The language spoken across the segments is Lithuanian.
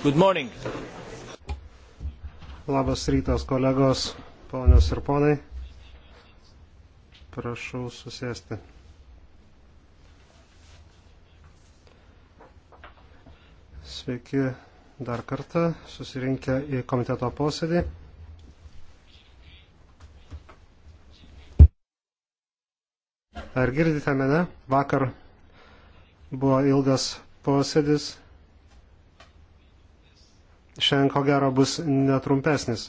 Good morning. Labas rytas, kolegos, ponios ir ponai. Prašau susėsti. Sveiki dar kartą susirinkę į komiteto posėdį. Ar girdite mane? Vakar buvo ilgas posėdis šiandien ko gero bus netrumpesnis,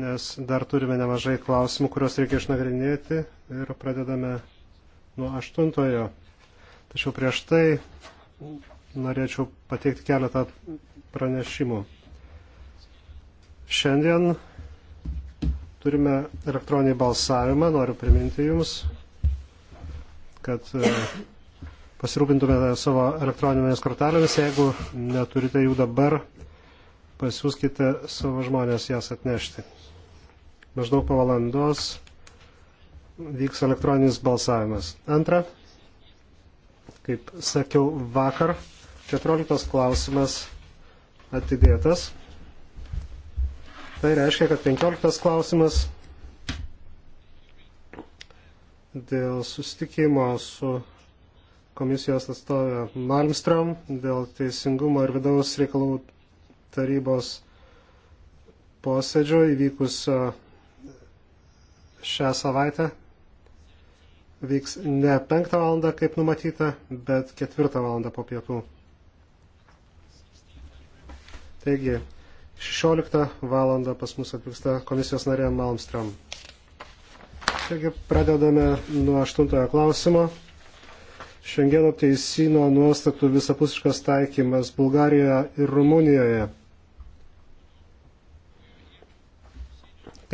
nes dar turime nemažai klausimų, kuriuos reikia išnagrinėti ir pradedame nuo aštuntojo. Tačiau prieš tai norėčiau pateikti keletą pranešimų. Šiandien turime elektroninį balsavimą, noriu priminti Jums, kad e, pasirūpintumėte savo elektroninėmis kortelėmis, jeigu neturite jų dabar, pasiūskite savo žmonės jas atnešti. Maždaug po valandos vyks elektroninis balsavimas. Antra, kaip sakiau vakar, 14 klausimas atidėtas. Tai reiškia, kad 15 klausimas dėl sustikimo su komisijos atstovė Malmström dėl teisingumo ir vidaus reikalų tarybos posėdžio įvykusio šią savaitę vyks ne 5 valandą, kaip numatyta, bet 4 valandą po pietų. Taigi, 16 valandą pas mus atvyksta komisijos narė Malmström. Taigi, pradedame nuo 8 klausimo. Šengeno teisino nuostatų visapusiškas taikymas Bulgarijoje ir Rumunijoje.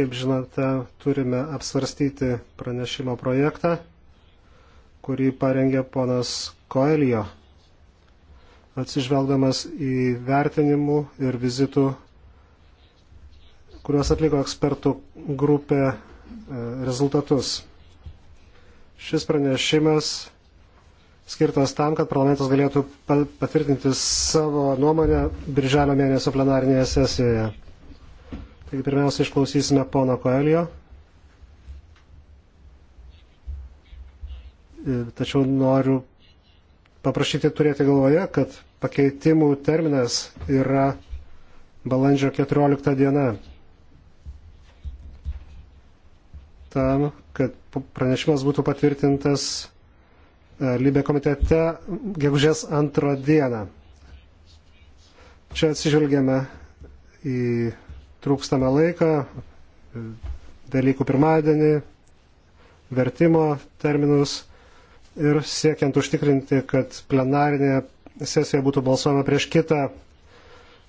Kaip žinote, turime apsvarstyti pranešimo projektą, kurį parengė ponas Koelio, atsižvelgdamas į vertinimų ir vizitų, kuriuos atliko ekspertų grupė e, rezultatus. Šis pranešimas skirtas tam, kad parlamentas galėtų patvirtinti savo nuomonę birželio mėnesio plenarinėje sesijoje. Taigi pirmiausia išklausysime pono Koelio. E, tačiau noriu paprašyti turėti galvoje, kad pakeitimų terminas yra balandžio 14 diena. Tam, kad pranešimas būtų patvirtintas e, Libė komitete gegužės antrą dieną. Čia atsižvelgiame į trūkstame laiką, dalykų pirmadienį, vertimo terminus ir siekiant užtikrinti, kad plenarinė sesija būtų balsuojama prieš kitą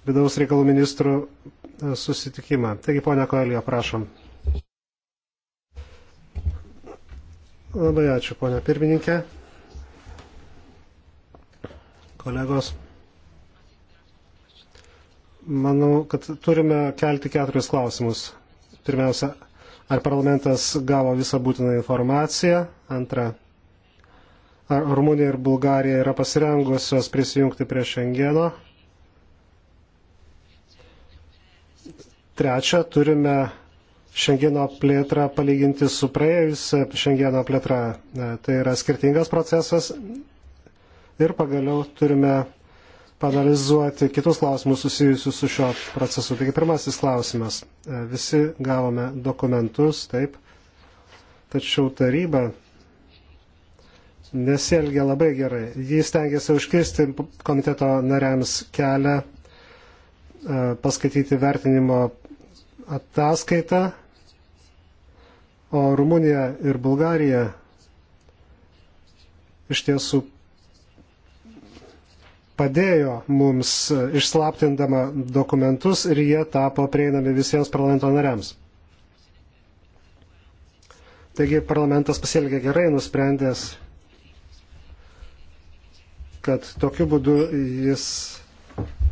vidaus reikalų ministrų e, susitikimą. Taigi, ponia Koelio, prašom. Labai ačiū, ponia pirmininkė. Kolegos manau, kad turime kelti keturis klausimus. Pirmiausia, ar parlamentas gavo visą būtiną informaciją? Antra, ar Rumunija ir Bulgarija yra pasirengusios prisijungti prie Šengeno? Trečia, turime Šengeno plėtrą palyginti su praėjusią Šengeno plėtrą. E, tai yra skirtingas procesas. Ir pagaliau turime panalizuoti kitus klausimus susijusius su šio procesu. Taigi pirmasis klausimas. E, visi gavome dokumentus, taip, tačiau taryba nesielgia labai gerai. Jis tengiasi užkirsti komiteto nariams kelią, e, paskaityti vertinimo ataskaitą, o Rumunija ir Bulgarija iš tiesų padėjo mums išslaptindama dokumentus ir jie tapo prieinami visiems parlamento nariams. Taigi parlamentas pasielgė gerai, nusprendęs, kad tokiu būdu jis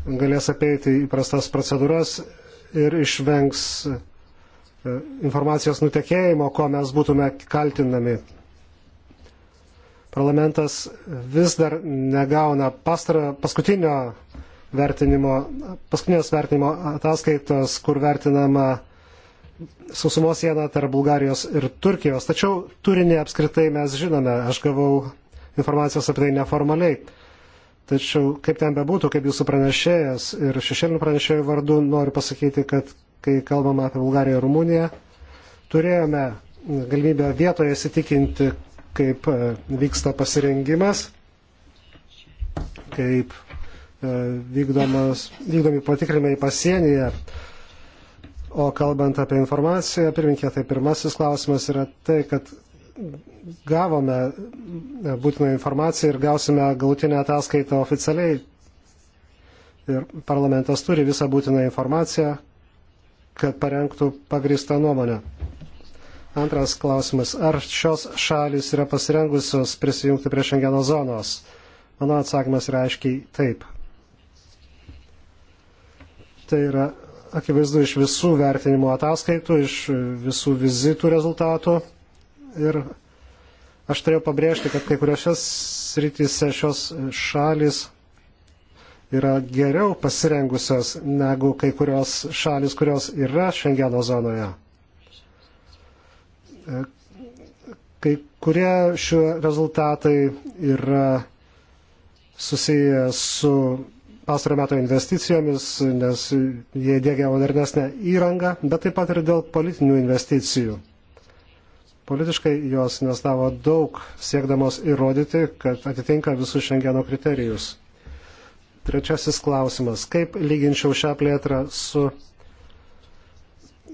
galės apeiti įprastas procedūras ir išvengs e, informacijos nutekėjimo, ko mes būtume kaltinami Parlamentas vis dar negauna pastarą, paskutinio vertinimo, paskutinės vertinimo ataskaitos, kur vertinama sausumos siena tarp Bulgarijos ir Turkijos. Tačiau turinį apskritai mes žinome. Aš gavau informacijos apie tai neformaliai. Tačiau, kaip ten bebūtų, kaip jūsų pranešėjas ir šešėlinių pranešėjų vardu, noriu pasakyti, kad kai kalbama apie Bulgariją ir Rumuniją, turėjome galimybę vietoje įsitikinti, kaip e, vyksta pasirengimas, kaip e, vykdomi patikrinimai pasienyje. O kalbant apie informaciją, pirminkė, tai pirmasis klausimas yra tai, kad gavome e, būtiną informaciją ir gausime galutinę ataskaitą oficialiai. Ir parlamentas turi visą būtiną informaciją, kad parengtų pagristą nuomonę. Antras klausimas. Ar šios šalis yra pasirengusios prisijungti prie Šengeno zonos? Mano atsakymas yra aiškiai taip. Tai yra akivaizdu iš visų vertinimo ataskaitų, iš visų vizitų rezultatų. Ir aš turėjau pabrėžti, kad kai kuriuose srityse šios šalis yra geriau pasirengusios negu kai kurios šalis, kurios yra Šengeno zonoje. Kai kurie šių rezultatai yra susiję su pastarą metų investicijomis, nes jie dėgia modernesnę įrangą, bet taip pat ir dėl politinių investicijų. Politiškai jos investavo daug, siekdamos įrodyti, kad atitinka visus šengeno kriterijus. Trečiasis klausimas. Kaip lyginčiau šią plėtrą su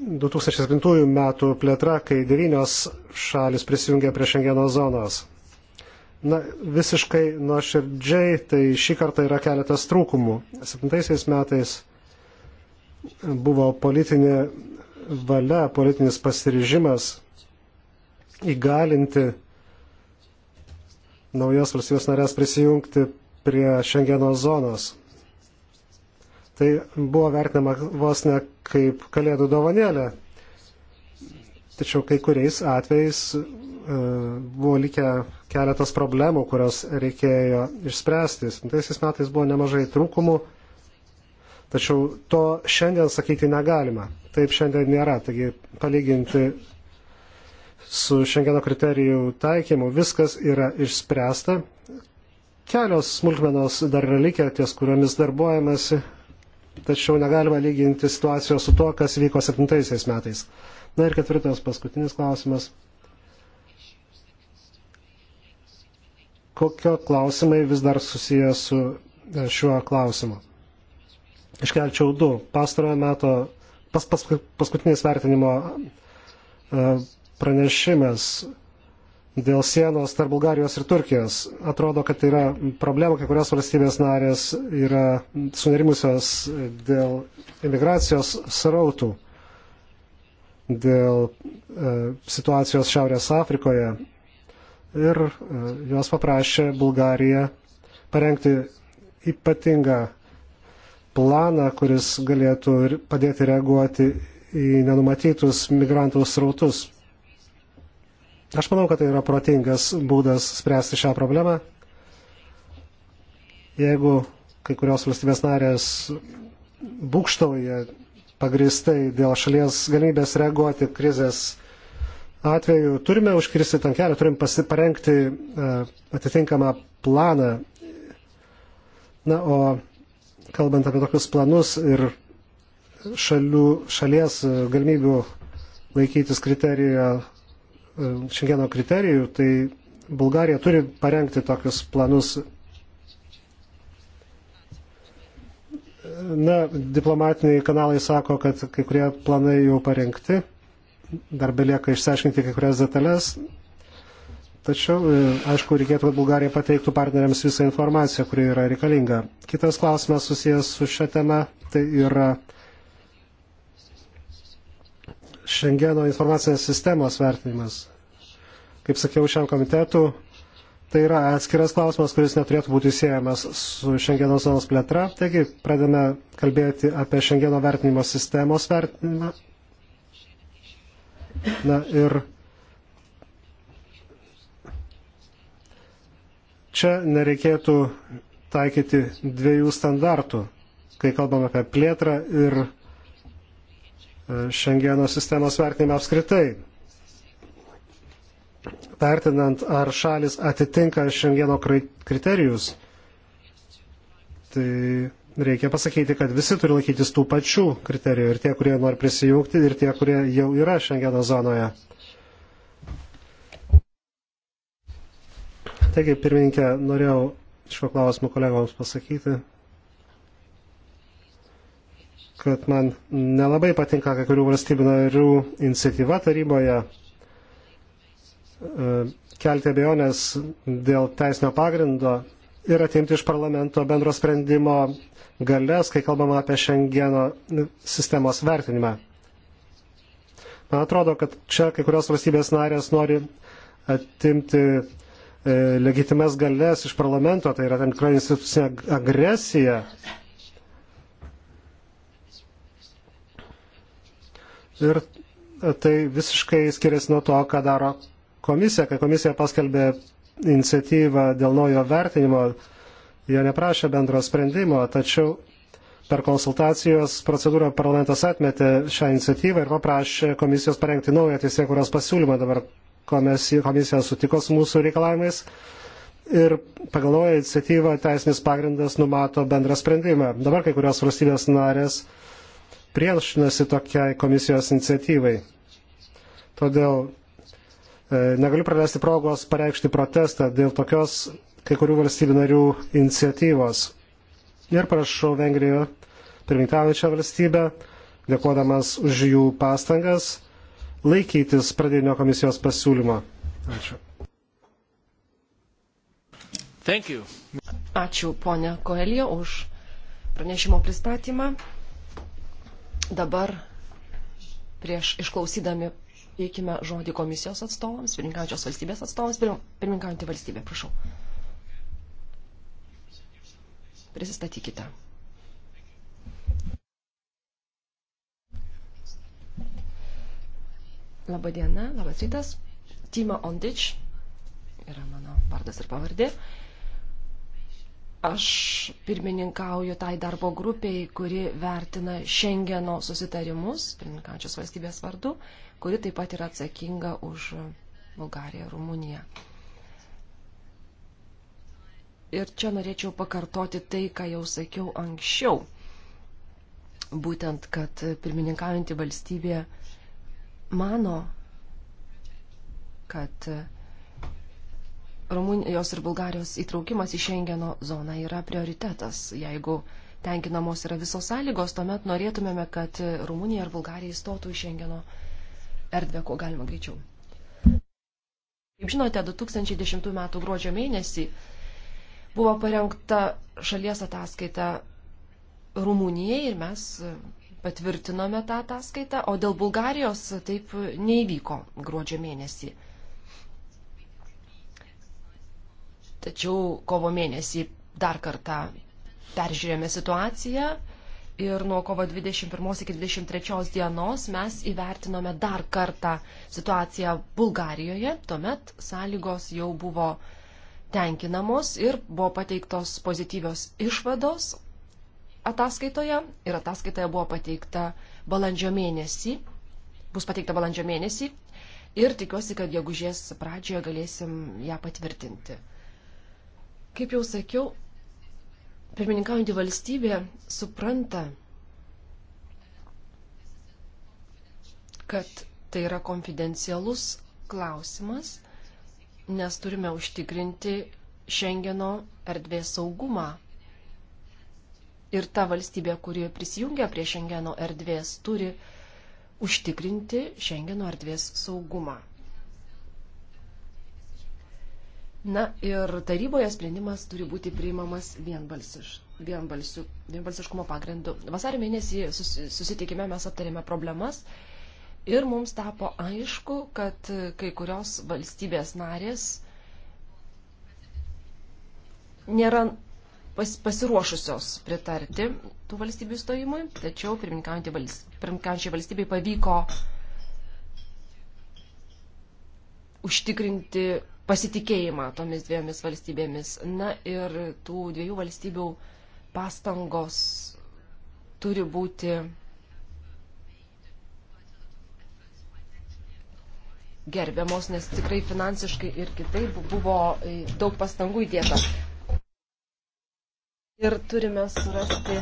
2007 metų plėtra, kai devynios šalis prisijungė prie Šengeno zonos. Na, visiškai nuoširdžiai, tai šį kartą yra keletas trūkumų. 2007 metais buvo politinė valia, politinis pasirižimas įgalinti naujas valstybės narės prisijungti prie Šengeno zonos. Tai buvo vertinama vos ne kaip kalėdų dovanėlė. Tačiau kai kuriais atvejais e, buvo likę keletas problemų, kurios reikėjo išspręsti. 7 metais buvo nemažai trūkumų, tačiau to šiandien sakyti negalima. Taip šiandien nėra. Taigi palyginti su šiandieno kriterijų taikymu viskas yra išspręsta. Kelios smulkmenos dar yra likę, ties kuriomis darbuojamasi tačiau negalima lyginti situacijos su tuo, kas vyko 7 metais. Na ir ketvirtas paskutinis klausimas. Kokio klausimai vis dar susiję su e, šiuo klausimu? Iškelčiau du. Pastarojo meto pas, pas, paskutinis vertinimo e, pranešimas dėl sienos tarp Bulgarijos ir Turkijos. Atrodo, kad tai yra problema, kai kurios valstybės narės yra sunerimusios dėl imigracijos srautų, dėl e, situacijos Šiaurės Afrikoje. Ir e, jos paprašė Bulgariją parengti ypatingą planą, kuris galėtų padėti reaguoti į nenumatytus migrantų srautus. Aš manau, kad tai yra protingas būdas spręsti šią problemą. Jeigu kai kurios valstybės narės būkštauja pagristai dėl šalies galimybės reaguoti krizės atveju, turime užkirsti tam kelią, turime parengti e, atitinkamą planą. Na, o kalbant apie tokius planus ir šalių, šalies e, galimybių laikytis kriterijoje šengeno kriterijų, tai Bulgarija turi parengti tokius planus. Na, diplomatiniai kanalai sako, kad kai kurie planai jau parengti, dar belieka išsiaiškinti kai kurias detalės. Tačiau, e, aišku, reikėtų, kad Bulgarija pateiktų partneriams visą informaciją, kuri yra reikalinga. Kitas klausimas susijęs su šia tema, tai yra Šengeno informacinės sistemos vertinimas. Kaip sakiau šiam komitetu, tai yra atskiras klausimas, kuris neturėtų būti siejamas su Šengeno zonos plėtra. Taigi pradėme kalbėti apie Šengeno vertinimo sistemos vertinimą. Na ir čia nereikėtų taikyti dviejų standartų, kai kalbam apie plėtrą ir Šengeno sistemos vertinime apskritai. Vertinant, ar šalis atitinka Šengeno kriterijus, tai reikia pasakyti, kad visi turi laikytis tų pačių kriterijų ir tie, kurie nori prisijungti, ir tie, kurie jau yra Šengeno zonoje. Taigi, pirmininkė, norėjau šiuo klausimu kolegoms pasakyti kad man nelabai patinka kai kurių valstybių narių iniciatyva taryboje e, kelti abejonės dėl teisinio pagrindo ir atimti iš parlamento bendro sprendimo galės, kai kalbama apie Šengeno sistemos vertinimą. Man atrodo, kad čia kai kurios valstybės narės nori atimti e, legitimes galės iš parlamento, tai yra tam tikra institucinė agresija Ir tai visiškai skiriasi nuo to, ką daro komisija, kai komisija paskelbė iniciatyvą dėl naujo vertinimo, jie neprašė bendro sprendimo, tačiau per konsultacijos procedūrą parlamentas atmetė šią iniciatyvą ir paprašė komisijos parengti naują teisėkuros pasiūlymą. Dabar komisija, komisija sutiko su mūsų reikalavimais ir pagal naują iniciatyvą teisinis pagrindas numato bendrą sprendimą. Dabar kai kurios valstybės narės priešinasi tokiai komisijos iniciatyvai. Todėl e, negaliu praleisti progos pareikšti protestą dėl tokios kai kurių valstybių narių iniciatyvos. Ir prašau Vengriją, pirmininkaujančią valstybę, dėkodamas už jų pastangas, laikytis pradinio komisijos pasiūlymo. Ačiū. Ačiū, ponia Koelija, už pranešimo pristatymą. Dabar prieš išklausydami teikime žodį komisijos atstovams, pirmininkaujančios valstybės atstovams, pirmininkaujantį valstybę, prašau. Prisistatykite. Labą dieną, labas rytas. Tima Ondič yra mano vardas ir pavardė. Uh, Aš pirmininkauju tai darbo grupiai, kuri vertina Šengeno susitarimus, pirmininkančios valstybės vardu, kuri taip pat yra atsakinga už Bulgariją, Rumuniją. Ir čia norėčiau pakartoti tai, ką jau sakiau anksčiau. Būtent, kad pirmininkaujanti valstybė mano, kad Rumunijos ir Bulgarijos įtraukimas į Šengeno zoną yra prioritetas. Jeigu tenkinamos yra visos sąlygos, tuomet norėtumėme, kad Rumunija ir Bulgarija įstotų į Šengeno erdvę, kuo galima greičiau. Kaip žinote, 2010 m. gruodžio mėnesį buvo parengta šalies ataskaita Rumunijai ir mes patvirtinome tą ataskaitą, o dėl Bulgarijos taip neįvyko gruodžio mėnesį. Tačiau kovo mėnesį dar kartą peržiūrėjome situaciją ir nuo kovo 21 iki 23 dienos mes įvertinome dar kartą situaciją Bulgarijoje. Tuomet sąlygos jau buvo tenkinamos ir buvo pateiktos pozityvios išvados ataskaitoje ir ataskaitoje buvo pateikta balandžio mėnesį, bus pateikta balandžio mėnesį ir tikiuosi, kad gegužės pradžioje galėsim ją patvirtinti. Kaip jau sakiau, pirmininkaujantį valstybę supranta, kad tai yra konfidencialus klausimas, nes turime užtikrinti Šengeno erdvės saugumą. Ir ta valstybė, kuri prisijungia prie Šengeno erdvės, turi užtikrinti Šengeno erdvės saugumą. Na ir taryboje sprendimas turi būti priimamas vienbalsiš, vienbalsiu, vienbalsiškumo pagrindu. Vasario mėnesį sus, susitikime mes aptarėme problemas ir mums tapo aišku, kad kai kurios valstybės narės nėra pas, pasiruošusios pritarti tų valstybių stojimui, tačiau pirmininkaujančiai valstybei pavyko užtikrinti pasitikėjimą tomis dviejomis valstybėmis. Na ir tų dviejų valstybių pastangos turi būti gerbiamos, nes tikrai finansiškai ir kitaip buvo daug pastangų įdėta. Ir turime surasti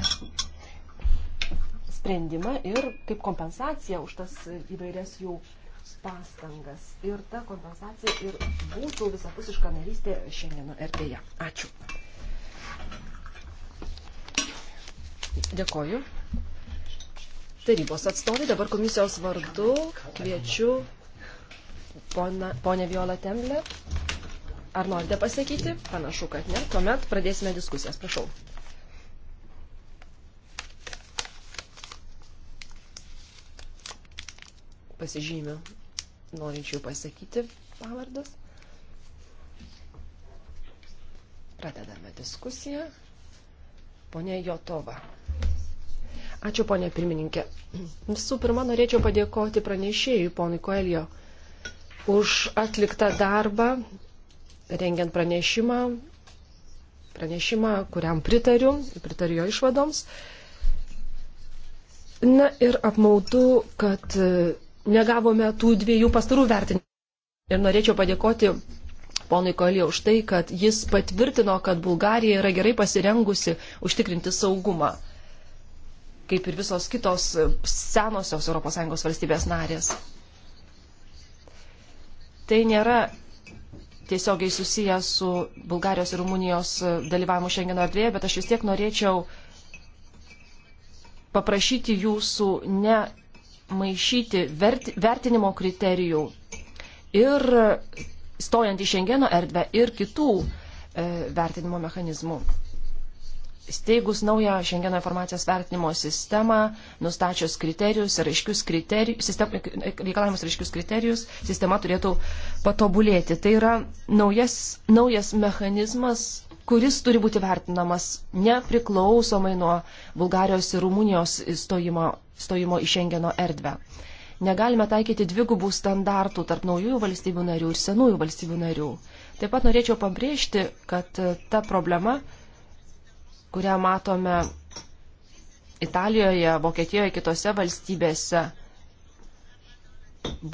sprendimą ir kaip kompensaciją už tas įvairias jų. Jau pastangas. Ir ta kompensacija ir būtų visapusiška narystė šiandieno erdvėje. Ačiū. Dėkoju. Tarybos atstovai, dabar komisijos vardu kviečiu ponę Violą Temblę. Ar norite pasakyti? Panašu, kad ne. Tuomet pradėsime diskusijas. Prašau. pasižymiu norinčių pasakyti pavardas. Pradedame diskusiją. Pone Jotova. Ačiū, ponė pirmininkė. Visų pirma, norėčiau padėkoti pranešėjui, ponui Koelio, už atliktą darbą, rengiant pranešimą, pranešimą, kuriam pritariu, pritariu jo išvadoms. Na ir apmaudu, kad negavome tų dviejų pastarų vertinimų. Ir norėčiau padėkoti ponui Kolė už tai, kad jis patvirtino, kad Bulgarija yra gerai pasirengusi užtikrinti saugumą, kaip ir visos kitos senosios ES valstybės narės. Tai nėra tiesiogiai susiję su Bulgarijos ir Rumunijos dalyvavimu Šengeno erdvėje, bet aš vis tiek norėčiau paprašyti jūsų ne maišyti vert, vertinimo kriterijų ir stojant į Šengeno erdvę ir kitų e, vertinimo mechanizmų. Steigus naują Šengeno informacijos vertinimo sistemą, nustačius kriterijus ir aiškius kriterijus, sistem, reikalavimus ir aiškius kriterijus, sistema turėtų patobulėti. Tai yra naujas, naujas mechanizmas, kuris turi būti vertinamas nepriklausomai nuo Bulgarijos ir Rumunijos stojimo, stojimo į Šengeno erdvę. Negalime taikyti dvigubų standartų tarp naujųjų valstybių narių ir senųjų valstybių narių. Taip pat norėčiau pabrėžti, kad e, ta problema, kurią matome Italijoje, Vokietijoje, kitose valstybėse,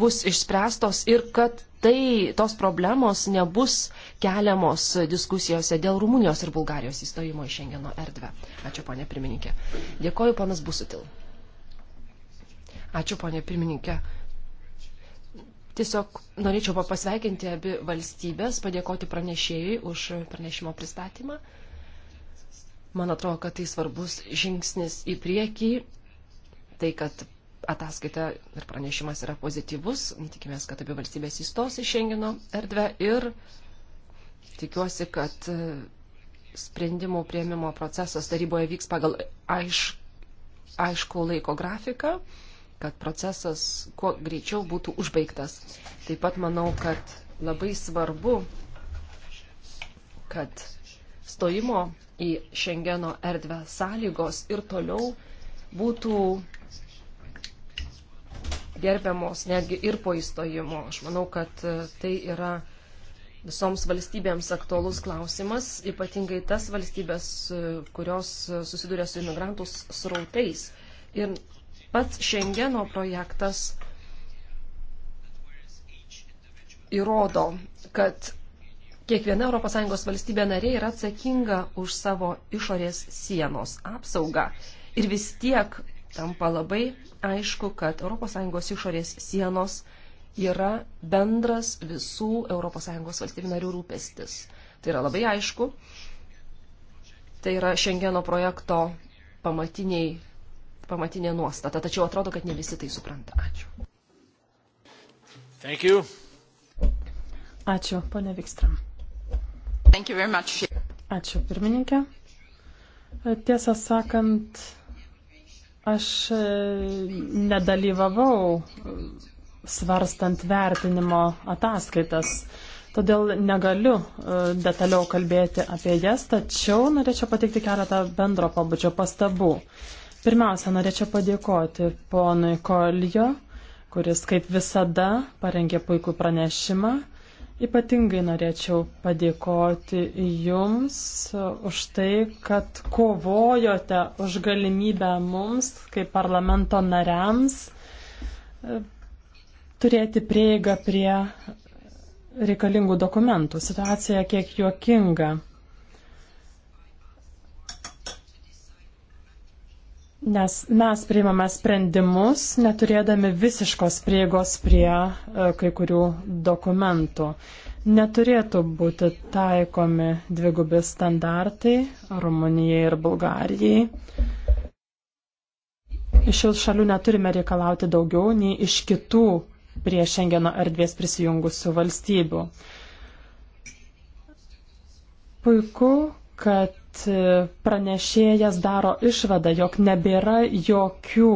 bus išspręstos ir kad tai tos problemos nebus keliamos diskusijose dėl Rumunijos ir Bulgarijos įstojimo į Šengeno erdvę. Ačiū, ponė pirmininkė. Dėkoju, panas Busutil. Ačiū, ponė pirmininkė. Tiesiog norėčiau pasveikinti abi valstybės, padėkoti pranešėjai už pranešimo pristatymą. Man atrodo, kad tai svarbus žingsnis į priekį, tai kad ataskaita ir pranešimas yra pozityvus. Tikimės, kad abi valstybės įstos į Šengino erdvę ir tikiuosi, kad e, sprendimų prieimimo procesas taryboje vyks pagal aiš, aišku laiko grafiką, kad procesas kuo greičiau būtų užbaigtas. Taip pat manau, kad labai svarbu, kad stojimo į Šengeno erdvę sąlygos ir toliau būtų gerbiamos netgi ir po įstojimo. Aš manau, kad e, tai yra visoms valstybėms aktuolus klausimas, ypatingai tas valstybės, e, kurios e, susiduria su imigrantų srautais. Ir pats Šengeno projektas įrodo, kad kiekviena ES valstybė narė yra atsakinga už savo išorės sienos apsaugą. Ir vis tiek tampa labai aišku, kad ES išorės sienos yra bendras visų ES valstybių narių rūpestis. Tai yra labai aišku. Tai yra Šengeno projekto pamatiniai, pamatinė nuostata. Tačiau atrodo, kad ne visi tai supranta. Ačiū. Thank you. Ačiū, ponė Vikstram. Ačiū, pirmininkė. Tiesą sakant, Aš e, nedalyvavau e, svarstant vertinimo ataskaitas, todėl negaliu e, detaliau kalbėti apie jas, tačiau norėčiau pateikti keletą bendro pabudžio pastabų. Pirmiausia, norėčiau padėkoti ponui Koljo, kuris kaip visada parengė puikų pranešimą. Ypatingai norėčiau padėkoti Jums už tai, kad kovojote už galimybę mums, kaip parlamento nariams, e, turėti prieigą prie reikalingų dokumentų. Situacija kiek juokinga. Nes mes priimame sprendimus, neturėdami visiškos prieigos prie e, kai kurių dokumentų. Neturėtų būti taikomi dvigubi standartai Rumunijai ir Bulgarijai. Iš šių šalių neturime reikalauti daugiau nei iš kitų prie Šengeno erdvės prisijungusių valstybių. Puiku, kad pranešėjas daro išvadą, jog nebėra jokių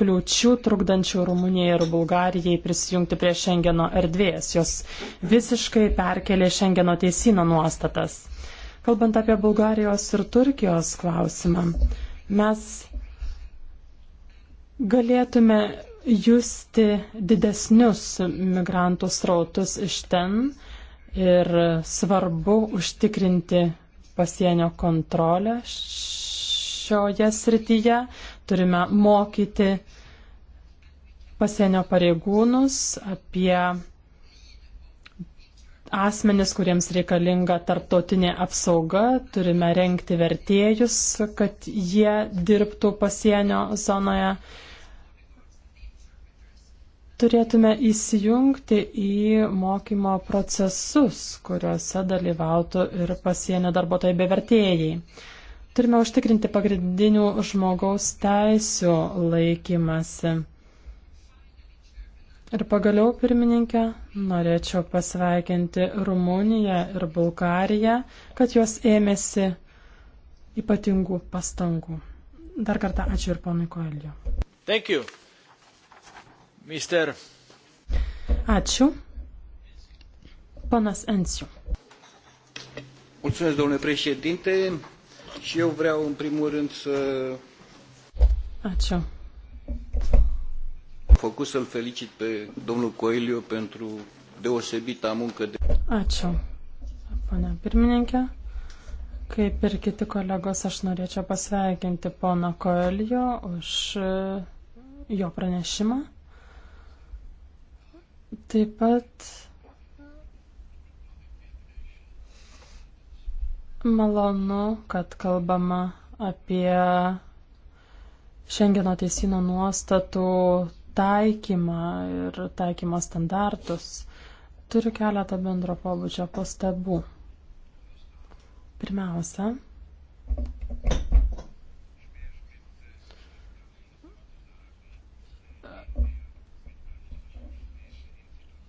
kliūčių trukdančių Rumunijai ir Bulgarijai prisijungti prie Šengeno erdvės. Jos visiškai perkelė Šengeno teisino nuostatas. Kalbant apie Bulgarijos ir Turkijos klausimą, mes galėtume justi didesnius migrantų srautus iš ten ir svarbu užtikrinti pasienio kontrolę šioje srityje, turime mokyti pasienio pareigūnus apie asmenis, kuriems reikalinga tarptautinė apsauga, turime renkti vertėjus, kad jie dirbtų pasienio zonoje turėtume įsijungti į mokymo procesus, kuriuose dalyvautų ir pasienio darbuotojai bei vertėjai. Turime užtikrinti pagrindinių žmogaus teisų laikymasi. Ir pagaliau, pirmininkė, norėčiau pasveikinti Rumuniją ir Bulgariją, kad jos ėmėsi ypatingų pastangų. Dar kartą ačiū ir ponui Koeliu. Thank you. Mister. Ačiū. Panas Ensiu. Mulțumesc, domnule președinte, și eu vreau în primul rând să... Ačiū. Făcut să-l felicit pe domnul Coelio pentru deosebita muncă de... Ačiū, pana pirmininkė. Kaip ir kiti kolegos, aš norėčiau pasveikinti pono Koelio už jo pranešimą. Taip pat malonu, kad kalbama apie Šengeno teisino nuostatų taikymą ir taikymo standartus. Turiu keletą bendro pobūdžio pastabų. Pirmiausia,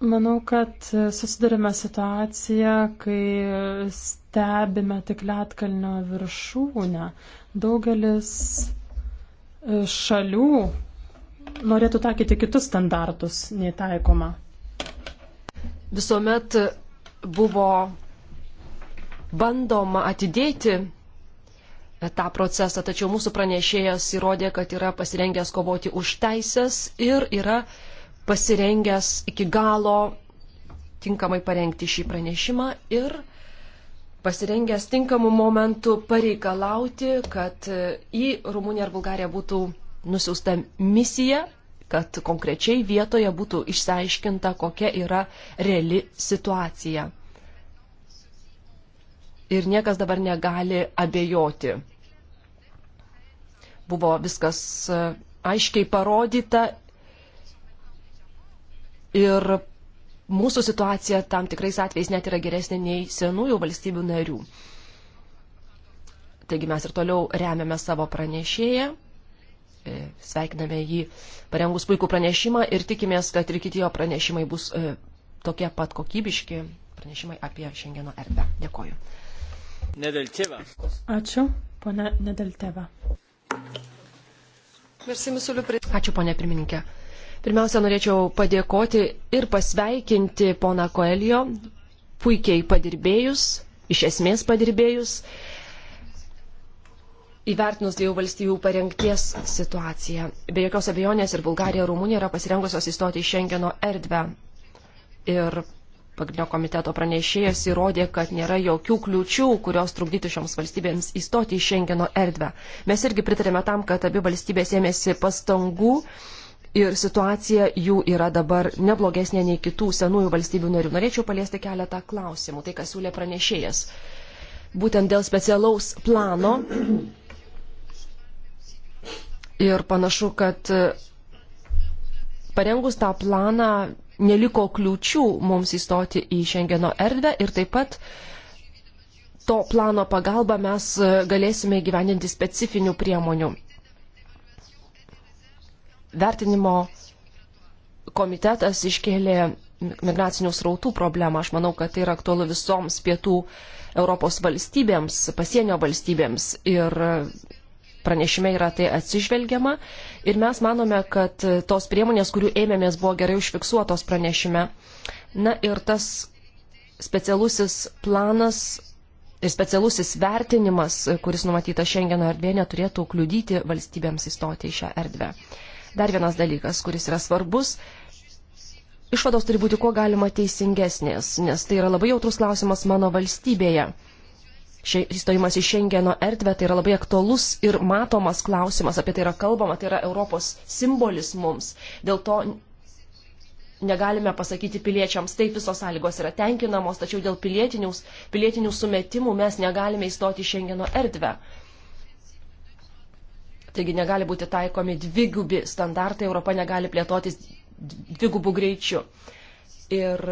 Manau, kad susidurime situaciją, kai stebime tik Lietkalnio viršūnę. Daugelis e, šalių norėtų taikyti kitus standartus nei taikoma. Visuomet buvo bandoma atidėti tą procesą, tačiau mūsų pranešėjas įrodė, kad yra pasirengęs kovoti už teisės ir yra pasirengęs iki galo tinkamai parengti šį pranešimą ir pasirengęs tinkamų momentų pareikalauti, kad į Rumuniją ar Bulgariją būtų nusiusta misija, kad konkrečiai vietoje būtų išsiaiškinta, kokia yra reali situacija. Ir niekas dabar negali abejoti. Buvo viskas e, aiškiai parodyta ir mūsų situacija tam tikrais atvejais net yra geresnė nei senųjų valstybių narių. Taigi mes ir toliau remiame savo pranešėją, e, sveikiname jį parengus puikų pranešimą ir tikimės, kad ir kiti jo pranešimai bus e, tokie pat kokybiški pranešimai apie Šengeno erdvę. Dėkoju. Nedeltėva. Ačiū, ponia Nedeltėva. Ačiū, ponia pirmininkė. Pirmiausia, norėčiau padėkoti ir pasveikinti poną Koelio, puikiai padirbėjus, iš esmės padirbėjus, įvertinus dviejų valstybių parengties situaciją. Be jokios abejonės ir Bulgarija, ir Rumunija yra pasirengusios įstoti į Šengeno erdvę. Ir pagrindinio komiteto pranešėjas įrodė, kad nėra jokių kliučių, kurios trukdytų šioms valstybėms įstoti į Šengeno erdvę. Mes irgi pritarėme tam, kad abi valstybės ėmėsi pastangų ir situacija jų yra dabar neblogesnė nei kitų senųjų valstybių narių. Norėčiau paliesti keletą klausimų, tai ką siūlė pranešėjas. Būtent dėl specialaus plano ir panašu, kad parengus tą planą neliko kliūčių mums įstoti į Šengeno erdvę ir taip pat to plano pagalba mes galėsime gyveninti specifinių priemonių vertinimo komitetas iškėlė migracinių srautų problemą. Aš manau, kad tai yra aktualu visoms pietų Europos valstybėms, pasienio valstybėms. Ir pranešime yra tai atsižvelgiama. Ir mes manome, kad tos priemonės, kurių ėmėmės, buvo gerai užfiksuotos pranešime. Na ir tas specialusis planas ir specialusis vertinimas, kuris numatytas Šengeno erdvė, neturėtų kliudyti valstybėms įstoti į šią erdvę. Dar vienas dalykas, kuris yra svarbus. Išvados turi būti kuo galima teisingesnės, nes tai yra labai jautrus klausimas mano valstybėje. Įstojimas į Šengeno erdvę tai yra labai aktualus ir matomas klausimas, apie tai yra kalbama, tai yra Europos simbolis mums. Dėl to negalime pasakyti piliečiams, taip visos sąlygos yra tenkinamos, tačiau dėl pilietinių sumetimų mes negalime įstoti į Šengeno erdvę. Taigi negali būti taikomi dvigubi standartai, Europa negali plėtotis dvigubų greičių. Ir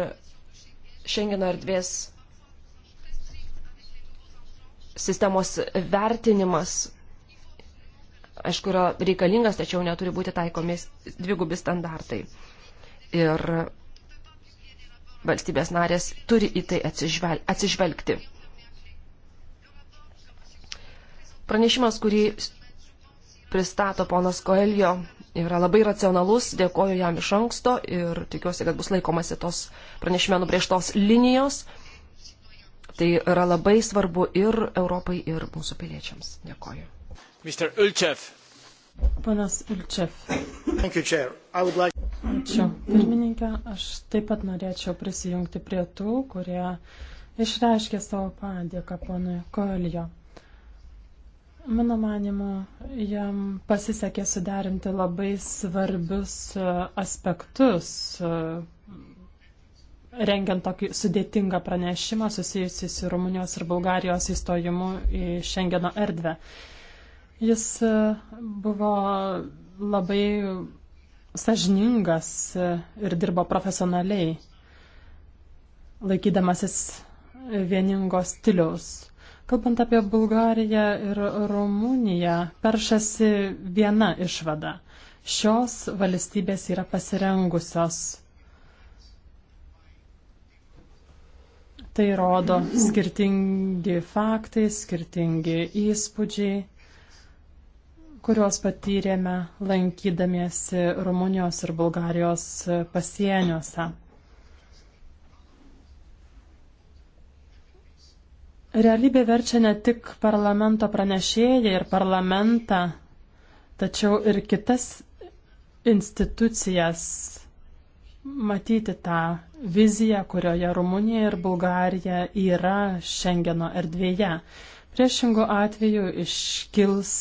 Šengeno erdvės sistemos vertinimas, aišku, yra reikalingas, tačiau neturi būti taikomi dvigubi standartai. Ir valstybės narės turi į tai atsižvel atsižvelgti. Pranešimas, kurį pristato ponas Koelio, yra labai racionalus, dėkoju jam iš anksto ir tikiuosi, kad bus laikomasi tos pranešime nubrėžtos linijos. Tai yra labai svarbu ir Europai, ir mūsų piliečiams. Dėkoju. Mr. Ulčev. Panas Ulčev. Like... Ačiū. Pirmininkė, aš taip pat norėčiau prisijungti prie tų, kurie išreiškė savo padėką ponui Koelio. Mano manimu, jam pasisekė suderinti labai svarbius e, aspektus, e, rengiant tokį sudėtingą pranešimą susijusį su Rumunijos ir Bulgarijos įstojimu į Šengeno erdvę. Jis e, buvo labai sažiningas ir dirbo profesionaliai, laikydamasis vieningos stiliaus. Kalbant apie Bulgariją ir Rumuniją, peršasi viena išvada. Šios valstybės yra pasirengusios. Tai rodo skirtingi faktai, skirtingi įspūdžiai, kuriuos patyrėme lankydamiesi Rumunijos ir Bulgarijos pasieniuose. Realybė verčia ne tik parlamento pranešėją ir parlamentą, tačiau ir kitas institucijas matyti tą viziją, kurioje Rumunija ir Bulgarija yra Šengeno erdvėje. Priešingų atveju iškils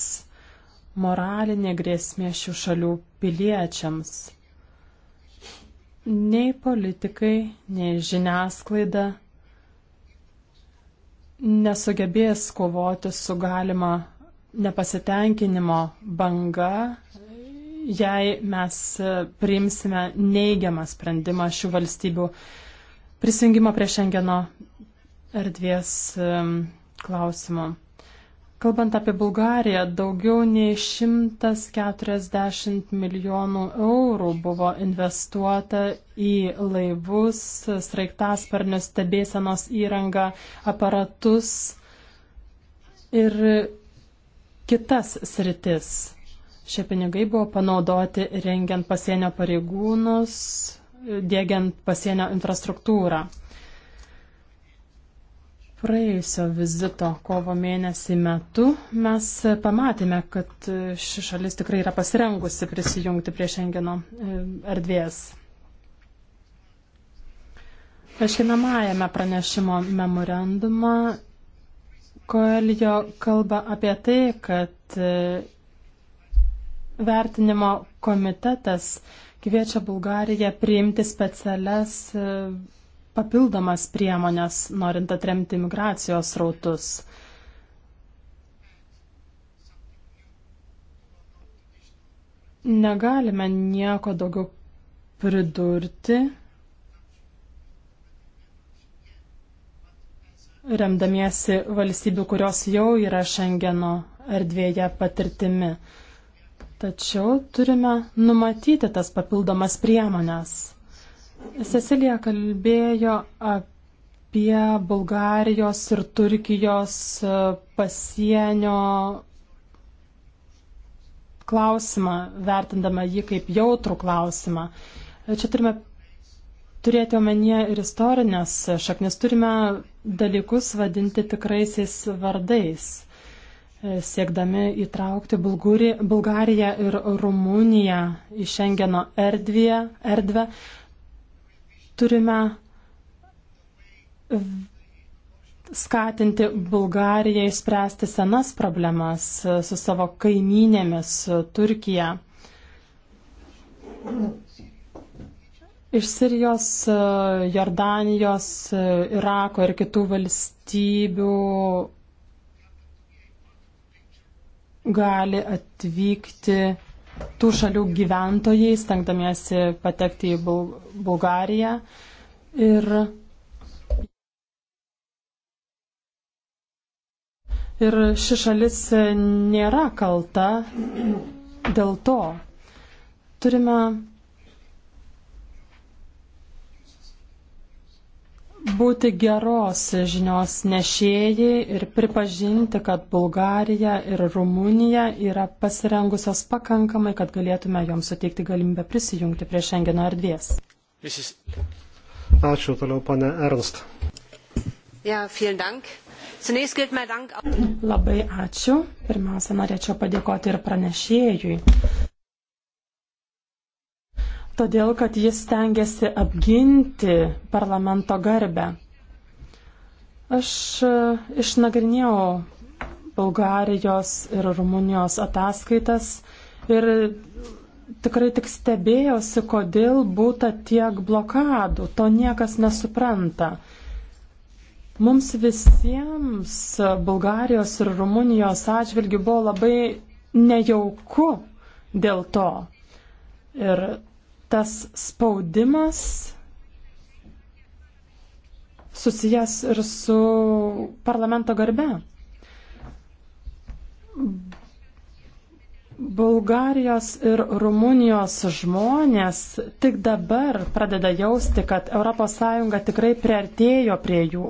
moralinė grėsmė šių šalių piliečiams. Nei politikai, nei žiniasklaida nesugebės kovoti su galima nepasitenkinimo banga, jei mes priimsime neigiamą sprendimą šių valstybių prisijungimo prie Šengeno erdvės klausimų. Kalbant apie Bulgariją, daugiau nei 140 milijonų eurų buvo investuota į laivus, straiktasparnius, stebėsenos įrangą, aparatus ir kitas sritis. Šie pinigai buvo panaudoti rengiant pasienio pareigūnus, dėgiant pasienio infrastruktūrą praėjusio vizito kovo mėnesį metu mes pamatėme, kad ši šalis tikrai yra pasirengusi prisijungti prie Šengeno e, erdvės. Paaiškinamajame pranešimo memorandumo Koelio kalba apie tai, kad e, vertinimo komitetas kviečia Bulgariją priimti specialias e, papildomas priemonės, norint atremti migracijos rautus. Negalime nieko daugiau pridurti, remdamiesi valstybių, kurios jau yra Šengeno erdvėje patirtimi. Tačiau turime numatyti tas papildomas priemonės. Cecilija kalbėjo apie Bulgarijos ir Turkijos e, pasienio klausimą, vertindama jį kaip jautrų klausimą. Čia turime turėti omenyje ir istorinės šaknis, turime dalykus vadinti tikraisiais vardais, e, siekdami įtraukti Bulguri, Bulgariją ir Rumuniją į Šengeno erdvę. erdvę Turime skatinti Bulgariją įspręsti senas problemas e, su savo kaimynėmis e, Turkija. Iš Sirijos, e, Jordanijos, Irako ir kitų valstybių gali atvykti tų šalių gyventojai, stengdamiesi patekti į Bul Bulgariją. Ir, ir ši šalis nėra kalta dėl to. Turime būti geros žinios nešėjai ir pripažinti, kad Bulgarija ir Rumunija yra pasirengusios pakankamai, kad galėtume joms suteikti galimybę prisijungti prie Šengeno erdvės. Ačiū toliau, pane Ernst. Ja, Labai ačiū. Pirmiausia, norėčiau padėkoti ir pranešėjui todėl kad jis tengiasi apginti parlamento garbę. Aš e, išnagrinėjau Bulgarijos ir Rumunijos ataskaitas ir tikrai tik stebėjosi, kodėl būta tiek blokadų. To niekas nesupranta. Mums visiems Bulgarijos ir Rumunijos atžvilgių buvo labai nejauku dėl to. Ir tas spaudimas susijęs ir su parlamento garbe. Bulgarijos ir Rumunijos žmonės tik dabar pradeda jausti, kad ES tikrai priartėjo prie jų.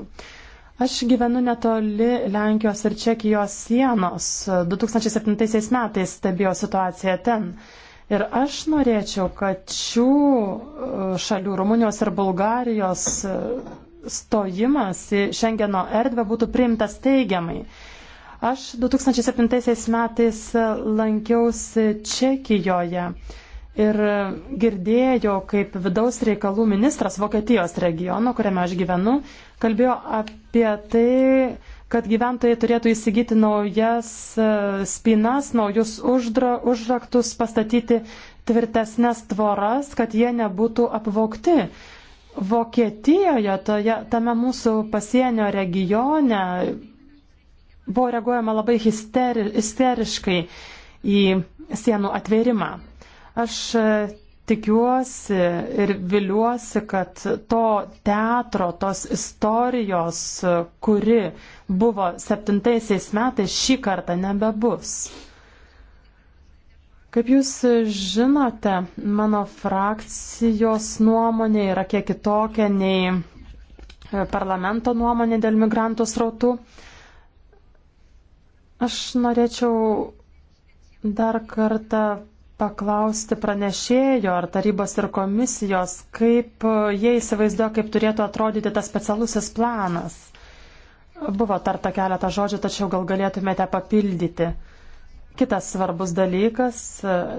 Aš gyvenu netoli Lenkijos ir Čekijos sienos. 2007 metais stebėjo situaciją ten. Ir aš norėčiau, kad šių e, šalių, Rumunijos ir Bulgarijos e, stojimas į Šengeno erdvę būtų priimtas teigiamai. Aš 2007 metais e, lankiausi Čekijoje ir girdėjau, kaip vidaus reikalų ministras Vokietijos regiono, kuriame aš gyvenu, kalbėjo apie tai, kad gyventojai turėtų įsigyti naujas e, spinas, naujus uždra, užraktus, pastatyti tvirtesnės tvoras, kad jie nebūtų apvokti. Vokietijoje, toje, tame mūsų pasienio regione, buvo reaguojama labai histeri, isteriškai į sienų atvėrimą. Aš e, tikiuosi ir viliuosi, kad to teatro, tos istorijos, kuri buvo septintaisiais metais, šį kartą nebebus. Kaip jūs žinote, mano frakcijos nuomonė yra kiek kitokia nei parlamento nuomonė dėl migrantų srautų. Aš norėčiau dar kartą paklausti pranešėjo ar tarybos ir komisijos, kaip jie įsivaizduoja, kaip turėtų atrodyti tas specialusis planas. Buvo tarta keletą žodžių, tačiau gal galėtumėte papildyti. Kitas svarbus dalykas,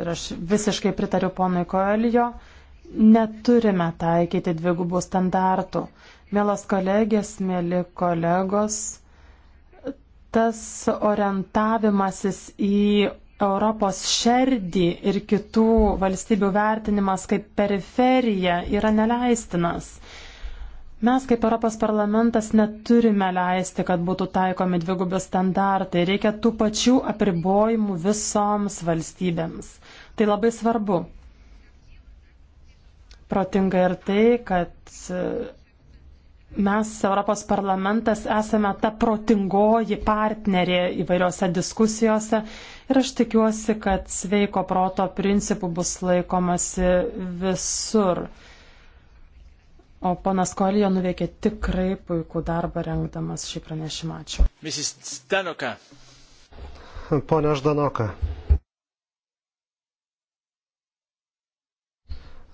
ir aš visiškai pritariu ponui Koelijo, neturime taikyti dvigubų standartų. Mielos kolegės, mėly kolegos, tas orientavimasis į Europos šerdį ir kitų valstybių vertinimas kaip periferija yra neleistinas. Mes kaip Europos parlamentas neturime leisti, kad būtų taikomi dvigubi standartai. Reikia tų pačių apribojimų visoms valstybėms. Tai labai svarbu. Protinga ir tai, kad Mes, Europos parlamentas, esame ta protingoji partnerė įvairiose diskusijose ir aš tikiuosi, kad sveiko proto principų bus laikomasi visur. O ponas Kolijo nuveikė tikrai puikų darbą rengdamas šį pranešimą. Ačiū. Mrs. Danoka. Pone Ždanoka.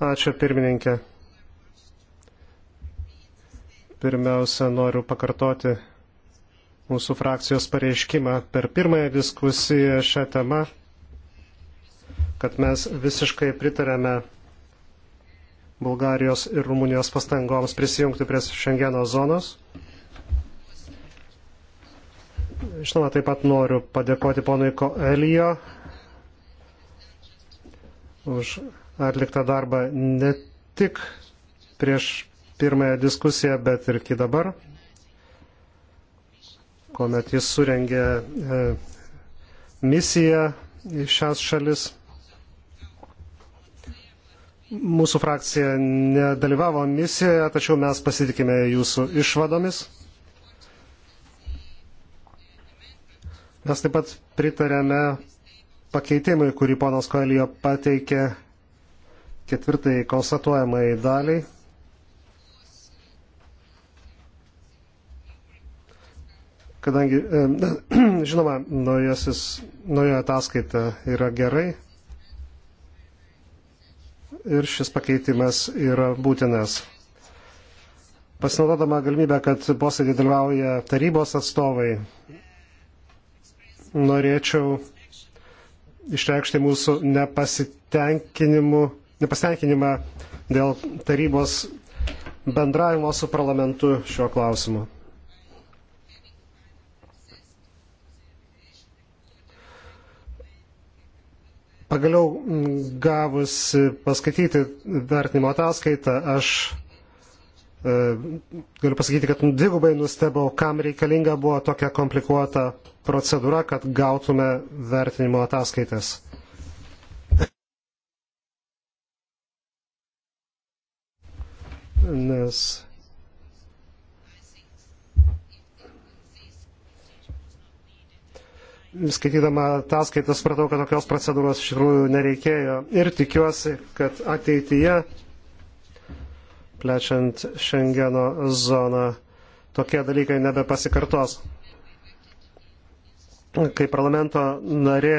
Ačiū pirmininkė. Pirmiausia, noriu pakartoti mūsų frakcijos pareiškimą per pirmąją diskusiją šią temą, kad mes visiškai pritarėme Bulgarijos ir Rumunijos pastangoms prisijungti prie Šengeno zonos. Žinoma, taip pat noriu padėkoti ponui Koelijo už atliktą darbą ne tik prieš pirmąją diskusiją, bet ir iki dabar, kuomet jis surengė e, misiją į šias šalis. Mūsų frakcija nedalyvavo misijoje, tačiau mes pasitikime jūsų išvadomis. Mes taip pat pritarėme pakeitimui, kurį ponas Koelio pateikė ketvirtai konstatuojamai daliai. Kadangi, na, žinoma, naujasis, nauja ataskaita yra gerai ir šis pakeitimas yra būtinas. Pasinaudodama galimybę, kad posėdį dalyvauja tarybos atstovai, norėčiau išreikšti mūsų nepasitenkinimą dėl tarybos bendravimo su parlamentu šiuo klausimu. Pagaliau gavus paskaityti vertinimo ataskaitą, aš e, galiu pasakyti, kad dvigubai nustebau, kam reikalinga buvo tokia komplikuota procedūra, kad gautume vertinimo ataskaitas. Nes skaitydama ataskaitą supratau, kad tokios procedūros iš tikrųjų nereikėjo ir tikiuosi, kad ateityje, plečiant Šengeno zoną, tokie dalykai nebepasikartos. Kai parlamento narė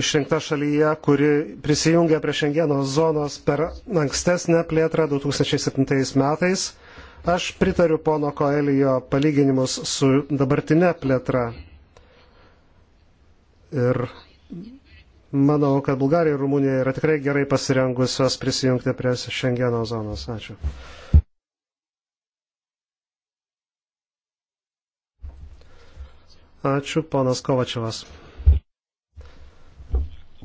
išrinkta šalyje, kuri prisijungė prie Šengeno zonos per ankstesnę plėtrą 2007 metais, aš pritariu pono Koelijo palyginimus su dabartinė plėtra Ir manau, kad Bulgarija ir Rumunija yra tikrai gerai pasirengusios prisijungti prie Šengeno zonos. Ačiū. Ačiū, ponas Kovačiovas.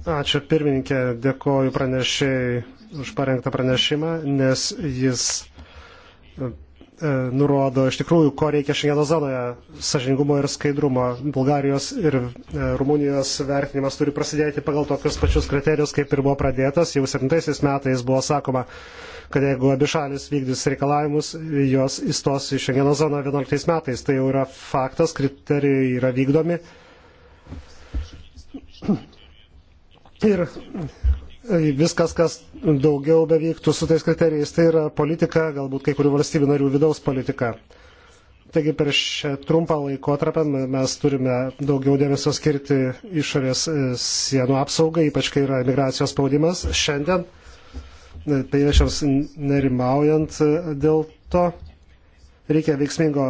Ačiū pirmininkė, dėkoju pranešėjai už parengtą pranešimą, nes jis E, nurodo iš tikrųjų, ko reikia šiandieno zonoje - sažiningumo ir skaidrumo. Bulgarijos ir e, Rumunijos vertinimas turi prasidėti pagal tokius pačius kriterijus, kaip ir buvo pradėtas. Jau 7 metais buvo sakoma, kad jeigu abi šalis vykdys reikalavimus, jos įstos į šiandieno zoną 11 metais. Tai jau yra faktas, kriterijai yra vykdomi. Ir viskas, kas daugiau bevyktų su tais kriterijais, tai yra politika, galbūt kai kurių valstybių narių vidaus politika. Taigi per šią trumpą laikotarpę mes turime daugiau dėmesio skirti išorės e, sienų apsaugai, ypač kai yra migracijos spaudimas. Šiandien e, piliečiams nerimaujant e, dėl to Reikia veiksmingo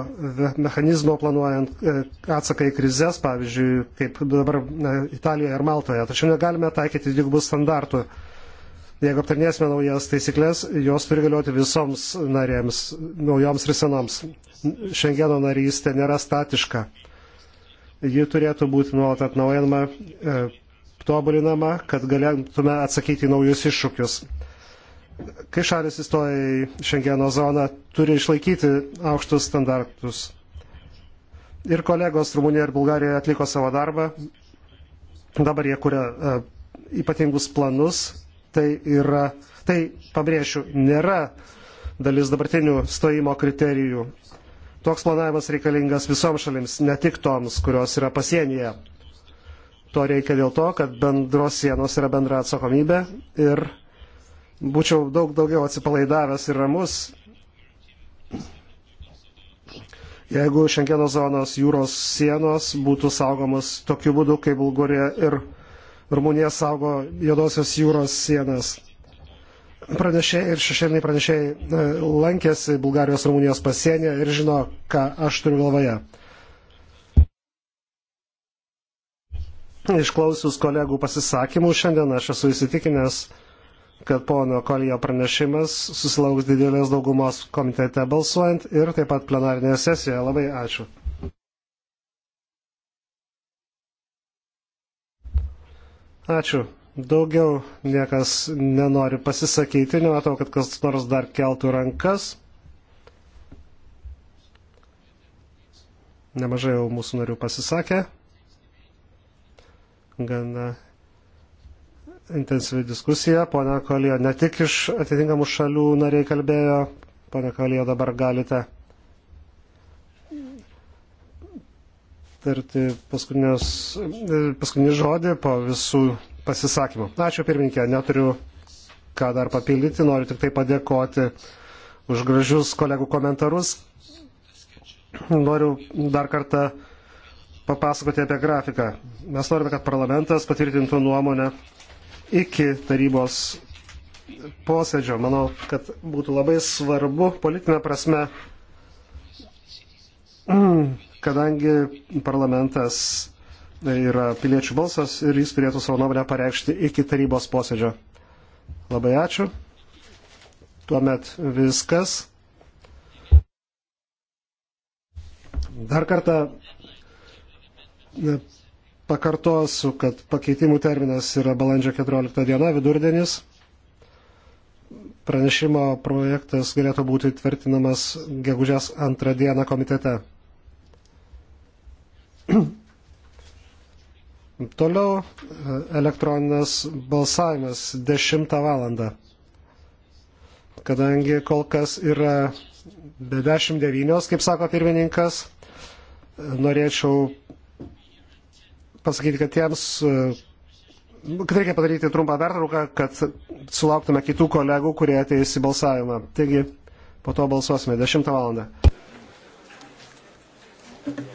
mechanizmo planuojant e, atsaką į krizės, pavyzdžiui, kaip dabar e, Italijoje ir Maltoje. Tačiau negalime taikyti dvigubų standartų. Jeigu aptarnėsime naujas taisyklės, jos turi galioti visoms narėms, naujoms ir senoms. Šengeno narystė nėra statiška. Ji turėtų būti nuolat atnaujinama, e, tobulinama, kad galėtume atsakyti į naujus iššūkius kai šalis įstoja į Šengeno zoną, turi išlaikyti aukštus standartus. Ir kolegos Rumunija ir Bulgarija atliko savo darbą. Dabar jie kuria e, ypatingus planus. Tai yra, tai pabrėšiu, nėra dalis dabartinių stojimo kriterijų. Toks planavimas reikalingas visoms šalims, ne tik toms, kurios yra pasienyje. To reikia dėl to, kad bendros sienos yra bendra atsakomybė ir būčiau daug daugiau atsipalaidavęs ir ramus, jeigu Šengeno zonos jūros sienos būtų saugomas tokiu būdu, kaip Bulgarija ir Rumunija saugo Jodosios jūros sienas. Pranešėjai ir šešėliniai pranešėjai e, lankėsi Bulgarijos Rumunijos pasienė ir žino, ką aš turiu galvoje. Išklausius kolegų pasisakymų šiandien aš esu įsitikinęs, kad pono Kolijo pranešimas susilauks didelės daugumos komitete balsuojant ir taip pat plenarinėje sesijoje. Labai ačiū. Ačiū. Daugiau niekas nenori pasisakyti, nematau, kad kas nors dar keltų rankas. Nemažai jau mūsų narių pasisakė. Gana intensyvi diskusija. Pone Kolijo, ne tik iš atitinkamų šalių nariai kalbėjo, pone Kolijo, dabar galite tarti paskutinį žodį po visų pasisakymų. Ačiū pirmininkė, neturiu ką dar papildyti, noriu tik tai padėkoti už gražius kolegų komentarus. Noriu dar kartą papasakoti apie grafiką. Mes norime, kad parlamentas patvirtintų nuomonę iki tarybos posėdžio. Manau, kad būtų labai svarbu politinė prasme, kadangi parlamentas yra piliečių balsas ir jis turėtų savo nuomonę pareikšti iki tarybos posėdžio. Labai ačiū. Tuomet viskas. Dar kartą pakartosiu, kad pakeitimų terminas yra balandžio 14 diena, vidurdienis. Pranešimo projektas galėtų būti tvirtinamas gegužės antrą dieną komitete. Toliau e, elektroninis balsavimas 10 valandą. Kadangi kol kas yra be 29, kaip sako pirmininkas, norėčiau pasakyti, kad jiems, e, kad reikia padaryti trumpą pertrauką, kad sulauktume kitų kolegų, kurie ateis į balsavimą. Taigi, po to balsuosime 10 val. Thank you.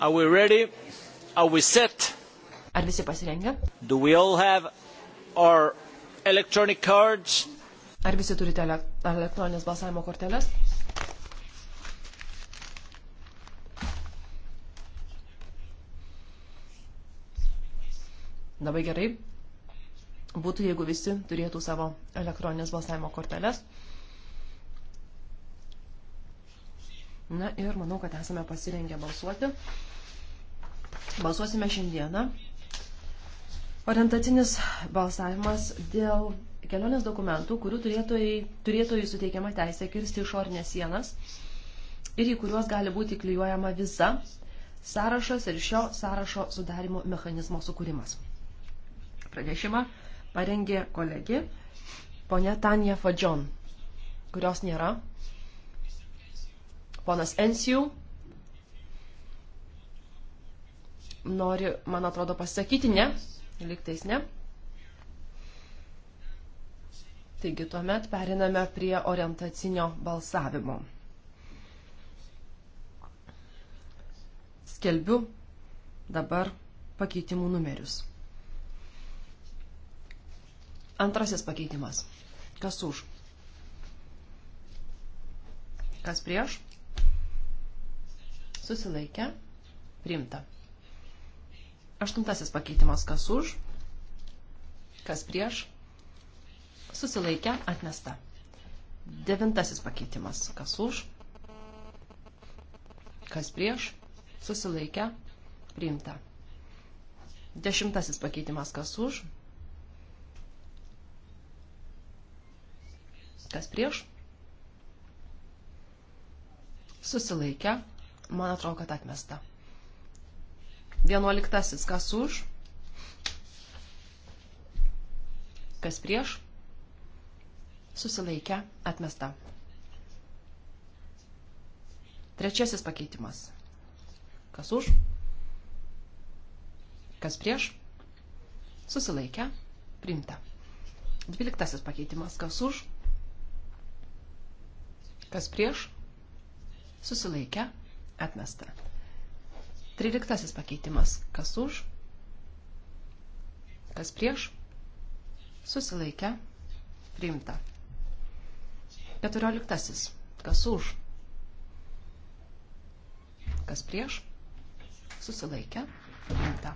Are we ready? Are we set? Ar visi pasirengę? Do we all have our electronic cards? Ar visi turite ele elektroninės balsavimo korteles? Labai gerai būtų, jeigu visi turėtų savo elektroninės balsavimo korteles. Na ir manau, kad esame pasirengę balsuoti. Balsuosime šiandieną. Orientacinis balsavimas dėl kelionės dokumentų, kurių turėtojai, turėtojai suteikiama teisė kirsti išorinės sienas ir į kuriuos gali būti klyjuojama viza, sąrašas ir šio sąrašo sudarimo mechanizmo sukūrimas. Pranešimą parengė kolegi ponia Tanja Fadžion, kurios nėra. Ponas Ensijų nori, man atrodo, pasakyti ne, liktais ne. Taigi tuomet periname prie orientacinio balsavimo. Skelbiu dabar pakeitimų numerius. Antrasis pakeitimas. Kas už? Kas prieš? Susilaikę. Primta. Aštuntasis pakeitimas. Kas už? Kas prieš? Susilaikę. Atmesta. Devintasis pakeitimas. Kas už? Kas prieš? Susilaikę. Priimta. Dešimtasis pakeitimas. Kas už? Kas prieš? Susilaikę. Man atrodo, kad atmesta. Vienuoliktasis. Kas už? Kas prieš? Susilaikę. Atmesta. Trečiasis pakeitimas. Kas už? Kas prieš? Susilaikę. Primta. Dvyliktasis pakeitimas. Kas už? Kas prieš? Susilaikę. Atmesta. Tryliktasis pakeitimas. Kas už? Kas prieš? Susilaikę. Priimta. Keturioliktasis. Kas už? Kas prieš? Susilaikę. Priimta.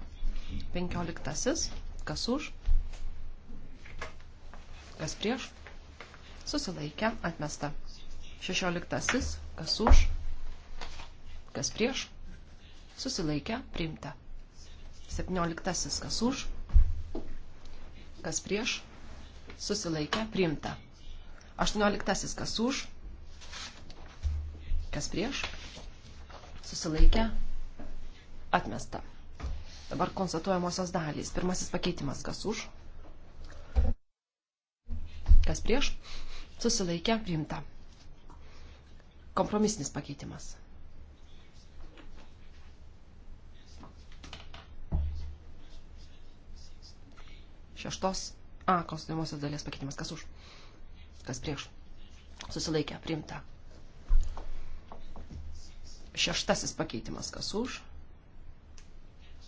Penkioliktasis. Kas už? Kas prieš? Susilaikę. Atmesta. Šešioliktasis, kas už, kas prieš, susilaikę, priimta. Septynioliktasis, kas už, kas prieš, susilaikę, priimta. Aštuonioliktasis, kas už, kas prieš, susilaikę, atmesta. Dabar konstatuojamosios dalys. Pirmasis pakeitimas, kas už, kas prieš, susilaikę, priimta. Kompromisinis pakeitimas. Šeštos A konstitucijos dalies pakeitimas. Kas už? Kas prieš? Susilaikė, priimta. Šeštasis pakeitimas. Kas už?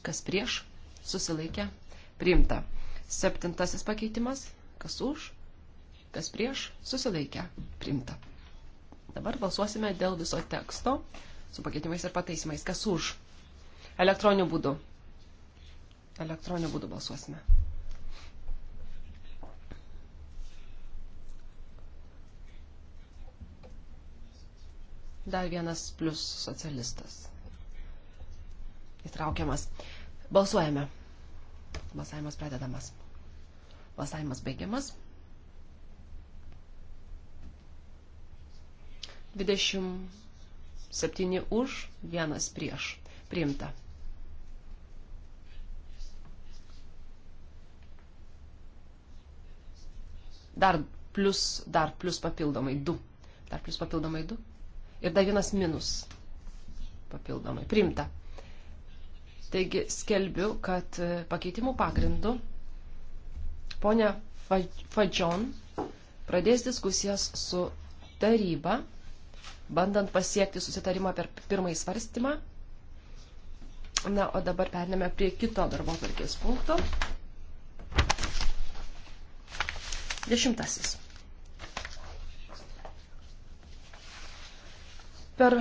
Kas prieš? Susilaikė, priimta. Septintasis pakeitimas. Kas už? Kas prieš? Susilaikė, priimta. Dabar balsuosime dėl viso teksto su pakeitimais ir pataisimais. Kas už? Elektroniniu būdu. Elektroniniu būdu balsuosime. Dar vienas plus socialistas. Įtraukiamas. Balsuojame. Balsavimas pradedamas. Balsavimas baigiamas. 27 už, 1 prieš. Priimta. Dar plus, dar plus papildomai 2. Dar plus papildomai 2. Ir dar vienas minus papildomai. Priimta. Taigi skelbiu, kad e, pakeitimų pagrindu ponia Fadžion pradės diskusijas su taryba bandant pasiekti susitarimą per pirmąjį svarstymą. Na, o dabar pernėme prie kito darbo tvarkės punkto. Dešimtasis. Per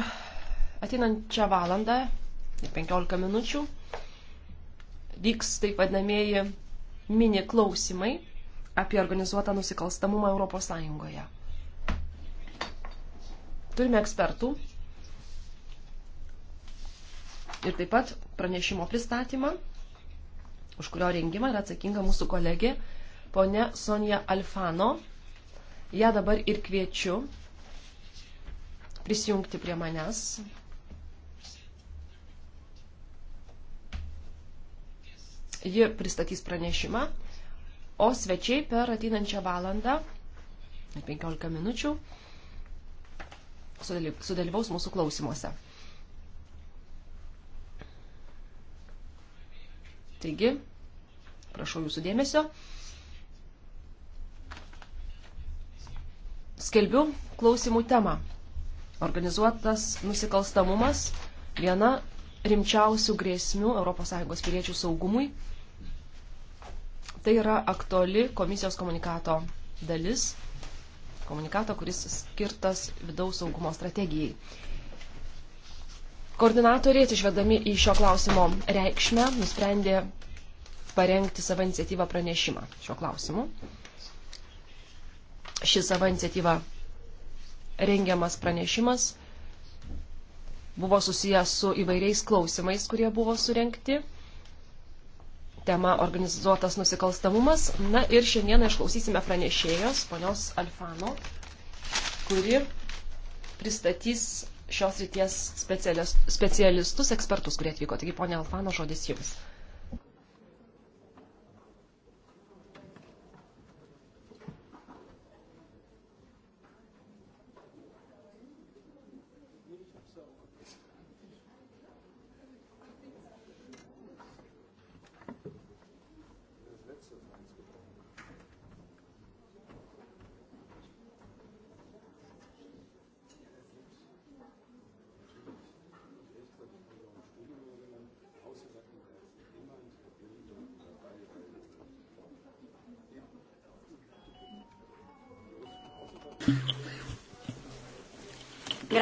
ateinančią valandą ir 15 minučių vyks taip vadinamieji mini klausimai apie organizuotą nusikalstamumą Europos Sąjungoje. Turime ekspertų ir taip pat pranešimo pristatymą, už kurio rengimą yra atsakinga mūsų kolegė ponia Sonja Alfano. Ja dabar ir kviečiu prisijungti prie manęs. Ji pristatys pranešimą, o svečiai per ateinančią valandą, 15 minučių, sudalyvaus mūsų klausimuose. Taigi, prašau jūsų dėmesio. Skelbiu klausimų temą. Organizuotas nusikalstamumas - viena rimčiausių grėsmių ES piliečių saugumui. Tai yra aktuali komisijos komunikato dalis komunikatą, kuris skirtas vidaus saugumo strategijai. Koordinatoriai, atsižvedami į šio klausimo reikšmę, nusprendė parengti savo iniciatyvą pranešimą šio klausimu. Ši savo iniciatyva rengiamas pranešimas buvo susijęs su įvairiais klausimais, kurie buvo surenkti tema organizuotas nusikalstamumas. Na ir šiandieną išklausysime pranešėjos, ponios Alfano, kuri pristatys šios ryties specialistus, ekspertus, kurie atvyko. Taigi, ponia Alfano, žodis jums.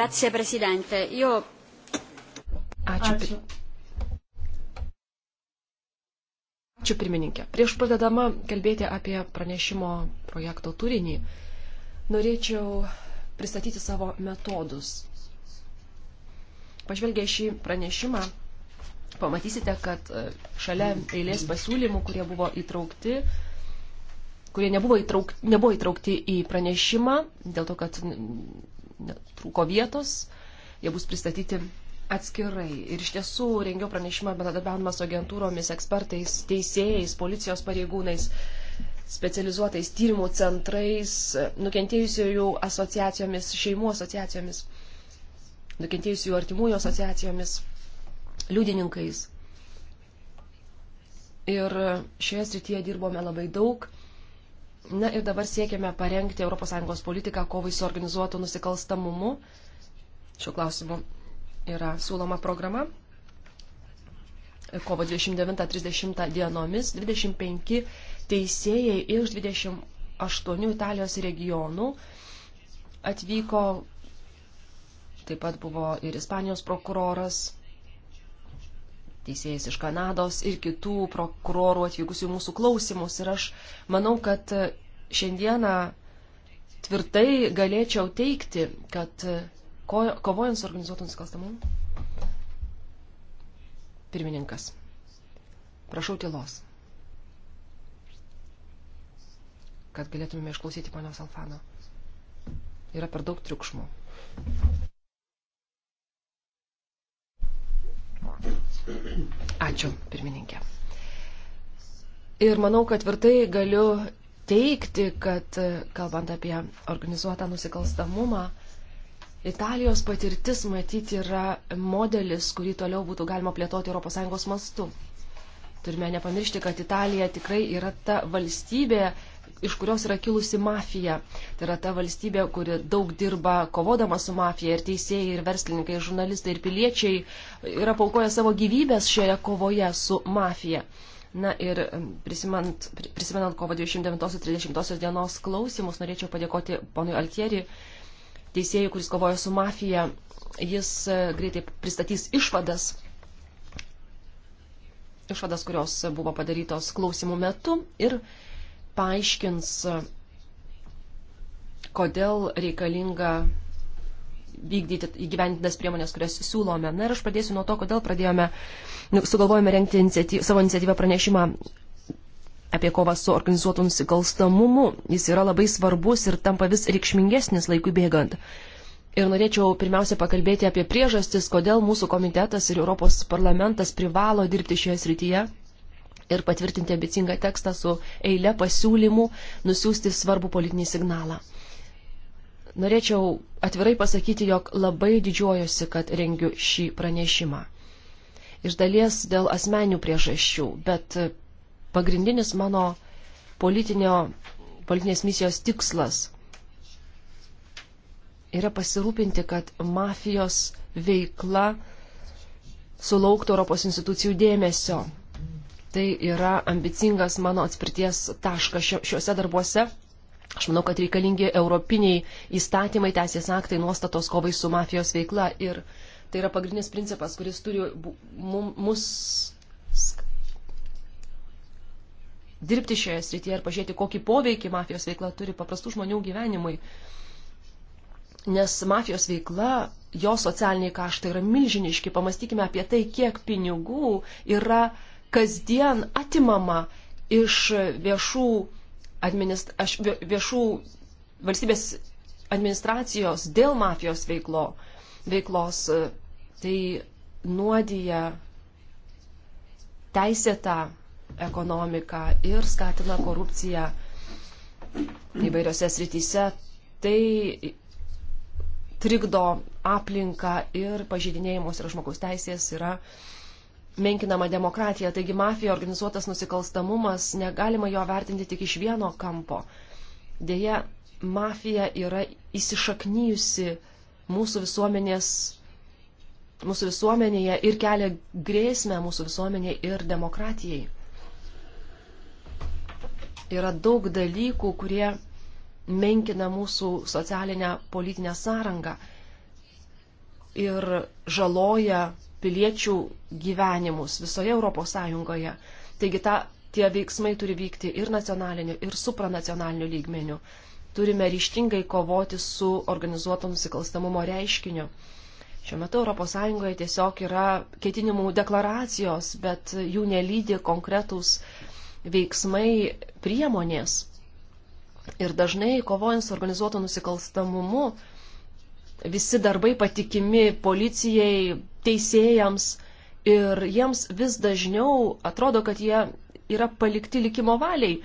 Grazie, Presidente. Io... Ačiū. Ačiū. Ačiū pirmininkė. Prieš pradedama kalbėti apie pranešimo projekto turinį, norėčiau pristatyti savo metodus. Pažvelgę šį pranešimą, pamatysite, kad e, šalia eilės pasiūlymų, kurie buvo įtraukti, kurie nebuvo, įtrauk, nebuvo įtraukti į pranešimą, dėl to, kad trūko vietos, jie bus pristatyti atskirai. Ir iš tiesų rengiau pranešimą bendradarbiavimą su agentūromis, ekspertais, teisėjais, policijos pareigūnais, specializuotais tyrimų centrais, nukentėjusiųjų asociacijomis, šeimų asociacijomis, nukentėjusiųjų artimųjų asociacijomis, liudininkais. Ir šioje srityje dirbome labai daug Na ir dabar siekiame parengti ES politiką kovai su organizuotu nusikalstamumu. Šiuo klausimu yra siūloma programa. Kovo 29-30 dienomis 25 teisėjai iš 28 Italijos regionų atvyko, taip pat buvo ir Ispanijos prokuroras, teisėjais iš Kanados ir kitų prokurorų atvykusių į mūsų klausimus. Ir aš manau, kad e, šiandieną tvirtai galėčiau teikti, kad e, ko, kovojant su organizuotų nusikalstamumu. Pirmininkas. Prašau tylos. Kad galėtumėme išklausyti ponios Alfano. Yra per daug triukšmų. Ačiū, pirmininkė. Ir manau, kad tvirtai galiu teikti, kad e, kalbant apie organizuotą nusikalstamumą, Italijos patirtis matyti yra modelis, kurį toliau būtų galima plėtoti ES mastu. Turime nepamiršti, kad Italija tikrai yra ta valstybė, iš kurios yra kilusi mafija. Tai yra ta valstybė, kuri daug dirba kovodama su mafija ir teisėjai, ir verslininkai, ir žurnalistai, ir piliečiai yra paukoję savo gyvybės šioje kovoje su mafija. Na ir prisimant, prisimenant kovo 29-30 dienos klausimus, norėčiau padėkoti ponui Altieri, teisėjui, kuris kovojo su mafija. Jis e, greitai pristatys išvadas išvadas, kurios buvo padarytos klausimų metu ir paaiškins, kodėl reikalinga vykdyti įgyventintas priemonės, kurias siūlome. Na ir aš pradėsiu nuo to, kodėl pradėjome, nu, sugalvojome renkti iniciatyv, savo iniciatyvą pranešimą apie kovą su organizuotu nusikalstamumu. Jis yra labai svarbus ir tampa vis reikšmingesnis laikui bėgant. Ir norėčiau pirmiausia pakalbėti apie priežastis, kodėl mūsų komitetas ir Europos parlamentas privalo dirbti šioje srityje ir patvirtinti ambicingą tekstą su eile pasiūlymų, nusiųsti svarbų politinį signalą. Norėčiau atvirai pasakyti, jog labai didžiuojuosi, kad rengiu šį pranešimą. Iš dalies dėl asmenių priežasčių, bet pagrindinis mano politinės misijos tikslas yra pasirūpinti, kad mafijos veikla sulauktų Europos institucijų dėmesio. Tai yra ambicingas mano atspirties taškas šiuose darbuose. Aš manau, kad reikalingi europiniai įstatymai, teisės aktai, nuostatos kovai su mafijos veikla. Ir tai yra pagrindinis principas, kuris turi mus dirbti šioje srityje ir pažiūrėti, kokį poveikį mafijos veikla turi paprastų žmonių gyvenimui. Uh, nes mafijos veikla, jo socialiniai kaštai yra milžiniški. Pamastykime apie tai, kiek pinigų yra kasdien atimama iš viešų, administ... aš, viešų valstybės administracijos dėl mafijos veiklo, veiklos. Tai nuodija teisėtą ekonomiką ir skatina korupciją įvairiose srityse. Tai trikdo aplinką ir pažydinėjimus yra žmogaus teisės, yra menkinama demokratija. Taigi mafija, organizuotas nusikalstamumas, negalima jo vertinti tik iš vieno kampo. Deja, mafija yra įsišaknyjusi mūsų visuomenės mūsų visuomenėje ir kelia grėsmę mūsų visuomenėje ir demokratijai. Yra daug dalykų, kurie menkina mūsų socialinę politinę sąrangą ir žaloja piliečių gyvenimus visoje Europos Sąjungoje. Taigi ta, tie veiksmai turi vykti ir nacionaliniu, ir supranacionaliniu lygmeniu. Turime ryštingai kovoti su organizuoto nusikalstamumo reiškiniu. Šiuo metu ES tiesiog yra ketinimų deklaracijos, bet jų nelydi konkretūs veiksmai priemonės Ir dažnai, kovojant su organizuotu nusikalstamumu, visi darbai patikimi policijai, teisėjams ir jiems vis dažniau atrodo, kad jie yra palikti likimo valiai.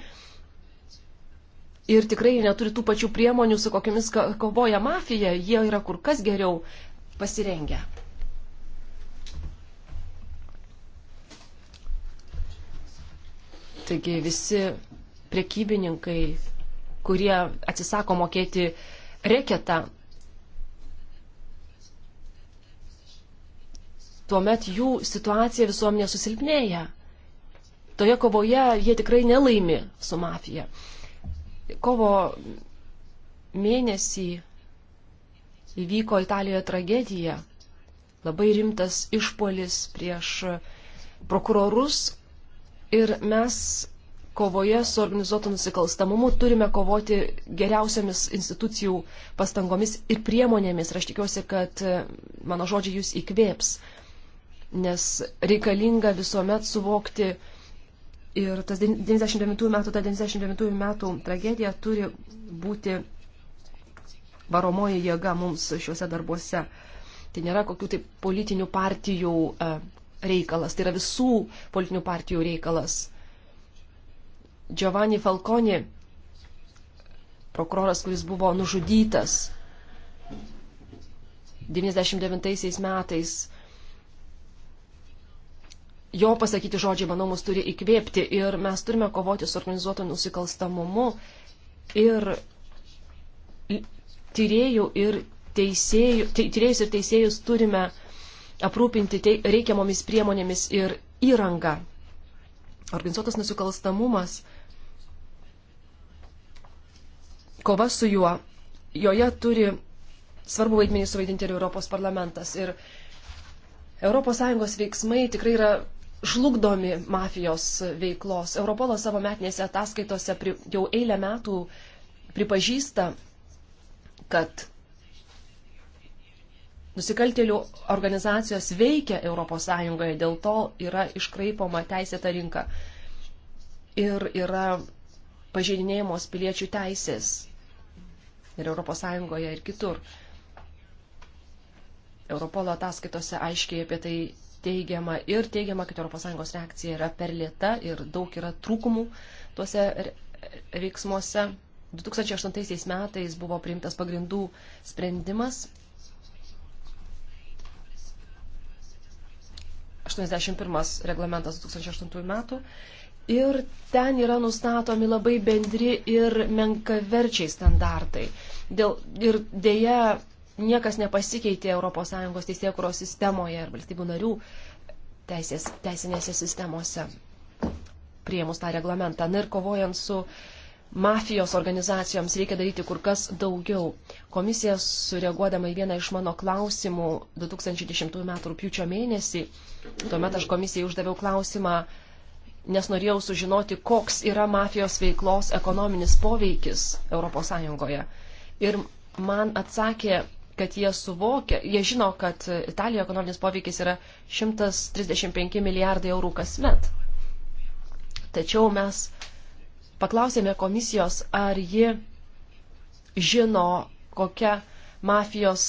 Ir tikrai neturi tų pačių priemonių, su kokiamis kovoja mafija, jie yra kur kas geriau pasirengę. Taigi visi prekybininkai kurie atsisako mokėti reketą, tuomet jų situacija visuomenė susilpnėja. Toje kovoje jie tikrai nelaimi su mafija. Kovo mėnesį įvyko Italijoje tragedija, labai rimtas išpolis prieš prokurorus ir mes kovoje su organizuotu nusikalstamumu turime kovoti geriausiamis institucijų pastangomis ir priemonėmis. Ir aš tikiuosi, kad e, mano žodžiai jūs įkvėps, nes reikalinga visuomet suvokti ir tas 99 metų, ta 99 metų tragedija turi būti varomoji jėga mums šiuose darbuose. Tai nėra kokių tai politinių partijų e, reikalas, tai yra visų politinių partijų reikalas Giovanni Falconi, prokuroras, kuris buvo nužudytas 99 metais. Jo pasakyti žodžiai, manau, mus turi įkvėpti ir mes turime kovoti su organizuotu nusikalstamumu ir tyriejų ir teisėjų, te, tyriejus ir teisėjus turime aprūpinti te, reikiamomis priemonėmis ir įrangą. Organizuotas nusikalstamumas kova su juo, joje turi svarbu vaidmenį suvaidinti ir Europos parlamentas. Ir ES veiksmai tikrai yra žlugdomi mafijos veiklos. Europolas savo metinėse ataskaitose pri, jau eilę metų pripažįsta, kad nusikaltėlių organizacijos veikia ES, dėl to yra iškraipoma teisėta rinka ir yra pažeidinėjamos piliečių teisės ir ES ir kitur. Europolo ataskaitose aiškiai apie tai teigiama ir teigiama, kad ES reakcija yra per lėta ir daug yra trūkumų tuose veiksmuose. 2008 metais buvo priimtas pagrindų sprendimas 81 reglamentas 2008 metų ir ten yra nustatomi labai bendri ir menkaverčiai standartai. Dėl, ir dėja niekas nepasikeitė ES teisėkuros sistemoje ir valstybių narių teisės, teisinėse sistemose prieimus tą reglamentą. Na ir kovojant su mafijos organizacijoms reikia daryti kur kas daugiau. Komisija sureaguodama į vieną iš mano klausimų 2010 m. rūpiučio mėnesį, tuomet aš komisijai uždaviau klausimą, nes norėjau sužinoti, koks yra mafijos veiklos ekonominis poveikis ES. Ir man atsakė, kad jie suvokia, jie žino, kad Italijoje ekonominis poveikis yra 135 milijardai eurų kasmet. Tačiau mes paklausėme komisijos, ar ji žino, kokia mafijos,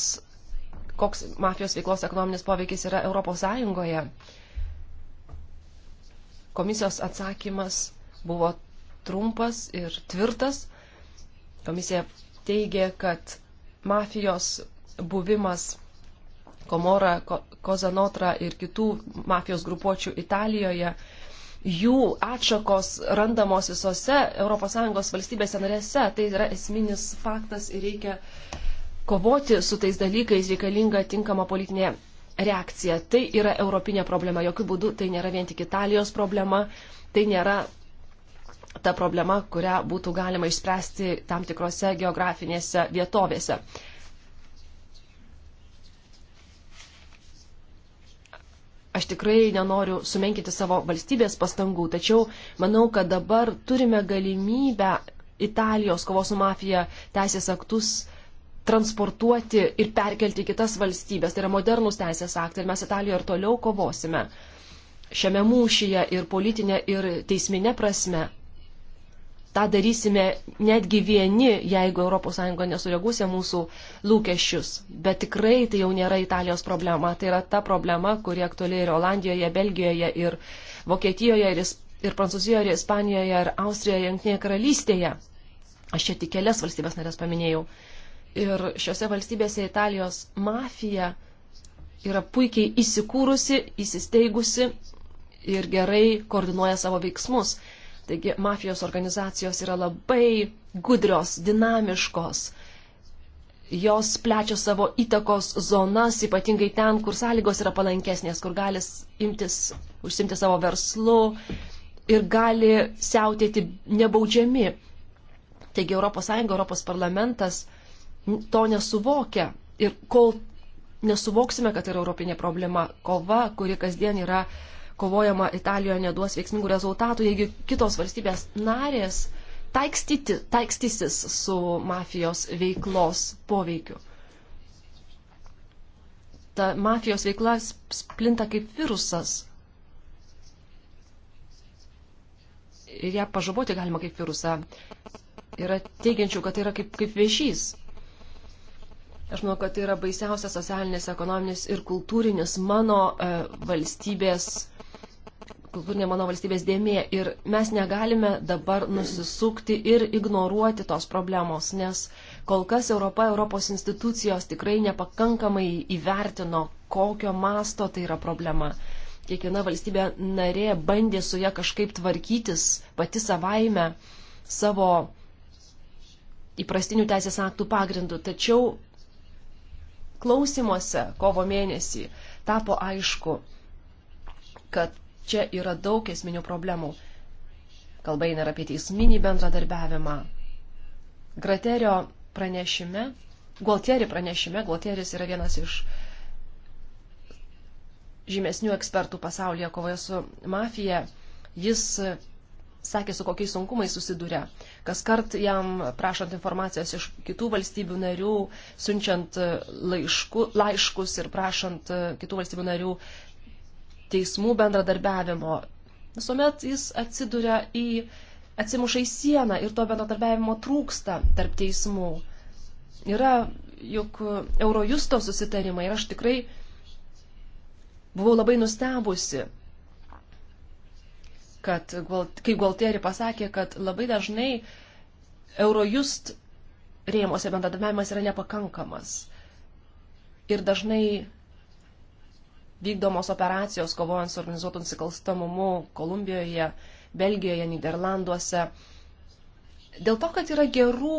koks mafijos veiklos ekonominis poveikis yra ES. Komisijos atsakymas buvo trumpas ir tvirtas. Komisija teigė, kad mafijos buvimas Komora, Ko, Kozanotra ir kitų mafijos grupuočių Italijoje, jų atšakos randamos visose ES valstybėse narėse. Tai yra esminis faktas ir reikia kovoti su tais dalykais, reikalinga tinkama politinė reakcija. Tai yra europinė problema, jokių būdų tai nėra vien tik Italijos problema, tai nėra ta problema, kurią būtų galima išspręsti tam tikrose geografinėse vietovėse. Aš tikrai nenoriu sumenkinti savo valstybės pastangų, tačiau manau, kad dabar turime galimybę Italijos kovos su mafija teisės aktus uh, transportuoti ir perkelti į kitas valstybės. Tai yra modernus teisės aktai ir mes Italijoje ir toliau kovosime šiame mūšyje ir politinė ir teisminė prasme. Ta darysime netgi vieni, jeigu ES nesureaguosia mūsų lūkesčius. Bet tikrai tai jau nėra Italijos problema. Tai yra ta problema, kuri aktuali ir Olandijoje, Belgijoje, ir Vokietijoje, ir, ir Prancūzijoje, ir Ispanijoje, ir Austrijoje, Junktinėje karalystėje. Aš čia tik kelias valstybės narės paminėjau. Ir šiuose valstybėse Italijos mafija yra puikiai įsikūrusi, įsisteigusi ir gerai koordinuoja savo veiksmus. Taigi mafijos organizacijos yra labai gudrios, dinamiškos. Jos plečia savo įtakos zonas, ypatingai ten, kur sąlygos yra palankesnės, kur gali imtis, užsimti savo verslu ir gali siautėti nebaudžiami. Taigi ES, ES parlamentas to nesuvokia. Ir kol nesuvoksime, kad tai yra europinė problema, kova, kuri kasdien yra kovojama Italijoje, neduos veiksmingų rezultatų, jeigu kitos valstybės narės taikstyti, taikstysis su mafijos veiklos poveikiu. Ta mafijos veikla splinta kaip virusas. Ir ją pažaboti galima kaip virusą. Yra teigiančių, kad tai yra kaip, kaip viešys. Aš manau, kad tai yra baisiausias socialinis, ekonominis ir kultūrinis mano e, valstybės, kultūrinė mano valstybės dėmė. Ir mes negalime dabar nusisukti ir ignoruoti tos problemos, nes kol kas Europa, Europos institucijos tikrai nepakankamai įvertino, kokio masto tai yra problema. Kiekviena valstybė narė bandė su ją kažkaip tvarkytis pati savaime savo įprastinių teisės aktų pagrindų. Tačiau klausimuose kovo mėnesį tapo aišku, kad čia yra daug esminių problemų. Kalba eina apie teisminį bendradarbiavimą. Graterio pranešime, Gualtieri pranešime, Gualtieris yra vienas iš žymesnių ekspertų pasaulyje kovoje su mafija, jis sakė, su kokiais sunkumais susiduria Kas kart jam prašant informacijos iš kitų valstybių narių, siunčiant e, laišku, laiškus ir prašant e, kitų valstybių narių teismų bendradarbiavimo, visuomet jis atsiduria į atsimuša į sieną ir to bendradarbiavimo trūksta tarp teismų. Yra juk Eurojusto susitarimai ir aš tikrai buvau labai nustebusi, kad, kaip Gualtieri pasakė, kad labai dažnai Eurojust rėmose bendradarbiavimas yra nepakankamas. Ir dažnai vykdomos operacijos kovojant su organizuotų nusikalstamumu Kolumbijoje, Belgijoje, Niderlanduose. Dėl to, kad yra gerų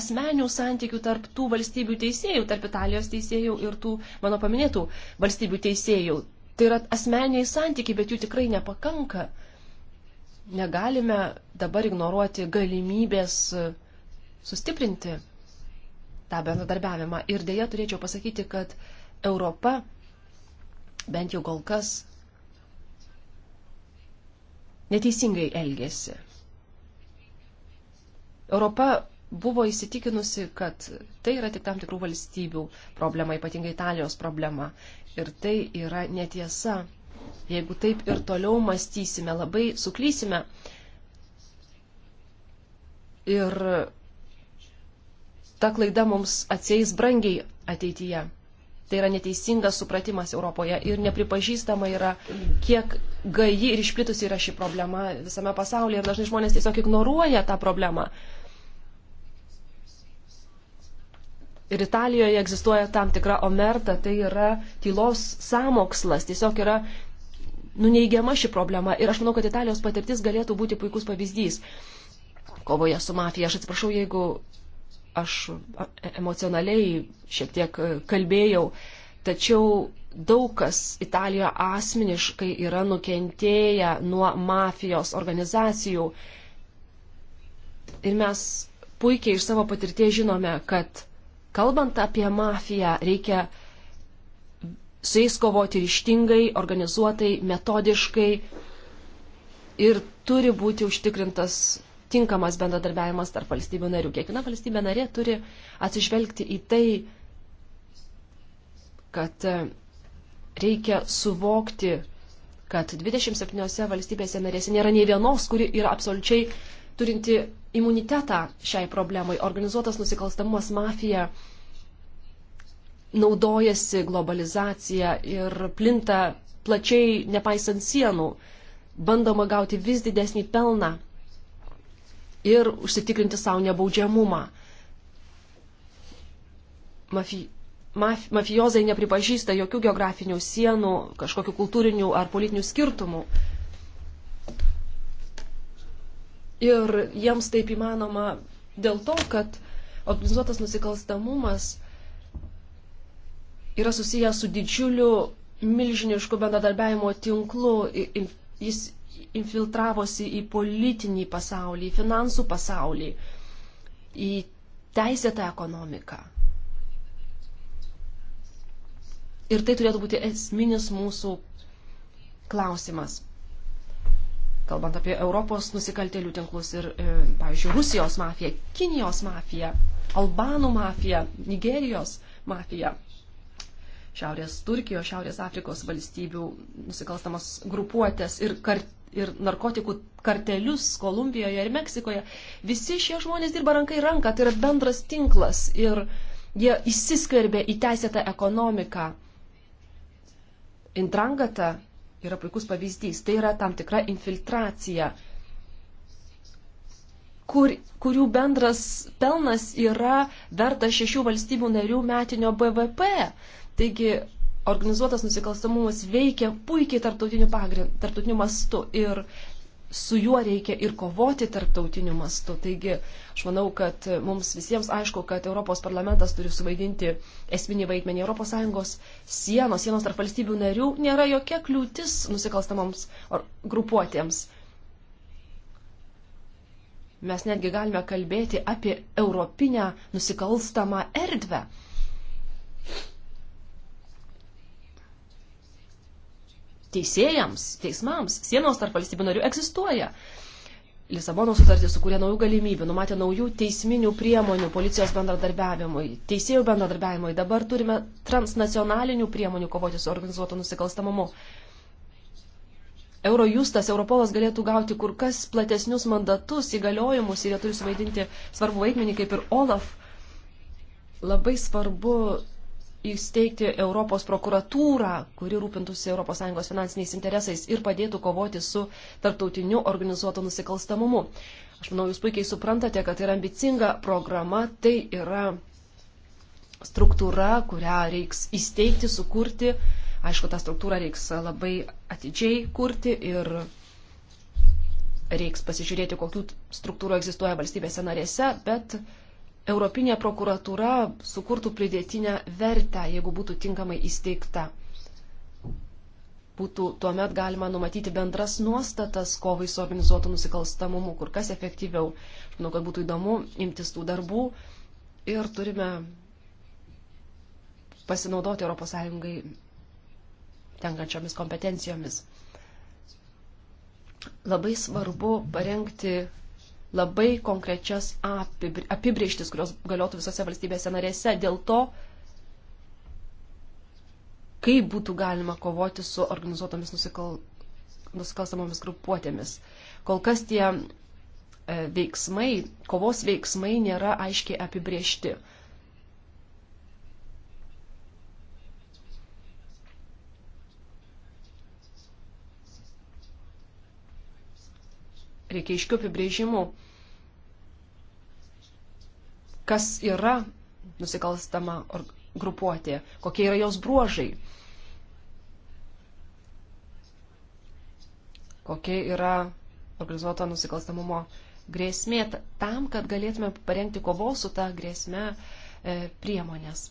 asmenių santykių tarp tų valstybių teisėjų, tarp Italijos teisėjų ir tų mano paminėtų valstybių teisėjų. Tai yra asmeniai santykiai, bet jų tikrai nepakanka. Uh, negalime dabar ignoruoti galimybės sustiprinti tą bendradarbiavimą. Ir dėja turėčiau pasakyti, kad Europa bent jau kol kas neteisingai elgėsi. Europa buvo įsitikinusi, kad tai yra tik tam tikrų valstybių problema, ypatingai Italijos problema. Ir tai yra netiesa. Jeigu taip ir toliau mąstysime, labai suklysime. Ir ta klaida mums atsieis brangiai ateityje. Tai yra neteisingas supratimas Europoje ir nepripažįstama yra, kiek gaji ir išplitusi yra ši problema visame pasaulyje ir dažnai žmonės tiesiog ignoruoja tą problemą. ir Italijoje egzistuoja tam tikra omerta, tai yra tylos samokslas, tiesiog yra nuneigiama ši problema ir aš manau, kad Italijos patirtis galėtų būti puikus pavyzdys kovoje su mafija. Aš atsiprašau, jeigu aš e, emocionaliai šiek tiek e, kalbėjau, tačiau daug kas Italijoje asmeniškai yra nukentėję nuo mafijos organizacijų. Ir mes puikiai iš savo patirties žinome, kad kalbant apie mafiją reikia su jais kovoti ryštingai, organizuotai, metodiškai ir turi būti užtikrintas tinkamas bendradarbiavimas tarp valstybių narių. Kiekviena valstybė narė turi atsižvelgti į tai, kad e, reikia suvokti, kad 27 valstybėse narėse nėra nei vienos, kuri yra absoliučiai turinti imunitetą šiai problemai. Organizuotas nusikalstamumas mafija naudojasi globalizacija ir plinta plačiai nepaisant sienų, bandoma gauti vis didesnį pelną ir užsitikrinti savo nebaudžiamumą. Mafi, maf, mafijozai nepripažįsta jokių geografinių sienų, kažkokių kultūrinių ar politinių skirtumų. Ir jiems taip įmanoma dėl to, kad organizuotas nusikalstamumas yra susijęs su didžiuliu milžinišku bendradarbiavimo tinklu. Jis infiltravosi į politinį pasaulį, į finansų pasaulį, į teisėtą ekonomiką. Ir tai turėtų būti esminis mūsų klausimas. Kalbant apie Europos nusikaltėlių tinklus ir, e, pavyzdžiui, Rusijos mafiją, Kinijos mafiją, Albanų mafiją, Nigerijos mafiją. Šiaurės Turkijos, Šiaurės Afrikos valstybių nusikalstamas grupuotės ir, kar, ir narkotikų kartelius Kolumbijoje ir Meksikoje. Visi šie žmonės dirba rankai ranką, tai yra bendras tinklas ir jie įsiskverbė į teisėtą ekonomiką. Intrangata yra puikus pavyzdys, tai yra tam tikra infiltracija kur, kurių bendras pelnas yra vertas šešių valstybių narių metinio BVP. Taigi, organizuotas nusikalstamumas veikia puikiai tarptautiniu, pagrind, tarptautiniu mastu ir su juo reikia ir kovoti tarptautiniu mastu. Taigi, aš manau, kad mums visiems aišku, kad Europos parlamentas turi suvaidinti esminį vaidmenį. ES sienos, sienos tarp valstybių narių nėra jokia kliūtis nusikalstamoms grupuotėms. Mes netgi galime kalbėti apie europinę nusikalstamą erdvę. teisėjams, teismams, sienos tarp valstybių narių egzistuoja. Lisabono sutartis sukūrė naujų galimybių, numatė naujų teisminių priemonių policijos bendradarbiavimui, teisėjų bendradarbiavimui. Dabar turime transnacionalinių priemonių kovoti su organizuotu nusikalstamumu. Eurojustas, Europolas galėtų gauti kur kas platesnius mandatus, įgaliojimus ir jie turi suvaidinti svarbu vaidmenį kaip ir Olaf. Labai svarbu įsteigti Europos prokuratūrą, kuri rūpintųsi ES finansiniais interesais ir padėtų kovoti su tarptautiniu organizuotu nusikalstamumu. Aš manau, jūs puikiai suprantate, kad tai yra ambicinga programa, tai yra struktūra, kurią reiks įsteigti, sukurti. Aišku, tą struktūrą reiks labai atidžiai kurti ir reiks pasižiūrėti, kokių struktūrų egzistuoja valstybėse narėse, bet Europinė prokuratūra sukurtų pridėtinę vertę, jeigu būtų tinkamai įsteigta. Būtų tuomet galima numatyti bendras nuostatas kovai su organizuotu nusikalstamumu, kur kas efektyviau. Žinau, kad būtų įdomu imtis tų darbų ir turime pasinaudoti ES tenkančiomis kompetencijomis. Labai svarbu parengti labai konkrečias apibrieštis, kurios galiotų visose valstybėse narėse. Dėl to, kaip būtų galima kovoti su organizuotomis nusikal... nusikalstamomis grupuotėmis. Kol kas tie e, veiksmai, kovos veiksmai nėra aiškiai apibriešti. reikia iškių apibrėžimų kas yra nusikalstama grupuotė, kokie yra jos bruožai, kokie yra organizuoto nusikalstamumo grėsmė, tam, kad galėtume parengti kovos su tą grėsme e, priemonės.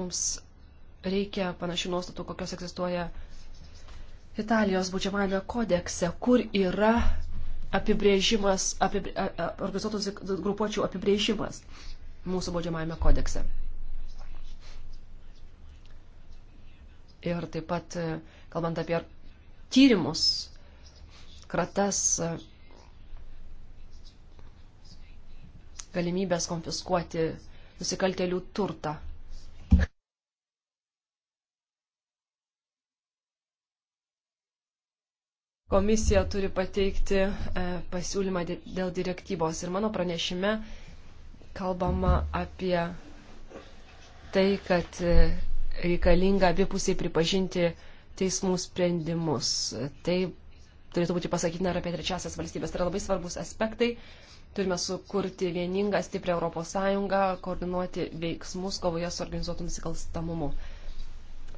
Mums reikia panašių nuostatų, kokios egzistuoja Italijos būdžiamame kodekse, kur yra apibrėžimas, apibri, organizuotos grupuočių apibrėžimas mūsų baudžiamajame kodekse. Ir taip pat, e, kalbant apie tyrimus, kratas, e, galimybės konfiskuoti nusikaltelių turtą komisija turi pateikti e, pasiūlymą dėl direktyvos. Ir mano pranešime kalbama apie tai, kad e, reikalinga abipusiai pripažinti teismų sprendimus. Tai turėtų būti pasakytina ir apie trečiasias valstybės. Tai yra labai svarbus aspektai. Turime sukurti vieningą, stiprią Europos Sąjungą, koordinuoti veiksmus kovoje su organizuotu nusikalstamumu.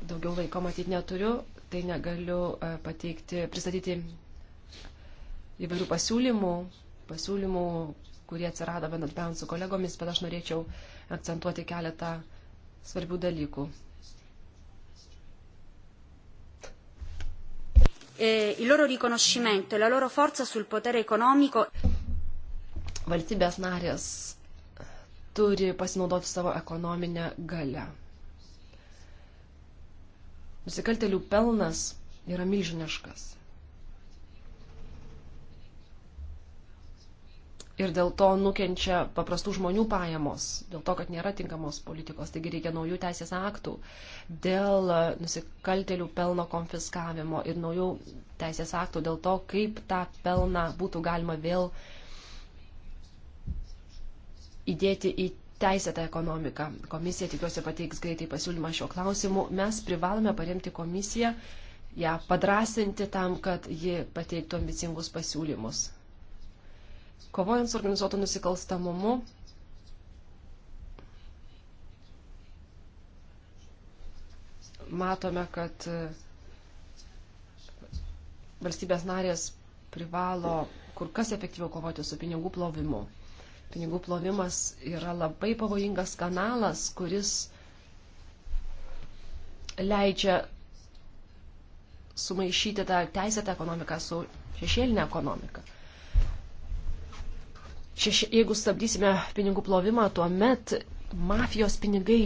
Daugiau laiko matyti neturiu tai negaliu e, pateikti, pristatyti įvairių pasiūlymų, pasiūlymų, kurie atsirado bendradarbiaujant su kolegomis, bet aš norėčiau akcentuoti keletą svarbių dalykų. E, il loro riconoscimento e la loro forza sul potere economico. Valstybės narės turi pasinaudoti savo ekonominę galę. Nusikaltelių pelnas yra milžiniškas. ir dėl to nukenčia paprastų žmonių pajamos, dėl to, kad nėra tinkamos politikos, taigi reikia naujų teisės aktų dėl nusikaltelių pelno konfiskavimo ir naujų teisės aktų dėl to, kaip tą pelną būtų galima vėl įdėti į teisėtą ekonomiką. Komisija, tikiuosi, pateiks greitai pasiūlymą šio klausimu. Mes privalome paremti komisiją, ją padrasinti tam, kad ji pateiktų ambicingus pasiūlymus. Kovojant su organizuotu nusikalstamumu, matome, kad e, valstybės narės privalo kur kas efektyviau kovoti su pinigų plovimu. Pinigų plovimas yra labai pavojingas kanalas, kuris leidžia sumaišyti tą teisėtą ekonomiką su šešėlinė ekonomika. Šeši, jeigu stabdysime pinigų plovimą, tuomet mafijos pinigai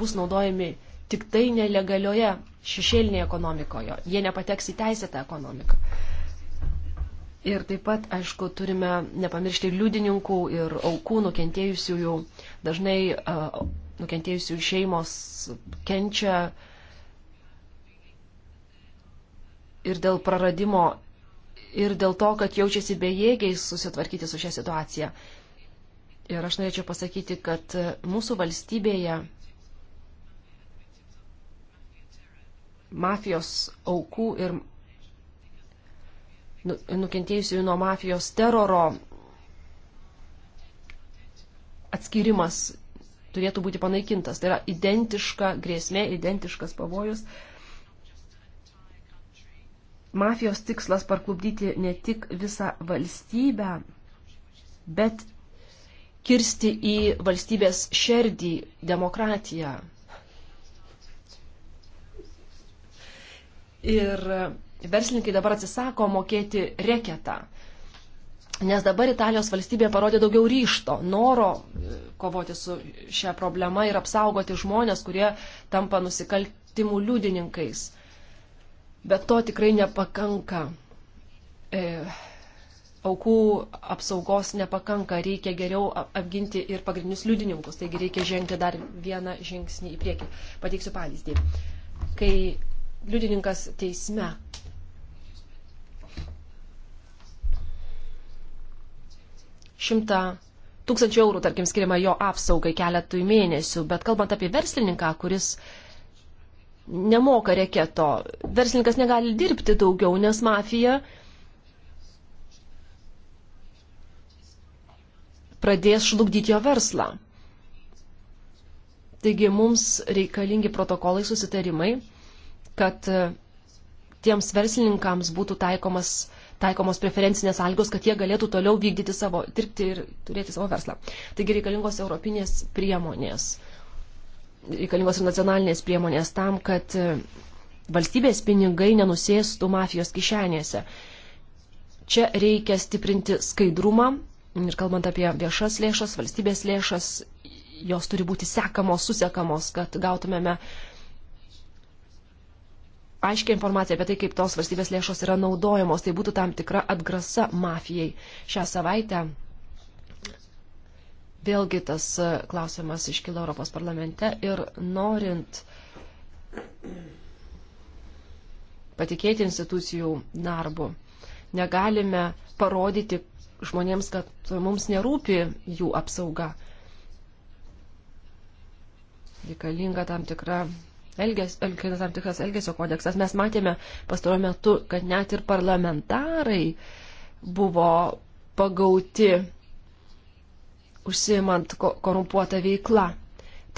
bus naudojami tik tai nelegalioje šešėlinėje ekonomikoje. Jie nepateks į teisėtą ekonomiką. Ir taip pat, aišku, turime nepamiršti liudininkų ir aukų nukentėjusiųjų. Dažnai uh, nukentėjusių šeimos kenčia ir dėl praradimo, ir dėl to, kad jaučiasi bejėgiai susitvarkyti su šią situaciją. Ir aš norėčiau pasakyti, kad mūsų valstybėje mafijos aukų ir Nu, nukentėjusiųjų nuo mafijos teroro atskirimas turėtų būti panaikintas. Tai yra identiška grėsmė, identiškas pavojus. Mafijos tikslas parklubdyti ne tik visą valstybę, bet kirsti į valstybės šerdį demokratiją. Ir verslininkai dabar atsisako mokėti reketą. Nes dabar Italijos valstybė parodė daugiau ryšto, noro e, kovoti su šią problemą ir apsaugoti žmonės, kurie tampa nusikaltimų liudininkais. Bet to tikrai nepakanka. E, aukų apsaugos nepakanka, reikia geriau apginti ir pagrindinius liudininkus, taigi reikia žengti dar vieną žingsnį į priekį. Pateiksiu pavyzdį. Kai liudininkas teisme 100 tūkstančių eurų, tarkim, skiriama jo apsaugai keletui mėnesių, bet kalbant apie verslininką, kuris nemoka reketo, verslininkas negali dirbti daugiau, nes mafija pradės šlugdyti jo verslą. Taigi mums reikalingi protokolai, susitarimai, kad tiems verslininkams būtų taikomas taikomos preferencinės sąlygos, kad jie galėtų toliau vykdyti savo, dirbti ir turėti savo verslą. Taigi reikalingos europinės priemonės, reikalingos ir nacionalinės priemonės tam, kad e, valstybės pinigai nenusėstų mafijos kišenėse. Čia reikia stiprinti skaidrumą ir kalbant apie viešas lėšas, valstybės lėšas, jos turi būti sekamos, susekamos, kad gautumėme uh, aiškia informacija apie tai, kaip tos valstybės lėšos yra naudojamos. Tai būtų tam tikra atgrasa mafijai. Šią savaitę vėlgi tas e, klausimas iškilo Europos parlamente ir norint patikėti institucijų darbu, negalime parodyti žmonėms, kad mums nerūpi jų apsauga. Reikalinga tam tikra elges, elges, tam tikras elgesio kodeksas. Mes matėme pastaruoju metu, kad net ir parlamentarai buvo pagauti užsiimant korumpuotą veiklą.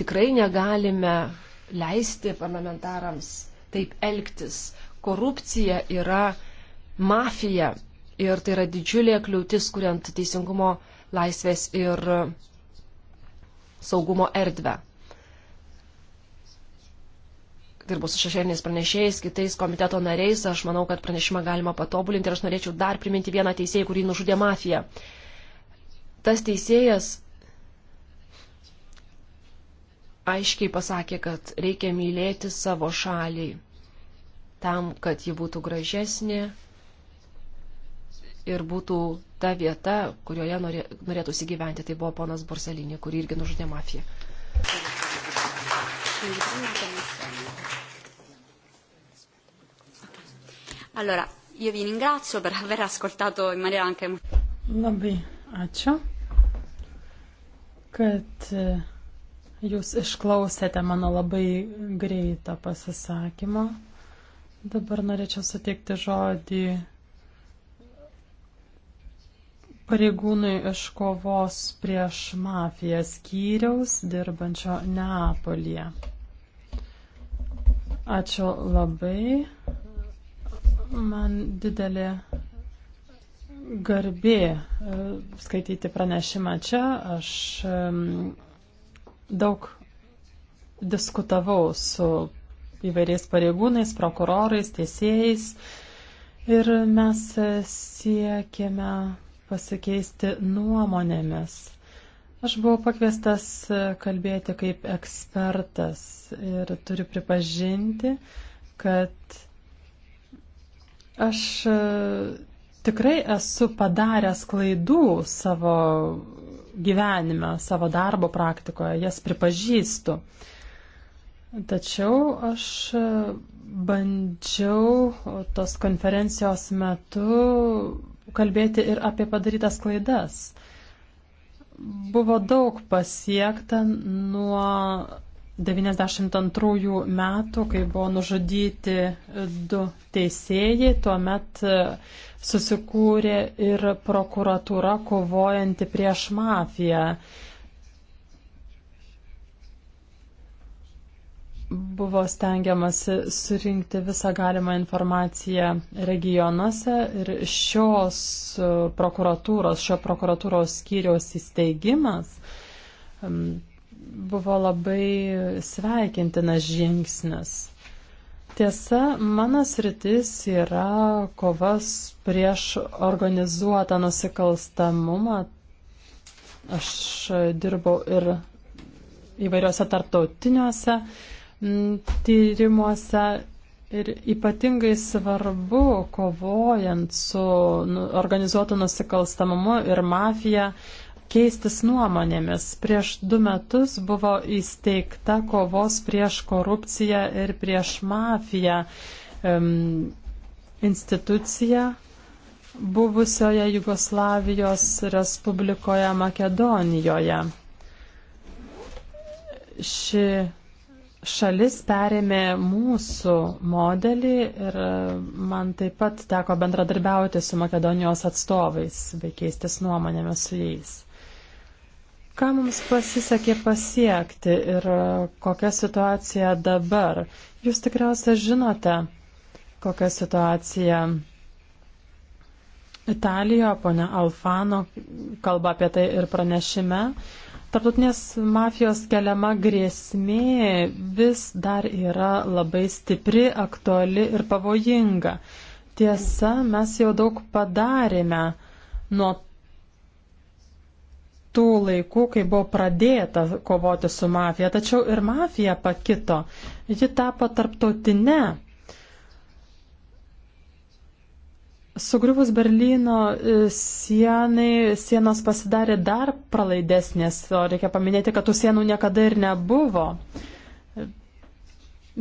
Tikrai negalime leisti parlamentarams taip elgtis. Korupcija yra mafija ir tai yra didžiulė kliūtis, kuriant teisingumo laisvės ir saugumo erdvę dirbu su šešėliniais pranešėjais, kitais komiteto nariais, aš manau, kad pranešimą galima patobulinti ir aš norėčiau dar priminti vieną teisėją, kurį nužudė mafija. Tas teisėjas aiškiai pasakė, kad reikia mylėti savo šalį tam, kad ji būtų gražesnė ir būtų ta vieta, kurioje norėtųsi gyventi. Tai buvo ponas Borsalinė, kurį irgi nužudė mafija. Thank you quindi prima la Commissione. Allora, io vi ringrazio per aver ascoltato in maniera anche molto. Labai ačiū, kad eh, jūs išklausėte mano labai greitą pasisakymą. Dabar norėčiau suteikti žodį pareigūnui iš kovos prieš mafiją skyriaus dirbančio Neapolyje. Ačiū labai. Man didelė garbė e, skaityti pranešimą čia. Aš daug diskutavau su įvairiais pareigūnais, prokurorais, teisėjais ir mes e, siekėme pasikeisti nuomonėmis. Aš buvau pakviestas e, kalbėti kaip ekspertas ir turiu pripažinti, kad aš e, tikrai esu padaręs klaidų savo gyvenime, savo darbo praktikoje, jas pripažįstu. Tačiau aš e, bandžiau tos konferencijos metu kalbėti ir apie padarytas klaidas. Buvo daug pasiekta nuo 92 metų, kai buvo nužudyti du teisėjai, tuomet e, susikūrė ir prokuratūra kovojanti prieš mafiją. buvo stengiamasi surinkti visą galimą informaciją regionuose ir šios e, prokuratūros, šio prokuratūros skyriaus įsteigimas buvo labai sveikintinas žingsnis. Tiesa, mano sritis yra kovas prieš organizuotą nusikalstamumą. Aš dirbau ir įvairiuose tarptautiniuose uh, tyrimuose ir ypatingai svarbu kovojant su nu, organizuotu nusikalstamumu ir mafija keistis nuomonėmis. Prieš du metus buvo įsteigta kovos prieš korupciją ir prieš mafiją um, institucija buvusioje Jugoslavijos Respublikoje Makedonijoje. Ši šalis perėmė mūsų modelį ir man taip pat teko bendradarbiauti su Makedonijos atstovais bei keistis nuomonėmis su jais. Ką mums pasisekė pasiekti ir kokia situacija dabar? Jūs tikriausiai žinote, kokia situacija Italijoje, ponia Alfano kalba apie tai ir pranešime. Uh, Tartutinės mafijos keliama grėsmė vis dar yra labai stipri, aktuali ir pavojinga. Tiesa, mes jau daug padarėme nuo tų laikų, kai buvo pradėta kovoti su mafija, tačiau ir mafija pakito. Ji tapo tarptautinė. Sugriuvus Berlyno e, sienai, sienos pasidarė dar pralaidesnės, o reikia paminėti, kad tų sienų niekada ir nebuvo.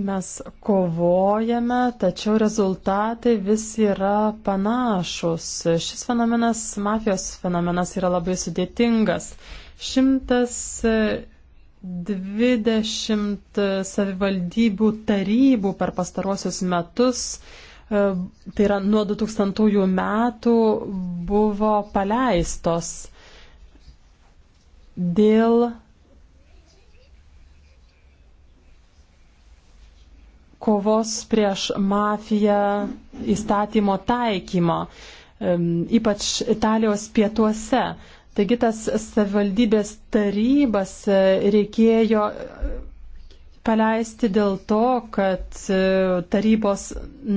Mes kovojame, tačiau rezultatai vis yra panašus. Šis fenomenas, mafijos fenomenas yra labai sudėtingas. 120 e, savivaldybių tarybų per pastaruosius metus E, tai yra nuo 2000 metų, buvo paleistos dėl kovos prieš mafiją įstatymo taikymo, e, ypač Italijos pietuose. Taigi tas savivaldybės tarybas e, reikėjo paleisti dėl to, kad e, tarybos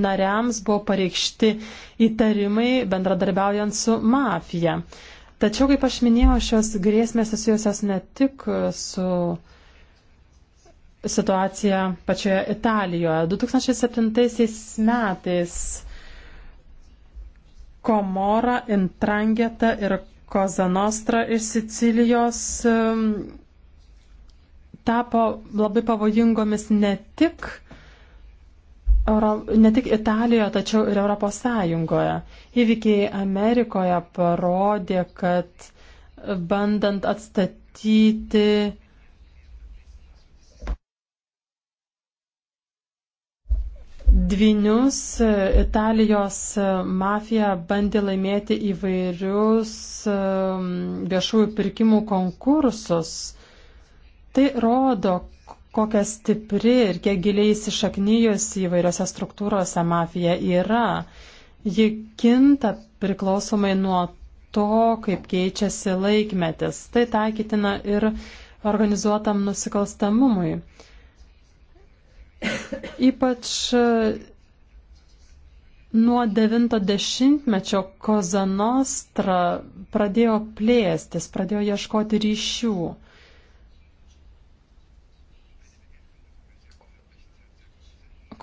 nariams buvo pareikšti įtarimai bendradarbiaujant su mafija. Tačiau, kaip aš minėjau, šios grėsmės susijusios ne tik su situacija pačioje Italijoje. 2007 metais Komora, Intrangeta ir Kozanostra iš Sicilijos tapo labai pavojingomis ne tik, Euro, ne tik Italijoje, tačiau ir Europos Sąjungoje. Įvykiai Amerikoje parodė, kad bandant atstatyti dvinius Italijos mafija bandė laimėti įvairius um, viešųjų pirkimų konkursus. Tai rodo, kokia stipri ir kiek giliai įsišaknyjusi įvairiose struktūrose mafija yra. Ji kinta priklausomai nuo to, kaip keičiasi laikmetis. Tai taikytina ir organizuotam nusikalstamumui. Ypač e, nuo 90-mečio Kozanostra pradėjo plėstis, pradėjo ieškoti ryšių.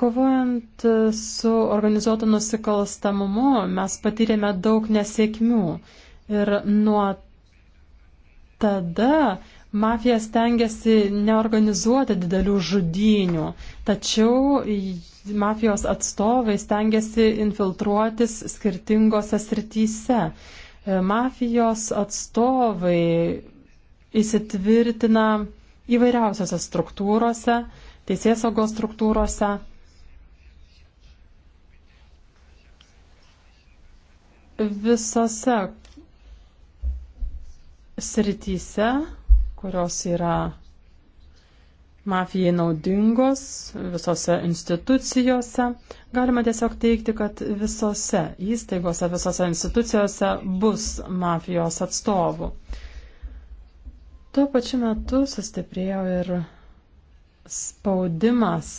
Kovojant su organizuotu nusikalstamumu mes patyrėme daug nesėkmių ir nuo tada mafija stengiasi neorganizuoti didelių žudynių, tačiau mafijos atstovai stengiasi infiltruotis skirtingose srityse. Mafijos atstovai įsitvirtina įvairiausiose struktūrose, teisėsaugos struktūrose visose srityse, kurios yra mafijai naudingos, visose institucijose, galima tiesiog teikti, kad visose įstaigose, visose institucijose bus mafijos atstovų. Tuo pačiu metu sustiprėjo ir spaudimas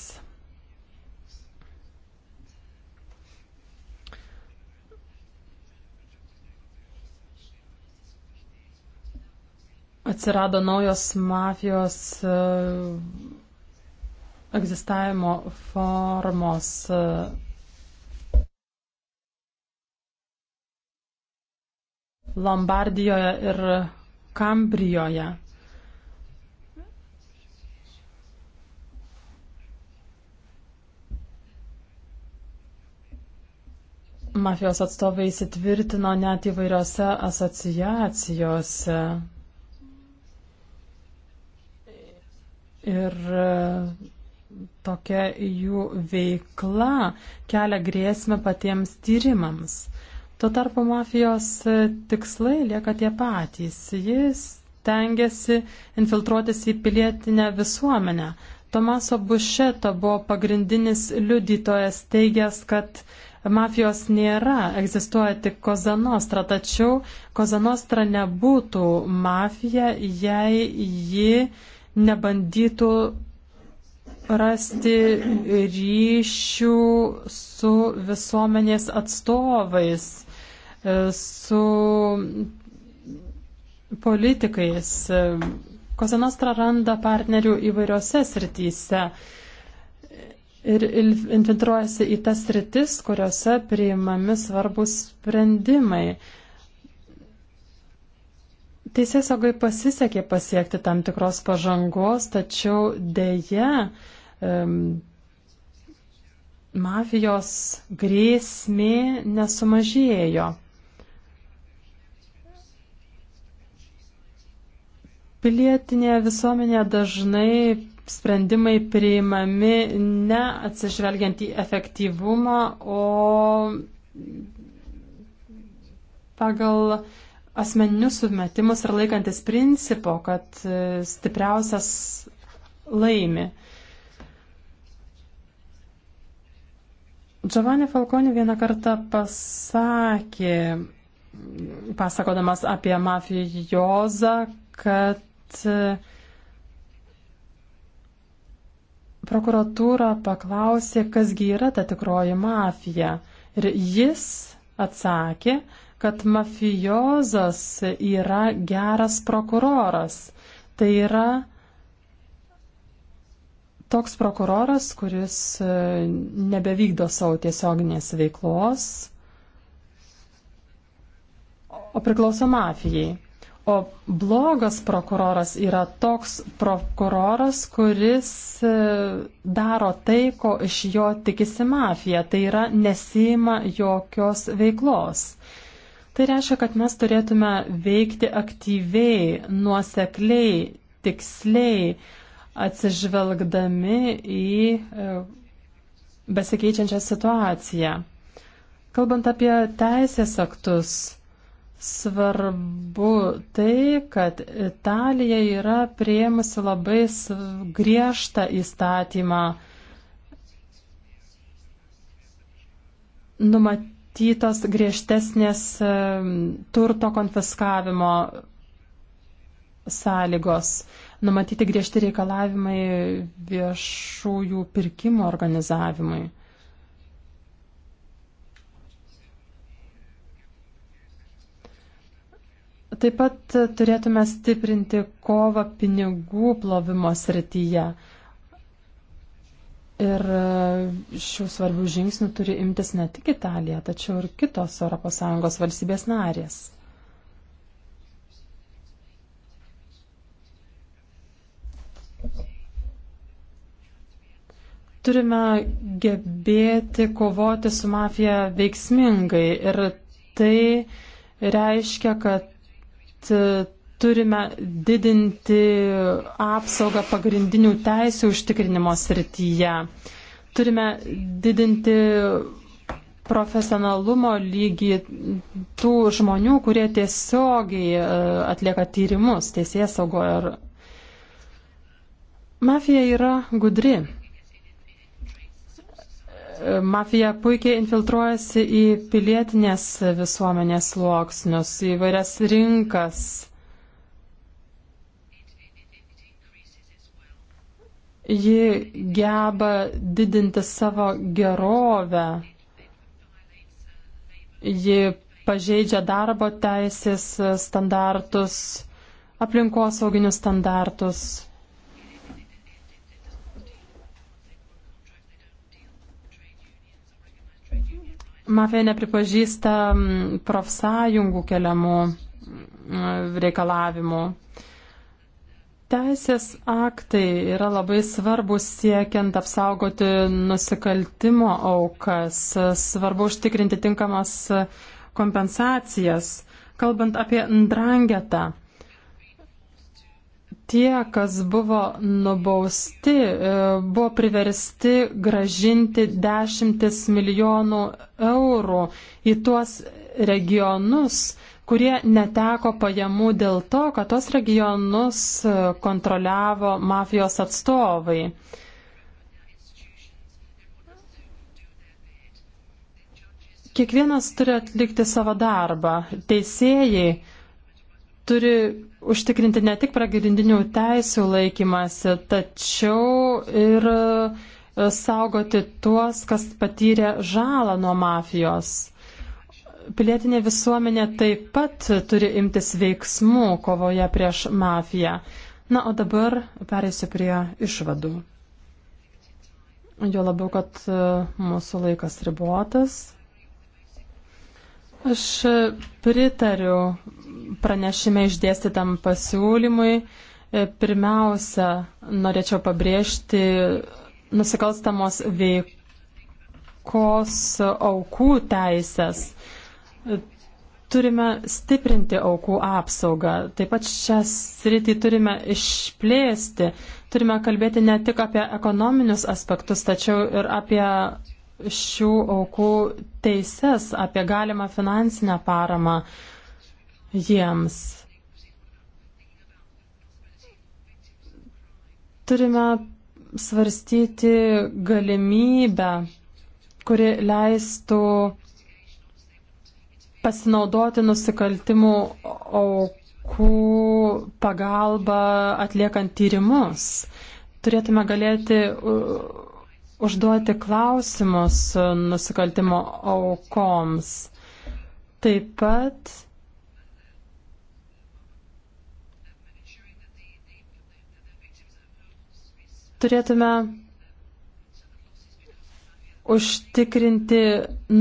atsirado naujos mafijos e, egzistavimo formos. E, Lombardijoje ir Kambrijoje. Mafijos atstovai įsitvirtino net įvairiose asociacijose. ir e, tokia jų veikla kelia grėsmę patiems tyrimams. Tuo tarpu mafijos e, tikslai lieka tie patys. Jis tengiasi infiltruotis į pilietinę visuomenę. Tomaso Bušeto buvo pagrindinis liudytojas teigęs, kad mafijos nėra, egzistuoja tik Kozanostra, tačiau Kozanostra nebūtų mafija, jei ji nebandytų rasti ryšių su visuomenės atstovais, e, su politikais. Kozanostra randa partnerių įvairiose srityse ir infiltruojasi į tas sritis, kuriuose priimami svarbus sprendimai. Teisėsaugai pasisekė pasiekti tam tikros pažangos, tačiau dėje um, mafijos grėsmė nesumažėjo. Pilietinėje visuomenėje dažnai sprendimai priimami ne atsižvelgiant į efektyvumą, o pagal uh, asmeninius sumetimus ir laikantis principo, kad e, stipriausias laimi. Giovanni Falconi vieną kartą pasakė, pasakodamas apie mafijozą, kad e, prokuratūra paklausė, kasgi yra ta tikroji mafija. Ir jis atsakė, kad mafijozas yra geras prokuroras. Tai yra toks prokuroras, kuris e, nebevykdo savo tiesioginės veiklos, o priklauso mafijai. O blogas prokuroras yra toks prokuroras, kuris e, daro tai, ko iš jo tikisi mafija, tai yra nesima jokios veiklos. Tai reiškia, kad mes turėtume veikti aktyviai, nuosekliai, tiksliai, atsižvelgdami į e, besikeičiančią situaciją. Kalbant apie teisės aktus, svarbu tai, kad Italija yra prieimusi labai griežtą įstatymą numatyti numatytos griežtesnės turto konfiskavimo sąlygos, numatyti griežti reikalavimai viešųjų pirkimų organizavimui. Taip pat turėtume stiprinti kovą pinigų plovimo srityje. Ir e, šių svarbių žingsnių turi imtis ne tik Italija, tačiau ir kitos ES valstybės narės. Turime gebėti kovoti su mafija veiksmingai ir tai reiškia, kad e, turime didinti apsaugą pagrindinių teisių užtikrinimo srityje. Turime didinti profesionalumo lygį tų žmonių, kurie tiesiogiai e, atlieka tyrimus teisės saugo. Ir... Mafija yra gudri. E, mafija puikiai infiltruojasi į pilietinės visuomenės sluoksnius, į vairias rinkas. ji geba didinti savo gerovę, ji pažeidžia darbo teisės standartus, aplinkosauginius standartus. Mafija nepripažįsta mm, profsąjungų keliamų mm, reikalavimų. Teisės aktai yra labai svarbus siekiant apsaugoti nusikaltimo aukas, svarbu užtikrinti tinkamas kompensacijas. Kalbant apie ndrangetą, tie, kas buvo nubausti, e, buvo priversti gražinti dešimtis milijonų eurų į tuos regionus, kurie neteko pajamų dėl to, kad tos regionus e, kontroliavo mafijos atstovai. Kiekvienas turi atlikti savo darbą. Teisėjai turi užtikrinti ne tik pagrindinių teisų laikymasi, tačiau ir e, saugoti tuos, kas patyrė žalą nuo mafijos pilietinė visuomenė taip pat turi imtis veiksmų kovoje prieš mafiją. Na, o dabar pereisiu prie išvadų. Jo labiau, kad e, mūsų laikas ribotas. Aš e, pritariu pranešime išdėstytam pasiūlymui. E, pirmiausia, norėčiau pabrėžti nusikalstamos veikos aukų teisės turime stiprinti aukų apsaugą. Taip pat šią sritį turime išplėsti. Turime kalbėti ne tik apie ekonominius aspektus, tačiau ir apie šių aukų teises, apie galimą finansinę paramą jiems. Turime svarstyti galimybę, kuri leistų pasinaudoti nusikaltimų aukų pagalba atliekant tyrimus. Turėtume galėti užduoti klausimus nusikaltimo aukoms. Taip pat turėtume užtikrinti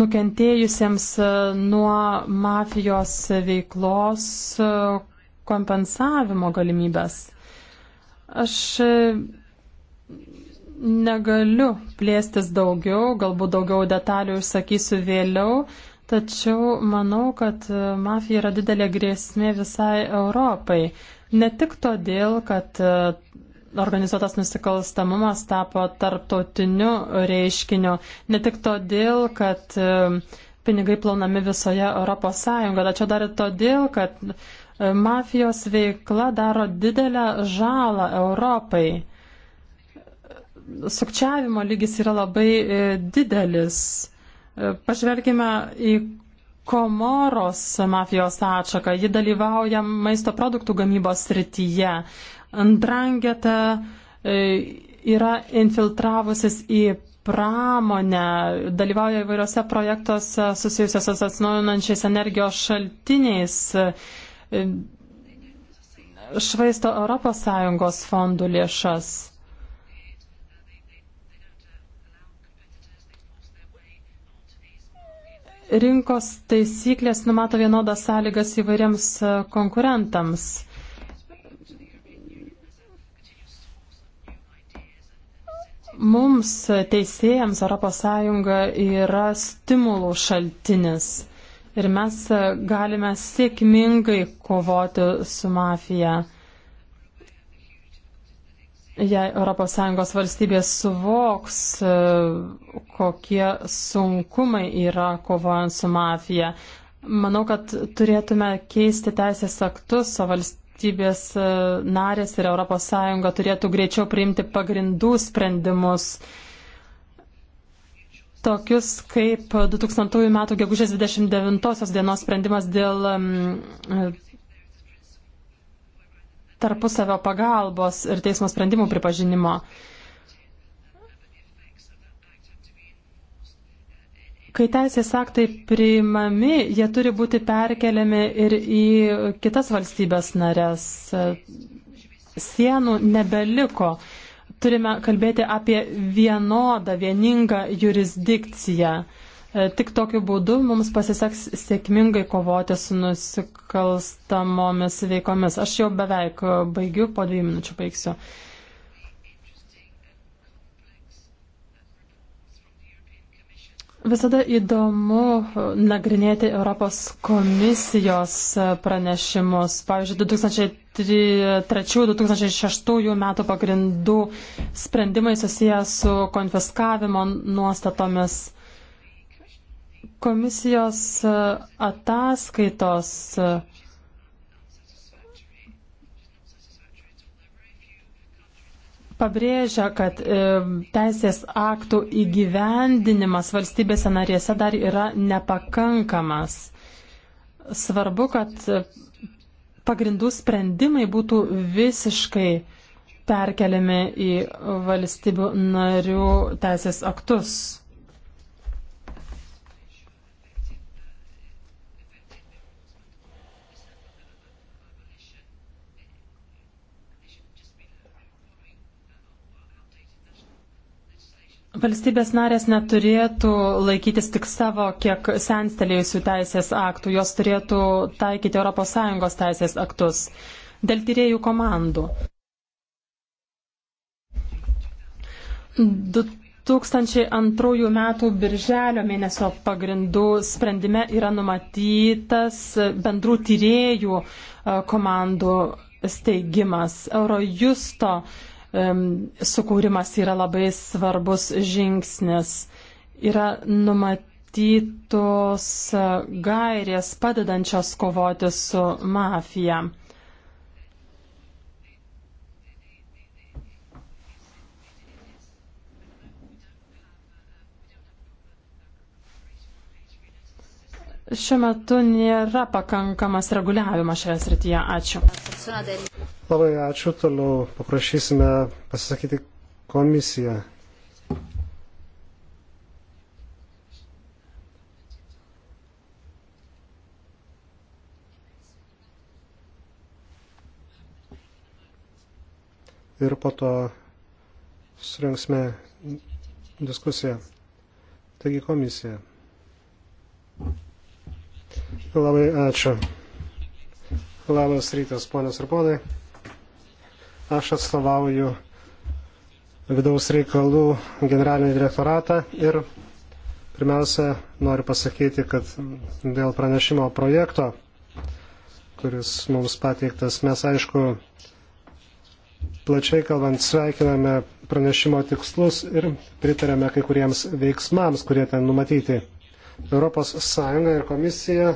nukentėjusiems e, nuo mafijos veiklos e, kompensavimo galimybės. Aš e, negaliu plėstis daugiau, galbūt daugiau detalių išsakysiu vėliau, tačiau manau, kad mafija yra didelė grėsmė visai Europai. Ne tik todėl, kad organizuotas nusikalstamumas tapo tarptautiniu reiškiniu ne tik todėl, kad e, pinigai plaunami visoje Europos Sąjungoje, tačiau dar ir todėl, kad e, mafijos veikla daro didelę žalą Europai sukčiavimo lygis yra labai e, didelis. Pažvelgime į Komoros mafijos atšaką. Ji dalyvauja maisto produktų gamybos srityje. Andrangeta e, yra infiltravusis į pramonę, dalyvauja įvairiose projektuose susijusiuose su atsinaujinančiais energijos šaltiniais, e, švaisto ES fondų lėšas. Rinkos taisyklės numato vienodas sąlygas įvairiems konkurentams. Mums, teisėjams, ES yra stimulų šaltinis ir mes galime sėkmingai kovoti su mafija. Jei ES valstybės suvoks, kokie sunkumai yra kovojant su mafija, manau, kad turėtume keisti teisės aktus, o valstybės valstybės e, narės ir ES turėtų greičiau priimti pagrindų sprendimus. Tokius kaip 2000 m. gegužės 29 dienos sprendimas dėl e, tarpusavio pagalbos ir teismo sprendimų pripažinimo. Kai teisės aktai priimami, jie turi būti perkeliami ir į kitas valstybės narės. Sienų nebeliko. Turime kalbėti apie vienodą, vieningą jurisdikciją. E, tik tokiu būdu mums pasiseks sėkmingai kovoti su nusikalstamomis veikomis. Aš jau beveik baigiu, po dviejų minučių baigsiu. Uh, Visada įdomu e, nagrinėti Europos komisijos e, pranešimus. Pavyzdžiui, 2003-2006 metų pagrindų sprendimai susiję su konfiskavimo nuostatomis. Komisijos e, ataskaitos pabrėžia, kad e, teisės aktų įgyvendinimas valstybėse narėse dar yra nepakankamas. Svarbu, kad pagrindų sprendimai būtų visiškai perkeliami į valstybių narių teisės aktus. Valstybės narės neturėtų laikytis tik savo, kiek senstelėjusių teisės aktų, jos turėtų taikyti ES teisės aktus. Dėl tyriejų komandų. 2002 m. birželio mėnesio pagrindų sprendime yra numatytas bendrų tyriejų e, komandų steigimas. Eurojusto uh, sukūrimas yra labai svarbus žingsnis. Yra numatytos e, gairės padedančios kovoti su mafija. šiuo metu nėra pakankamas reguliavimas šioje srityje. Ačiū. Labai ačiū. Toliau paprašysime pasisakyti komisiją. ir po to surinksime diskusiją. Taigi komisija. Labai ačiū. Labas rytas, ponios ir ponai. Aš atstovauju vidaus reikalų generalinį direktoratą ir pirmiausia noriu pasakyti, kad dėl pranešimo projekto, kuris mums pateiktas, mes aišku plačiai kalbant, sveikiname pranešimo tikslus ir pritarėme kai kuriems veiksmams, kurie ten numatyti. ES ir komisija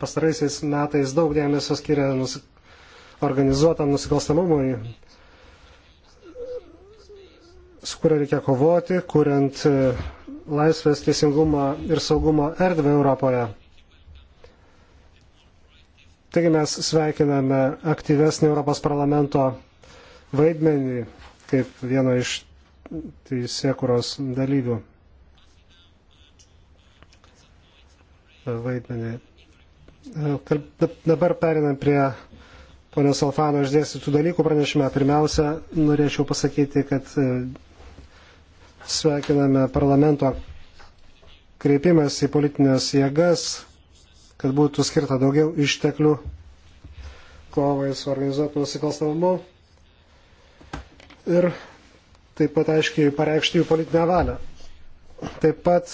pastaraisiais metais daug dėmesio skiria nus, organizuotam nusikalstamumui, su kuria reikia kovoti, kuriant e, laisvės, teisingumo ir saugumo erdvę Europoje. Taigi mes sveikiname aktyvesnį Europos parlamento vaidmenį kaip vieno iš teisėkuros dalyvių. vaidmenį. E, dabar perinam prie ponios Alfano išdėstytų dalykų pranešime. Pirmiausia, norėčiau pasakyti, kad e, sveikiname parlamento kreipimas į politinės jėgas, kad būtų skirta daugiau išteklių kovai su organizuotų nusikalstamumu ir taip pat aiškiai pareikšti jų politinę valią. Taip pat,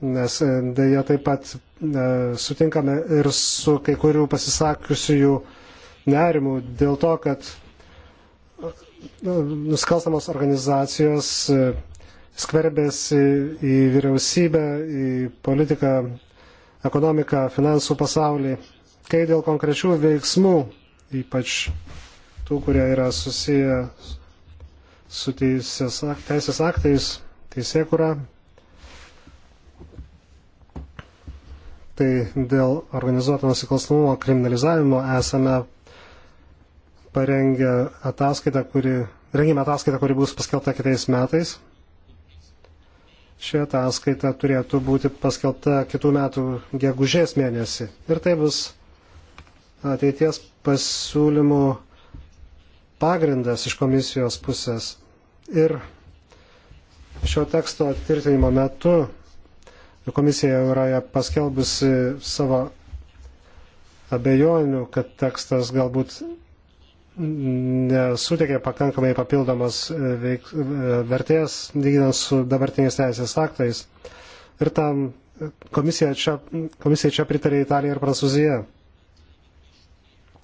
nes e, dėja taip pat E, sutinkame ir su kai kurių pasisakiusių nerimų dėl to, kad e, nusikalstamos organizacijos e, skverbėsi į vyriausybę, į politiką, ekonomiką, finansų pasaulį, kai dėl konkrečių veiksmų, ypač tų, kurie yra susiję su teisės aktais, teisėkura, Tai dėl organizuoto nusikalstamumo kriminalizavimo esame parengę ataskaitą, kuri, rengėme ataskaitą, kuri bus paskelbta kitais metais. Ši ataskaita turėtų būti paskelbta kitų metų gegužės mėnesį. Ir tai bus ateities pasiūlymų pagrindas iš komisijos pusės. Ir šio teksto tvirtinimo metu Komisija yra paskelbusi savo abejonių, kad tekstas galbūt nesuteikė pakankamai papildomos e, veik, e, vertės, lyginant su dabartiniais teisės aktais. Ir tam komisija čia, komisija čia pritarė Italija ir Prancūzija.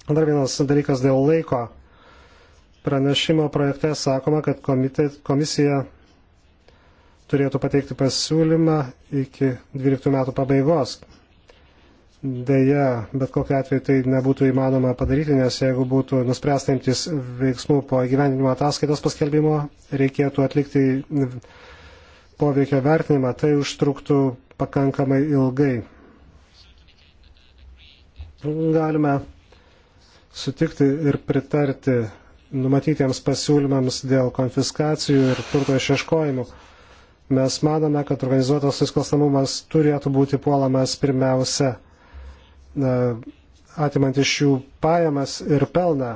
Dar vienas dalykas dėl laiko. Pranešimo projekte sakoma, kad komitet, komisija turėtų pateikti pasiūlymą iki 12 metų pabaigos. Deja, bet kokiu atveju tai nebūtų įmanoma padaryti, nes jeigu būtų nuspręstantis veiksmų po gyvenimo ataskaitos paskelbimo, reikėtų atlikti poveikio vertinimą, tai užtruktų pakankamai ilgai. Galime sutikti ir pritarti numatytiems pasiūlymams dėl konfiskacijų ir turto išieškojimų. Mes manome, kad organizuotas nusikalstamumas turėtų būti puolamas pirmiausia atimant iš jų pajamas ir pelną.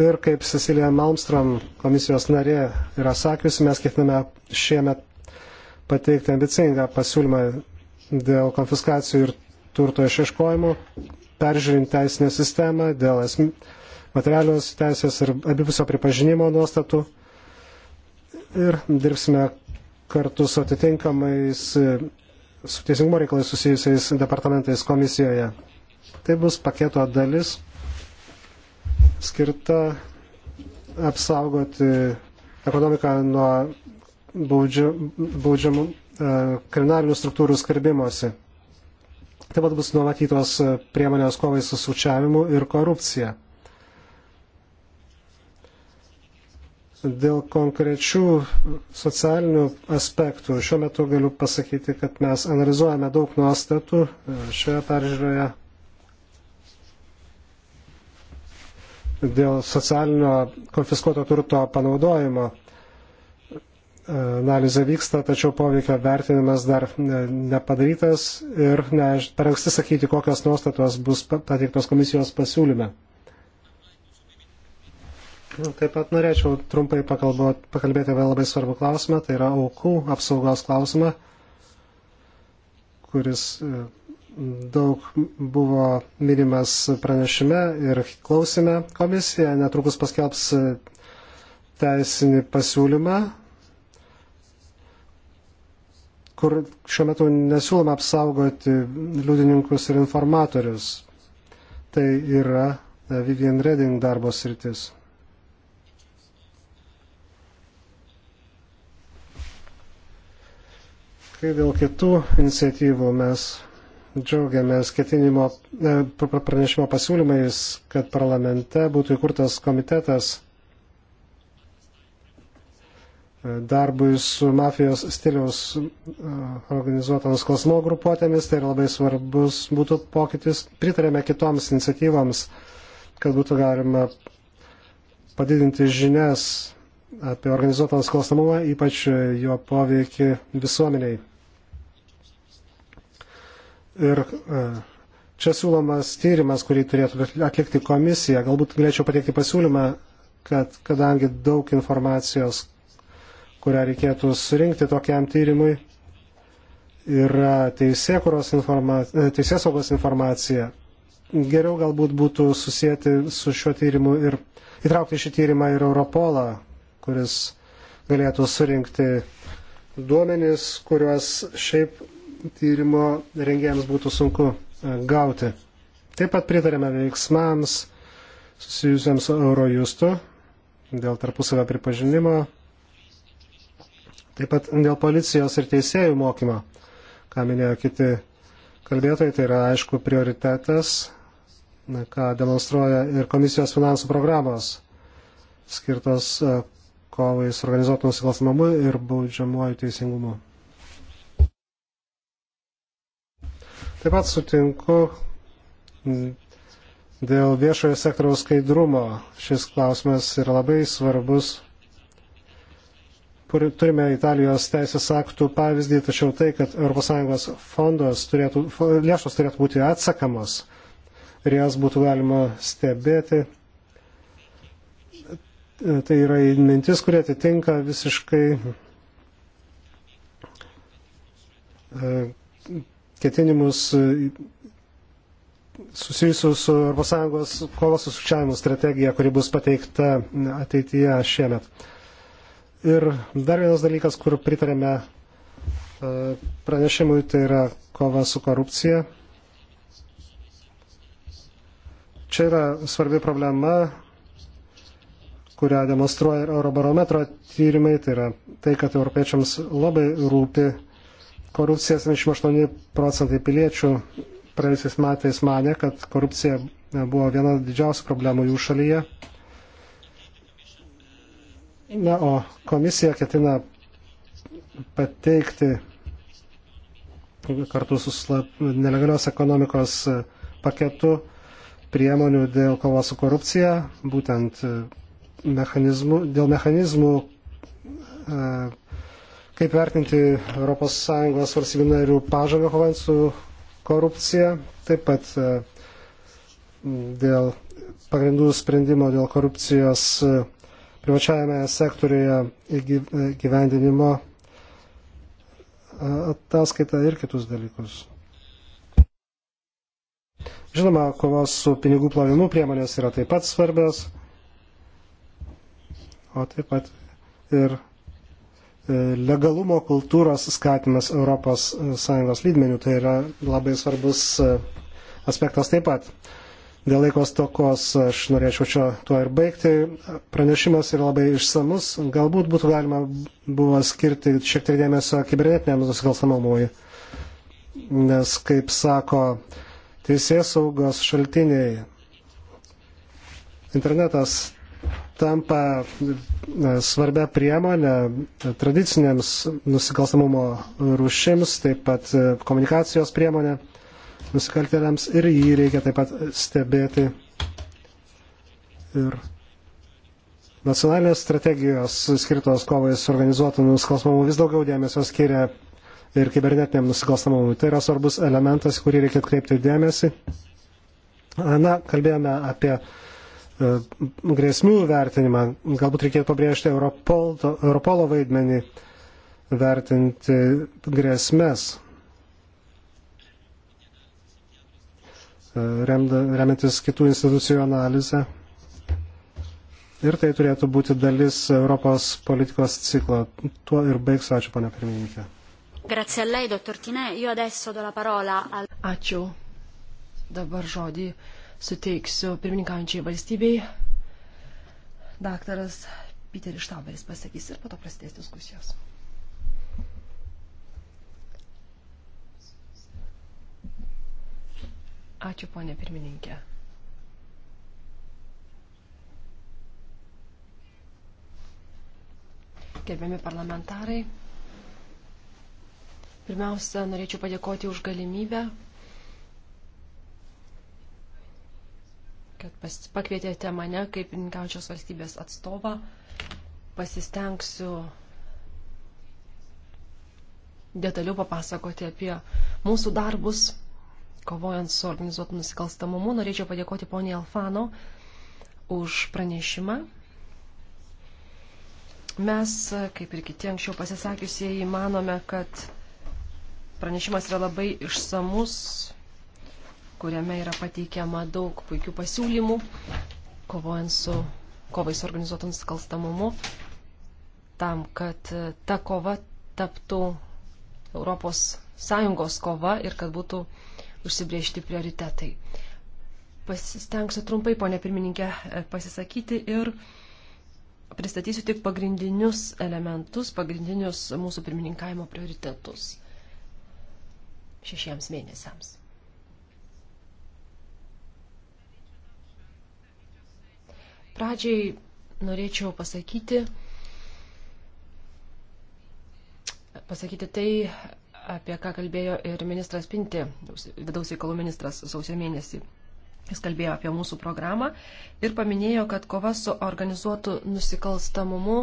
Ir kaip Cecilija Malmstrom, komisijos narė, yra sakiusi, mes ketiname šiemet pateikti ambicingą pasiūlymą dėl konfiskacijų ir turto išieškojimų, peržiūrint teisinę sistemą, dėl esmė, materialios teisės ir abipusio pripažinimo nuostatų. Ir dirbsime kartu su atitinkamais e, su teisingumo reikalais susijusiais departamentais komisijoje. Tai bus paketo dalis skirta apsaugoti ekonomiką nuo baudžiamų e, kriminalinių struktūrų skarbimuose. Taip pat bus numatytos priemonės kovai su sučiavimu ir korupcija. dėl konkrečių socialinių aspektų. Šiuo metu galiu pasakyti, kad mes analizuojame daug nuostatų e, šioje peržiūroje dėl socialinio konfiskuoto turto panaudojimo. E, analizė vyksta, tačiau poveikio vertinimas dar nepadarytas ir ne, per anksti sakyti, kokios nuostatos bus pateiktos komisijos pasiūlyme. Taip pat norėčiau trumpai pakalbot, pakalbėti apie labai svarbų klausimą, tai yra aukų apsaugos klausimą, kuris e, daug buvo minimas pranešime ir klausime. Komisija netrukus paskelbs e, teisinį pasiūlymą, kur šiuo metu nesiūloma apsaugoti liudininkus ir informatorius. Tai yra e, Vivian Reding darbos rytis. Kai dėl kitų iniciatyvų mes džiaugiamės ketinimo e, pranešimo pasiūlymais, kad parlamente būtų įkurtas komitetas e, darbui su mafijos stiliaus e, organizuotomis klasmo grupuotėmis, tai yra labai svarbus būtų pokytis. Pritarėme kitoms iniciatyvams, kad būtų galima padidinti žinias apie organizuotą nusikalstamumą, ypač jo poveikį visuomeniai. Ir e, čia siūlomas tyrimas, kurį turėtų atlikti komisija. Galbūt galėčiau pateikti pasiūlymą, kad kadangi daug informacijos, kurią reikėtų surinkti tokiam tyrimui, yra e, teisėsaugos informacija, teisė informacija, geriau galbūt būtų susijęti su šiuo tyrimu ir įtraukti šį tyrimą ir Europolą, kuris galėtų surinkti duomenis, kuriuos šiaip tyrimo rengėjams būtų sunku e, gauti. Taip pat pritarėme veiksmams susijusiams su Eurojustu dėl tarpusavio pripažinimo, taip pat dėl policijos ir teisėjų mokymo, ką minėjo kiti kalbėtojai, tai yra aišku prioritetas, ką demonstruoja ir komisijos finansų programos skirtos e, kovai su organizuotų nusikalstamamu ir baudžiamuoju teisingumu. Taip pat sutinku dėl viešojo sektoriaus skaidrumo. Šis klausimas yra labai svarbus. Turime Italijos teisės aktų pavyzdį, tačiau tai, kad ES fondos turėtų, lėšos turėtų būti atsakamos ir jas būtų galima stebėti. Tai yra mintis, kurie atitinka visiškai e, ketinimus e, susijusius su ES kovos su sukčiavimu strategija, kuri bus pateikta ateityje šiemet. Ir dar vienas dalykas, kur pritarėme e, pranešimui, tai yra kova su korupcija. Čia yra svarbi problema, kurią demonstruoja Eurobarometro tyrimai, tai yra tai, kad europiečiams labai rūpi korupcija 78 procentai piliečių praėjusiais metais mane, kad korupcija buvo viena didžiausių problemų jų šalyje. Na, o komisija ketina pateikti kartu su slap, nelegalios ekonomikos paketu priemonių dėl kovos su korupcija, būtent mechanizmų, dėl mechanizmų e, kaip vertinti ES valstybių narių pažangą kovant su korupcija, taip pat e, dėl pagrindų sprendimo dėl korupcijos e, privačiajame sektorėje e, gyvendinimo ataskaita ir kitus dalykus. Žinoma, kovos su pinigų plovimu priemonės yra taip pat svarbios, o taip pat ir E, legalumo kultūros skatimas ES e, lydmenių. Tai yra labai svarbus e, aspektas taip pat. Dėl laikos tokos aš norėčiau čia tuo ir baigti. Pranešimas yra labai išsamus. Galbūt būtų galima buvo skirti šiek tiek dėmesio kibernetiniam nusikalstamumui. Nes, kaip sako teisės saugos šaltiniai, internetas tampa e, svarbia priemonė tradicinėms nusikalstamumo rušims, taip pat e, komunikacijos priemonė nusikaltėliams ir jį reikia taip pat stebėti ir nacionalinės strategijos skirtos kovai su organizuotu nusikalstamumu vis daugiau dėmesio skiria ir kibernetiniam nusikalstamumui. Tai yra svarbus elementas, kurį reikia atkreipti dėmesį. Na, kalbėjome apie uh, E, grėsmių vertinimą. Galbūt reikėtų pabrėžti Europol, Europolo vaidmenį vertinti grėsmės, e, remiantis kitų institucijų analizę. Ir tai turėtų būti dalis Europos politikos ciklo. Tuo ir baigsiu. Ačiū, ponia pirmininkė. Grazie a lei, dottor Tinė. Io adesso do la parola al... Ačiū. Dabar žodį suteiksiu pirmininkaujančiai valstybei. Daktaras Piteris Štauberis pasakys ir po to prasidės diskusijos. Ačiū, ponė pirmininkė. Gerbiami parlamentarai, pirmiausia, norėčiau padėkoti už galimybę kad pakvietėte mane kaip pininkaujančios valstybės atstovą. Pasistengsiu detaliau papasakoti apie mūsų darbus, kovojant su organizuotų nusikalstamumu. Norėčiau padėkoti poniai Alfano už pranešimą. Mes, kaip ir kiti anksčiau pasisakiusieji, manome, kad pranešimas yra labai išsamus kuriame yra pateikiama daug puikių pasiūlymų, kovojant su kovai su organizuotų nusikalstamumu, tam, kad e, ta kova taptų ES kova ir kad būtų užsibriežti prioritetai. Pasistengsiu trumpai, ponė pirmininkė, e, pasisakyti ir pristatysiu tik pagrindinius elementus, pagrindinius mūsų pirmininkavimo prioritetus šešiems mėnesiams. Pradžiai norėčiau pasakyti, pasakyti tai, apie ką kalbėjo ir ministras Pinti, vidaus reikalų ministras sausio mėnesį. Jis kalbėjo apie mūsų programą ir paminėjo, kad kova su organizuotu nusikalstamumu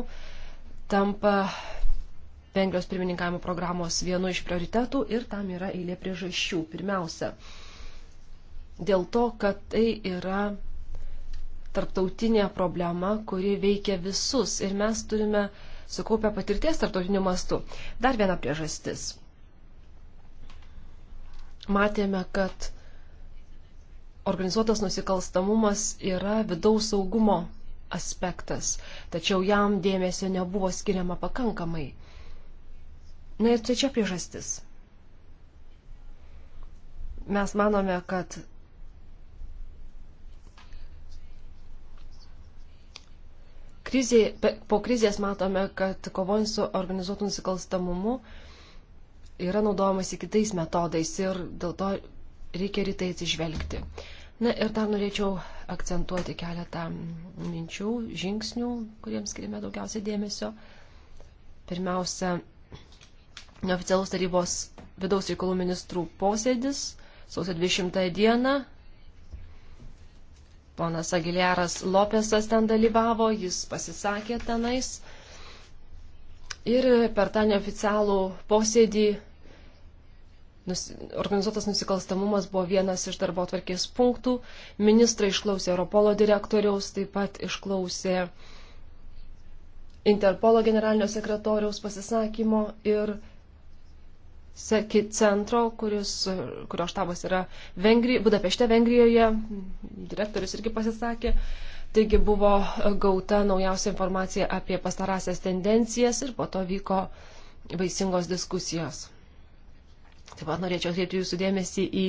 tampa Vengrijos pirmininkavimo programos vienu iš prioritetų ir tam yra eilė priežasčių. Pirmiausia, dėl to, kad tai yra tarptautinė problema, kuri veikia visus ir mes turime sukaupę patirties tarptautiniu mastu. Dar viena priežastis. Matėme, kad organizuotas nusikalstamumas yra vidaus saugumo aspektas, tačiau jam dėmesio nebuvo skiriama pakankamai. Na ir trečia priežastis. Mes manome, kad Krizė, po krizės matome, kad kovojant su organizuotų nusikalstamumu yra naudojamasi kitais metodais ir dėl to reikia rytai atsižvelgti. Na ir dar norėčiau akcentuoti keletą minčių, žingsnių, kuriems skirime daugiausiai dėmesio. Pirmiausia, neoficialus tarybos vidaus reikalų ministrų posėdis sausio 200 dieną Ponas Agiliaras Lopesas ten dalyvavo, jis pasisakė tenais. Ir per tą neoficialų posėdį nus, organizuotas nusikalstamumas buvo vienas iš darbo atvarkės punktų. Ministrai išklausė Europolo direktoriaus, taip pat išklausė Interpolo generalinio sekretoriaus pasisakymo ir Seki centro, kuris, kurio štabas yra Vengri, Budapešte, Vengrijoje, direktorius irgi pasisakė. Taigi buvo gauta naujausia informacija apie pastarąsias tendencijas ir po to vyko vaisingos diskusijos. Taip pat norėčiau atkreipti jūsų dėmesį į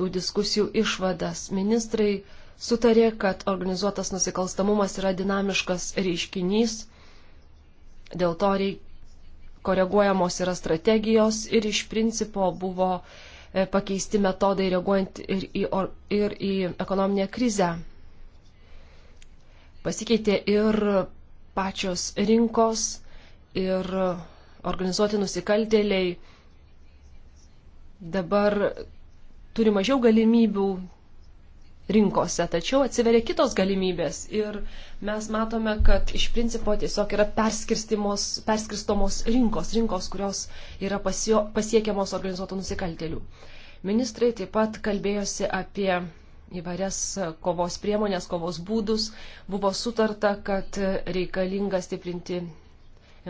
tų diskusijų išvadas. Ministrai sutarė, kad organizuotas nusikalstamumas yra dinamiškas reiškinys, dėl to reik, koreguojamos yra strategijos ir iš principo buvo e, pakeisti metodai reaguojant ir į, or, ir į ekonominę krizę. Pasikeitė ir pačios rinkos, ir organizuoti nusikaltėliai. Dabar turi mažiau galimybių rinkose, tačiau atsiveria kitos galimybės ir mes matome, kad iš principo tiesiog yra perskirstomos rinkos, rinkos, kurios yra pasio, pasiekiamos organizuotų nusikaltelių. Ministrai taip pat kalbėjosi apie įvairias kovos priemonės, kovos būdus. Buvo sutarta, kad reikalinga stiprinti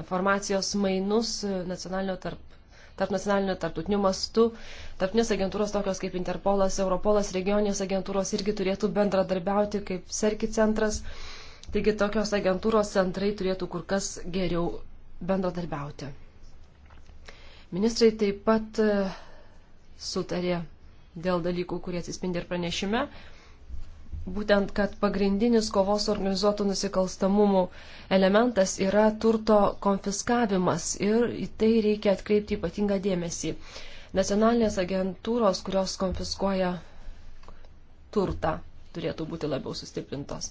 informacijos mainus nacionalinio tarp tarp nacionaliniu, tarptautiniu mastu. Tarptinės agentūros tokios kaip Interpolas, Europolas, regioninės agentūros irgi turėtų bendradarbiauti kaip Serki centras. Taigi tokios agentūros centrai turėtų kur kas geriau bendradarbiauti. Ministrai taip pat e, sutarė dėl dalykų, kurie atsispindi ir pranešime būtent, kad pagrindinis kovos organizuotų nusikalstamumų elementas yra turto konfiskavimas ir į tai reikia atkreipti ypatingą dėmesį. Nacionalinės agentūros, kurios konfiskuoja turtą, turėtų būti labiau sustiprintos.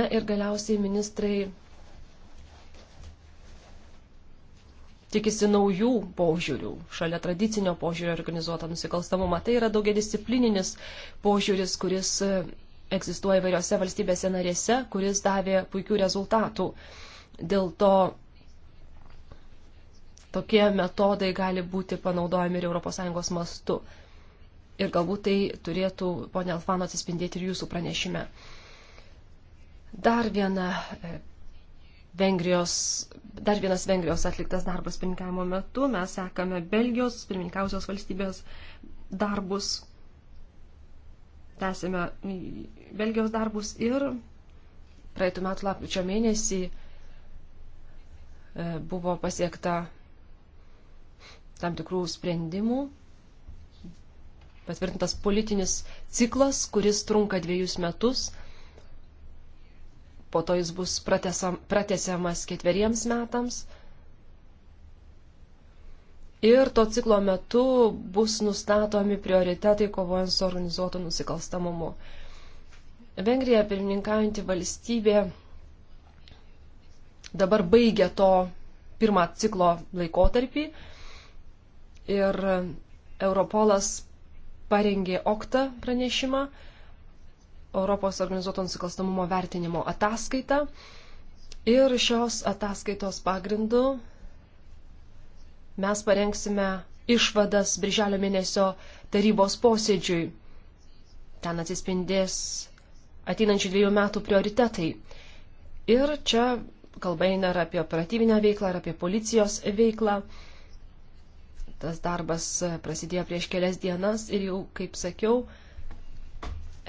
Na ir galiausiai ministrai tikisi naujų požiūrių, šalia tradicinio požiūrio organizuotą nusikalstamumą. Tai yra daugia disciplininis požiūris, kuris egzistuoja įvairiose valstybėse narėse, kuris davė puikių rezultatų. Dėl to tokie metodai gali būti panaudojami ir ES mastu. Ir galbūt tai turėtų, ponė Alfano, atsispindėti ir jūsų pranešime. Dar, viena e, Vengrijos, dar vienas Vengrijos atliktas darbas pirmininkavimo metu. Mes sekame Belgijos pirmininkausios valstybės darbus tęsime Belgijos darbus ir praeitų metų lapkričio mėnesį e, buvo pasiekta tam tikrų sprendimų, patvirtintas politinis ciklas, kuris trunka dviejus metus, po to jis bus pratesiamas ketveriems metams Ir to ciklo metu bus nustatomi prioritetai kovojant su organizuotu nusikalstamumu. Vengrija pirmininkaujanti valstybė dabar baigia to pirmą ciklo laikotarpį ir Europolas parengė OKTA pranešimą, Europos organizuoto nusikalstamumo vertinimo ataskaitą. Ir šios ataskaitos pagrindu mes parengsime išvadas birželio mėnesio tarybos posėdžiui. Ten atsispindės ateinančių dviejų metų prioritetai. Ir čia kalba eina ir apie operatyvinę veiklą, ir apie policijos veiklą. Tas darbas prasidėjo prieš kelias dienas ir jau, kaip sakiau,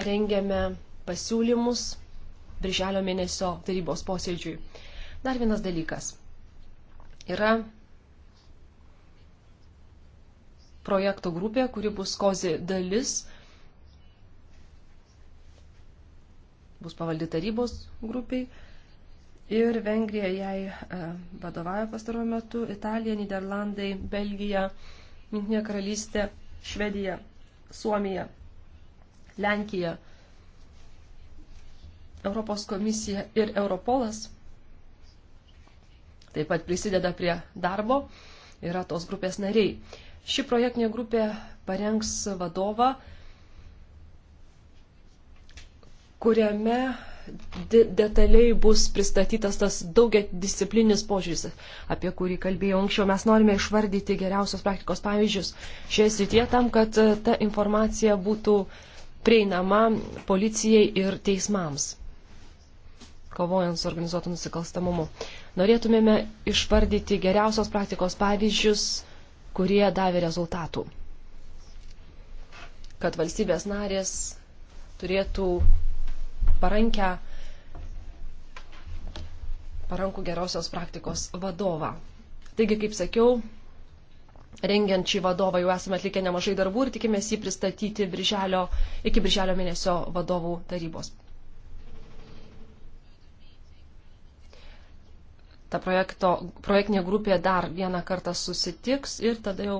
rengiame pasiūlymus birželio mėnesio tarybos posėdžiui. Dar vienas dalykas. Yra projekto grupė, kuri bus kozi dalis, bus pavaldi tarybos grupiai. Ir Vengrija jai e, vadovauja pastaruoju metu, Italija, Niderlandai, Belgija, Mintinė karalystė, Švedija, Suomija, Lenkija, Europos komisija ir Europolas taip pat prisideda prie darbo, yra tos grupės nariai. Ši projektinė grupė parengs vadovą, kuriame detaliai bus pristatytas tas daugia disciplinis požiūris, apie kurį kalbėjau anksčiau. Mes norime išvardyti geriausios praktikos pavyzdžius šioje srityje tam, kad e, ta informacija būtų prieinama policijai ir teismams, kovojant su organizuotu nusikalstamumu. Norėtumėme išvardyti geriausios praktikos pavyzdžius kurie davė rezultatų. Kad valstybės narės turėtų parankę, parankų gerosios praktikos vadovą. Taigi, kaip sakiau, rengiant šį vadovą jau esame atlikę nemažai darbų ir tikimės jį pristatyti birželio, iki birželio mėnesio vadovų tarybos ta projekto, projektinė grupė dar vieną kartą susitiks ir tada jau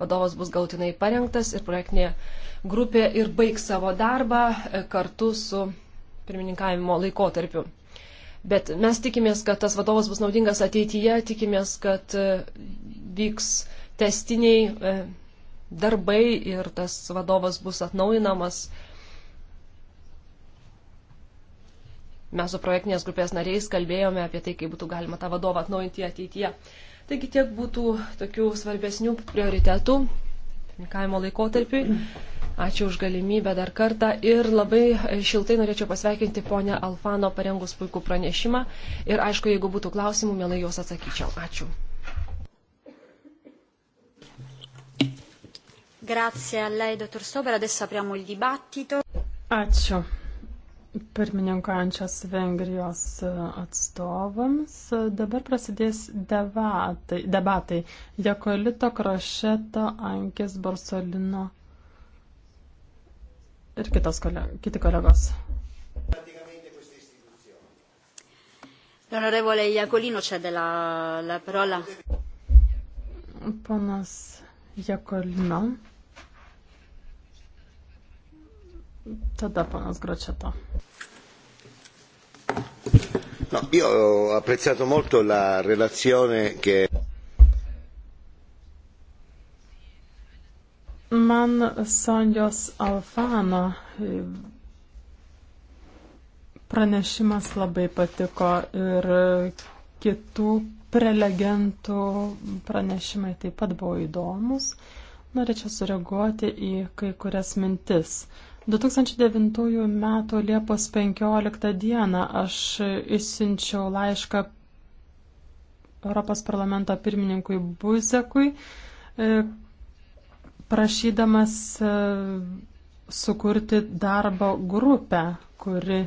vadovas bus gautinai parengtas ir projektinė grupė ir baigs savo darbą e, kartu su pirmininkavimo laikotarpiu. Bet mes tikimės, kad tas vadovas bus naudingas ateityje, tikimės, kad e, vyks testiniai e, darbai ir tas vadovas bus atnaujinamas mes su projektinės grupės nariais kalbėjome apie tai, kaip būtų galima tą vadovą atnaujinti ateityje. Taigi tiek būtų tokių svarbesnių prioritetų pirmininkavimo laikotarpiui. Ačiū už galimybę dar kartą ir labai šiltai norėčiau pasveikinti ponę Alfano parengus puikų pranešimą ir aišku, jeigu būtų klausimų, mielai juos atsakyčiau. Ačiū. Grazie a lei, dottor Sober. Adesso apriamo il dibattito. Ačiū pirmininkaujančios Vengrijos atstovams. Dabar prasidės debatai. debatai. Jekolito Krošeto, Ankis Borsolino ir kitos koleg kiti kolegos. L'onorevole Iacolino cede la, la parola. Ponas Iacolino. Tada panas Gročeto. No, io ho apprezzato molto la relazione che. Man Sonjos Alfano e, pranešimas labai patiko ir kitų prelegentų pranešimai taip pat buvo įdomus. Norėčiau sureaguoti į kai kurias mintis. Uh, 2009 m. Liepos 15 d. aš išsiunčiau laišką Europos parlamento pirmininkui Buzekui, e, prašydamas e, sukurti darbo grupę, kuri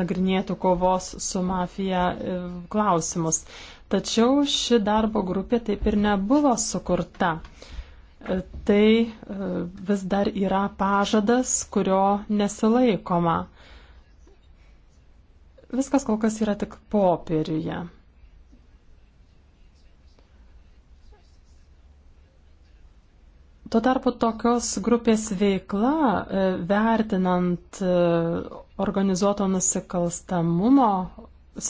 nagrinėtų kovos su mafija e, klausimus. Tačiau ši darbo grupė taip ir nebuvo sukurta tai e, vis dar yra pažadas, kurio nesilaikoma. Viskas kol kas yra tik popieriuje. Tuo tarpu tokios grupės veikla, e, vertinant e, organizuoto nusikalstamumo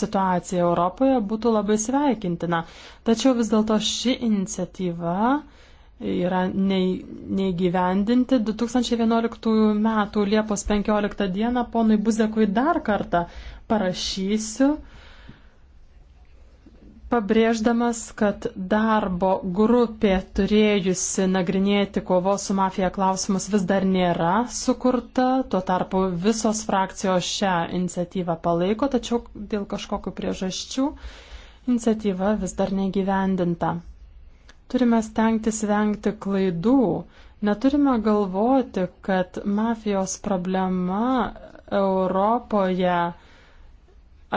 situaciją Europoje, būtų labai sveikintina. Tačiau vis dėlto ši iniciatyva uh, yra neįgyvendinti. 2011 m. Liepos 15 d. ponui Buzekui dar kartą parašysiu, pabrėždamas, kad darbo grupė turėjusi nagrinėti kovos su mafija klausimus vis dar nėra sukurta, tuo tarpu visos frakcijos šią iniciatyvą palaiko, tačiau dėl kažkokių priežasčių iniciatyva vis dar negyvendinta. Turime stengtis vengti klaidų. Neturime galvoti, kad mafijos problema Europoje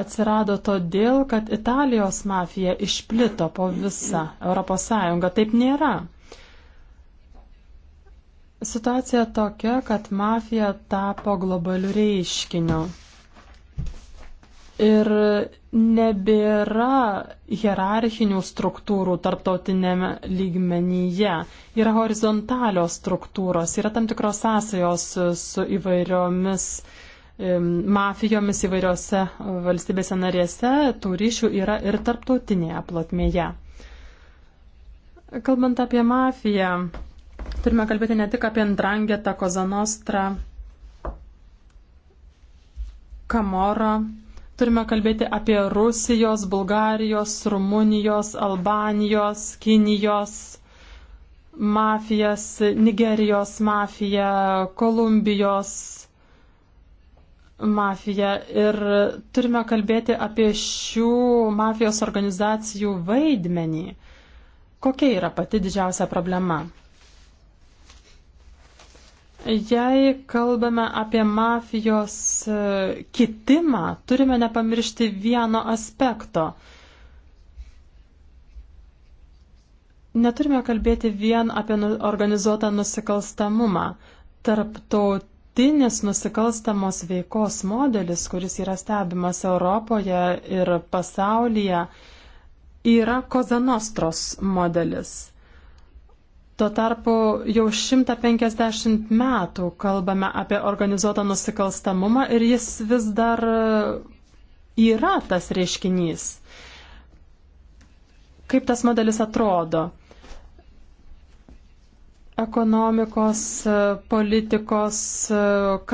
atsirado todėl, kad Italijos mafija išplito po visą ES. Taip nėra. Situacija tokia, kad mafija tapo globaliu reiškiniu ir nebėra hierarchinių struktūrų tarptautinėme lygmenyje. Yra horizontalios struktūros, yra tam tikros sąsajos su įvairiomis mafijomis įvairiose valstybėse narėse, tų ryšių yra ir tarptautinėje plotmėje. Kalbant apie mafiją, turime kalbėti ne tik apie Andrangetą, Kozanostrą, Kamorą, Turime kalbėti apie Rusijos, Bulgarijos, Rumunijos, Albanijos, Kinijos mafijas, Nigerijos mafiją, Kolumbijos mafiją ir turime kalbėti apie šių mafijos organizacijų vaidmenį. Kokia yra pati didžiausia problema? Jei kalbame apie mafijos e, kitimą, turime nepamiršti vieno aspekto. Neturime kalbėti vien apie nu, organizuotą nusikalstamumą. Tarptaut dabartinis nusikalstamos veikos modelis, kuris yra stebimas Europoje ir pasaulyje, yra Kozanostros modelis. Tuo tarpu jau 150 metų kalbame apie organizuotą nusikalstamumą ir jis vis dar yra tas reiškinys. Kaip tas modelis atrodo? Ekonomikos, politikos,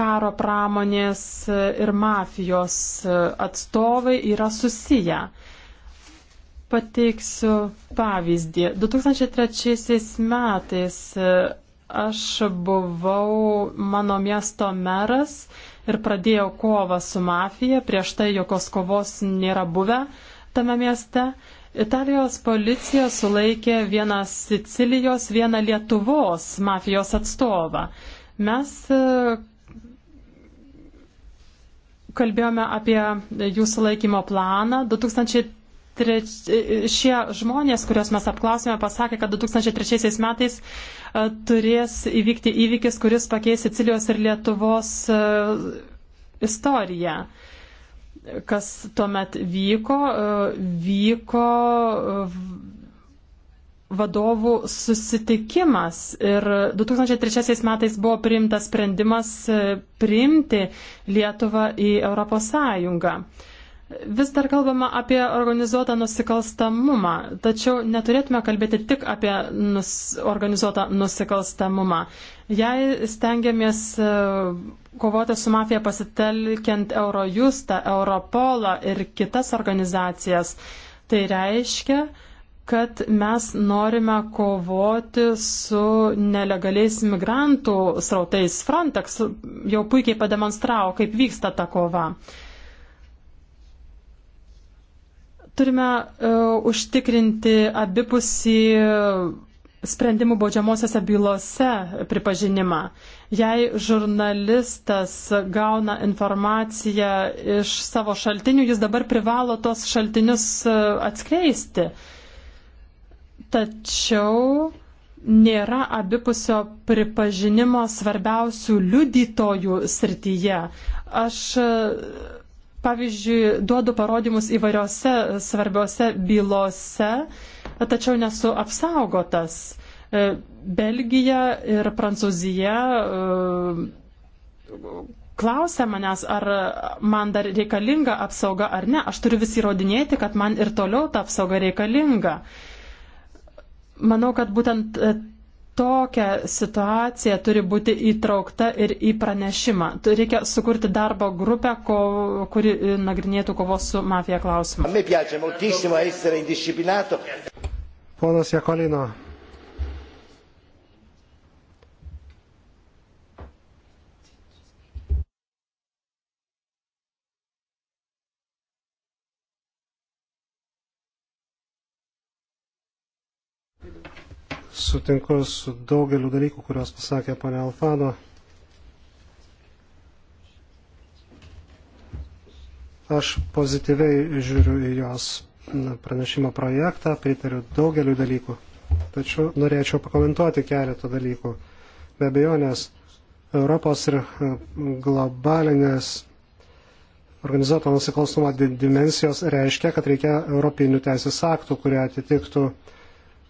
karo pramonės ir mafijos atstovai yra susiję. Pateiksiu pavyzdį. 2003 metais e, aš buvau mano miesto meras ir pradėjau kovą su mafija. Prieš tai jokios kovos nėra buvę tame mieste. Italijos policija sulaikė vieną Sicilijos, vieną Lietuvos mafijos atstovą. Mes e, kalbėjome apie jų sulaikymo planą. 2000 treč... šie žmonės, kuriuos mes apklausėme, pasakė, kad 2003 metais e, turės įvykti įvykis, kuris pakeis Sicilijos ir Lietuvos e, istoriją. Kas tuomet vyko? E, vyko vadovų susitikimas ir 2003 metais buvo priimtas sprendimas priimti Lietuvą į Europos Sąjungą. Vis dar kalbama apie organizuotą nusikalstamumą, tačiau neturėtume kalbėti tik apie nus, organizuotą nusikalstamumą. Jei stengiamės e, kovoti su mafija pasitelkiant Eurojustą, Europolą ir kitas organizacijas, tai reiškia, kad mes norime kovoti su nelegaliais migrantų srautais. Frontex jau puikiai pademonstravo, kaip vyksta ta kova. Turime uh, užtikrinti abipusį sprendimų baudžiamosiose bylose pripažinimą. Jei žurnalistas gauna informaciją iš savo šaltinių, jis dabar privalo tos šaltinius e, atskleisti. Tačiau nėra abipusio pripažinimo svarbiausių liudytojų srityje. Aš e, pavyzdžiui, duodu parodymus įvairiose svarbiose bylose, tačiau nesu apsaugotas. E, Belgija ir Prancūzija e, klausia manęs, ar man dar reikalinga apsauga ar ne. Aš turiu vis įrodinėti, kad man ir toliau ta apsauga reikalinga. Manau, kad būtent tokia situacija turi būti įtraukta ir į pranešimą. Reikia sukurti darbo grupę, ko, kuri e, nagrinėtų kovos su mafija klausimą. Ponas Jekolino, sutinku su daugeliu dalykų, kuriuos pasakė pane Alfano. Aš pozityviai žiūriu į jos pranešimo projektą, pritariu daugeliu dalykų, tačiau norėčiau pakomentuoti keletą dalykų. Be abejonės, Europos ir e, globalinės organizuoto nusikalstumo dimensijos reiškia, kad reikia europinių teisės aktų, kurie atitiktų uh,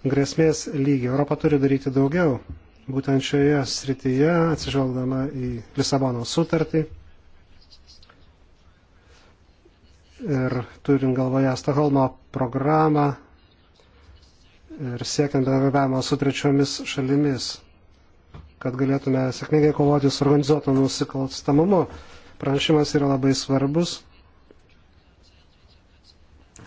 grėsmės lygį. Europa turi daryti daugiau. Būtent šioje srityje, atsižvelgdama į Lisabono sutartį ir turint galvoje Stokholmo programą ir siekiant bendradarbiavimo su trečiomis šalimis, kad galėtume sėkmingai kovoti su organizuotu nusikalstamumu. Pranešimas yra labai svarbus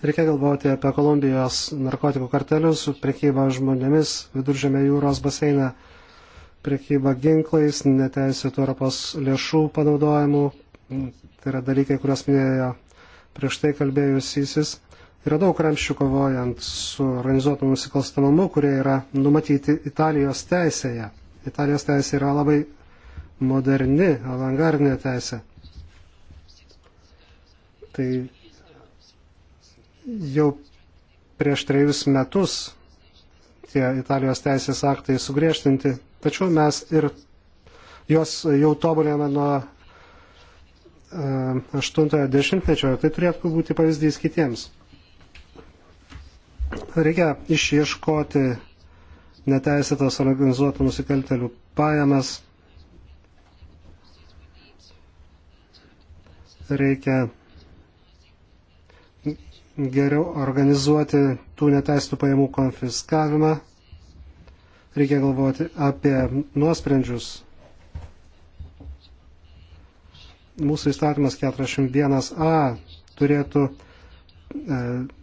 Reikia galvoti apie Kolumbijos narkotikų kartelius, prekybą žmonėmis, viduržėmė jūros baseiną, prekybą ginklais, neteisėtų Europos lėšų panaudojimu. Tai yra dalykai, kuriuos minėjo prieš tai kalbėjusysis. Yra daug ramščių kovojant su organizuotu nusikalstamumu, kurie yra numatyti Italijos teisėje. Italijos teisė yra labai moderni, avangardinė teisė. Tai jau prieš trejus metus tie Italijos teisės aktai sugriežtinti, tačiau mes ir juos jau tobuliname nuo 80-ojo e, dešimtmečio, tai turėtų būti pavyzdys kitiems. Reikia išieškoti neteisėtas organizuotų nusikaltelių pajamas. Reikia geriau organizuoti tų neteistų pajamų konfiskavimą. Reikia galvoti apie nuosprendžius. Mūsų įstatymas 41a turėtų e,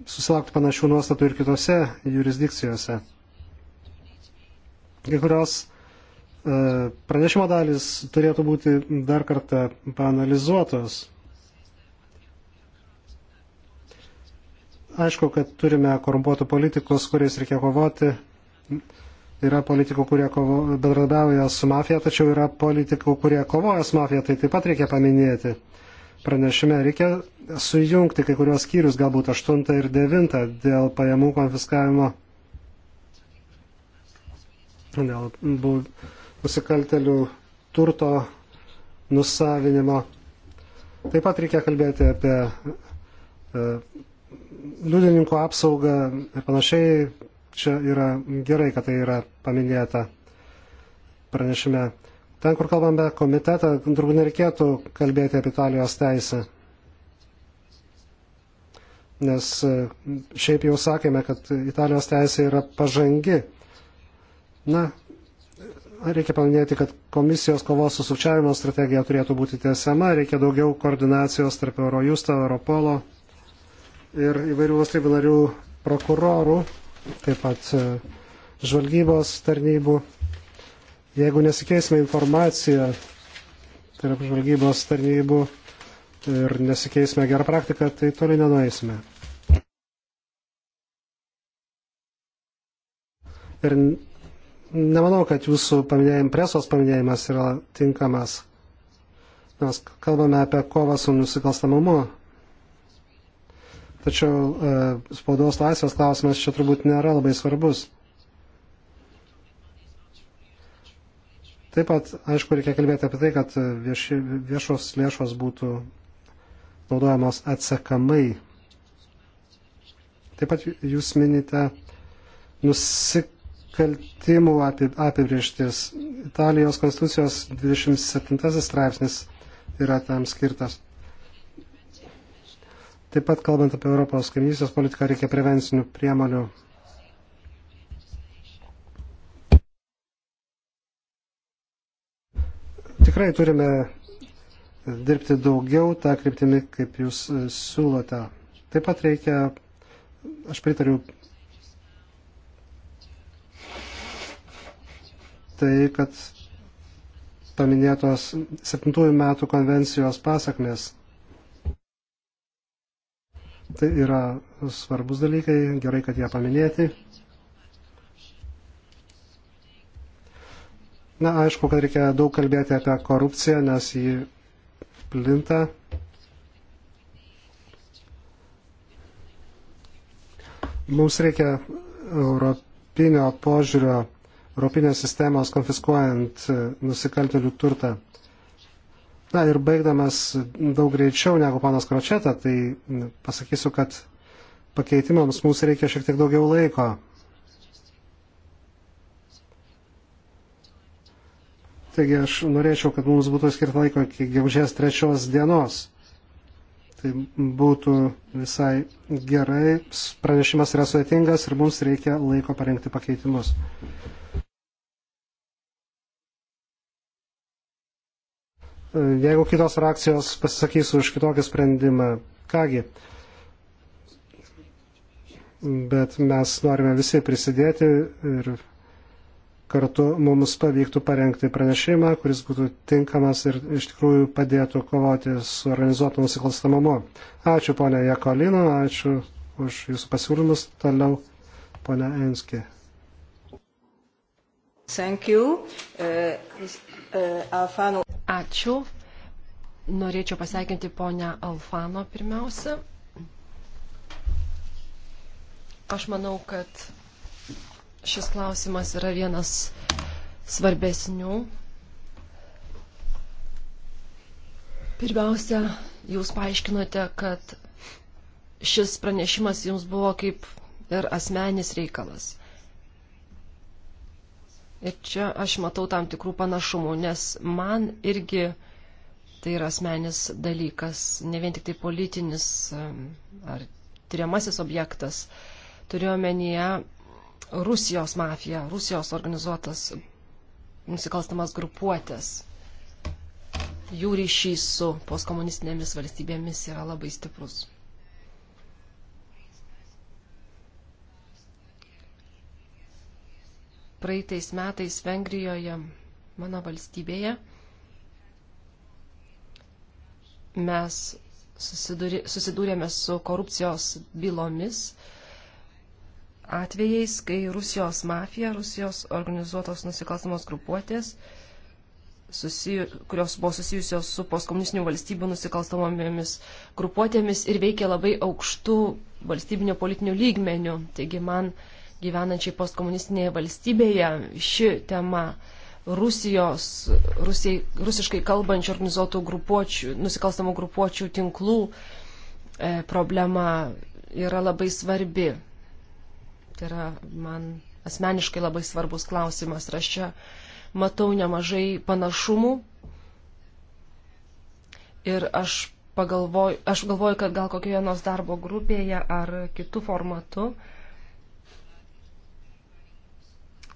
susilaukti panašių nuostatų ir kitose jurisdikcijose. Kai kurios e, pranešimo dalis turėtų būti dar kartą panalizuotos Aišku, kad turime korumpuotų politikus, kuriais reikia kovoti. Yra politikų, kurie kovo, bendradavoja su mafija, tačiau yra politikų, kurie kovoja su mafija, tai taip pat reikia paminėti. Pranešime reikia sujungti kai kurios skyrius, galbūt 8 ir 9, dėl pajamų konfiskavimo, dėl nusikaltelių turto nusavinimo. Taip pat reikia kalbėti apie e, liudininkų apsaugą ir panašiai, čia yra gerai, kad tai yra paminėta pranešime. Ten, kur kalbame komitetą, turbūt nereikėtų kalbėti apie Italijos teisę. Nes e, šiaip jau sakėme, kad Italijos teisė yra pažangi. Na, reikia paminėti, kad komisijos kovos su sukčiavimo strategija turėtų būti tiesiama, reikia daugiau koordinacijos tarp Eurojusto, Europolo ir įvairių valstybių narių prokurorų, taip pat e, žvalgybos tarnybų. Jeigu nesikeisime informaciją tarp žvalgybos tarnybų ir nesikeisime gerą praktiką, tai toli nenueisime. Ir nemanau, kad jūsų paminėjim, presos paminėjimas yra tinkamas. Mes kalbame apie kovą su nusikalstamumu, Tačiau e, spaudos laisvės klausimas čia turbūt nėra labai svarbus. Taip pat, aišku, reikia kalbėti apie tai, kad vieši, viešos lėšos būtų naudojamos atsekamai. Taip pat jūs minite nusikaltimų apibrieštis. Italijos konstitucijos 27 straipsnis yra tam skirtas. Taip pat, kalbant apie Europos kaimynystės politiką, reikia prevencinių priemonių. Tikrai turime dirbti daugiau tą kryptimį, kaip jūs e, siūlote. Taip pat reikia, aš pritariu tai, kad paminėtos 7 metų konvencijos pasakmės Tai yra svarbus dalykai, gerai, kad jie paminėti. Na, aišku, kad reikia daug kalbėti apie korupciją, nes jį plinta. Mums reikia europinio požiūrio, europinės sistemos konfiskuojant nusikaltelių turtą. Na ir baigdamas daug greičiau negu panas Kročeta, tai pasakysiu, kad pakeitimams mums reikia šiek tiek daugiau laiko. Taigi aš norėčiau, kad mums būtų skirta laiko iki gegužės trečios dienos. Tai būtų visai gerai. Pranešimas yra sudėtingas ir mums reikia laiko parengti pakeitimus. E, jeigu kitos frakcijos pasisakys už kitokį sprendimą. Kągi, bet mes norime visi prisidėti ir kartu mums pavyktų parengti pranešimą, kuris būtų tinkamas ir iš tikrųjų padėtų kovoti su organizuotu nusikalstamumu. Ačiū ponia Jekolino, ačiū už jūsų pasiūlymus. Toliau ponia Enskė. Thank you. Uh, uh, Alfano. Ačiū. Norėčiau pasveikinti ponę Alfano pirmiausia. Aš manau, kad šis klausimas yra vienas svarbesnių. Pirmiausia, jūs paaiškinote, kad šis pranešimas jums buvo kaip ir asmenis reikalas. Ir čia aš matau tam tikrų panašumų, nes man irgi tai yra asmenis dalykas, ne vien tik tai politinis ar tyriamasis objektas. Turiu omenyje Rusijos mafiją, Rusijos organizuotas nusikalstamas grupuotės. Jų ryšys su postkomunistinėmis valstybėmis yra labai stiprus. praeitais metais Vengrijoje, mano valstybėje, mes susidūrėme su korupcijos bylomis, atvejais, kai Rusijos mafija, Rusijos organizuotos nusikalstamos grupuotės, susiju, kurios buvo susijusios su postkomunistinių valstybių nusikalstamomis grupuotėmis ir veikė labai aukštų valstybinio politinių lygmenių. Taigi man uh, gyvenančiai postkomunistinėje valstybėje ši tema Rusijos, Rusijai, rusiškai kalbančių organizuotų grupuočių, nusikalstamų grupuočių tinklų e, problema yra labai svarbi. Tai yra man asmeniškai labai svarbus klausimas. Ir aš čia matau nemažai panašumų. Ir aš pagalvoju, aš galvoju, kad gal kokioje nors darbo grupėje ar kitų formatų e,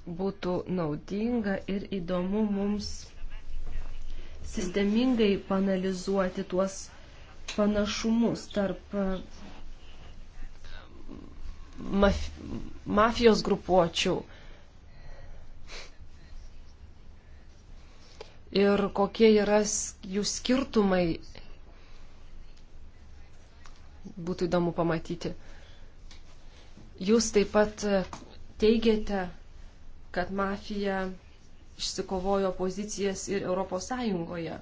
būtų naudinga ir įdomu mums sistemingai panalizuoti tuos panašumus tarp e, maf mafijos grupuočių ir kokie yra jų skirtumai. Būtų įdomu pamatyti. Jūs taip pat e, teigiate, kad mafija išsikovojo pozicijas ir Europos Sąjungoje.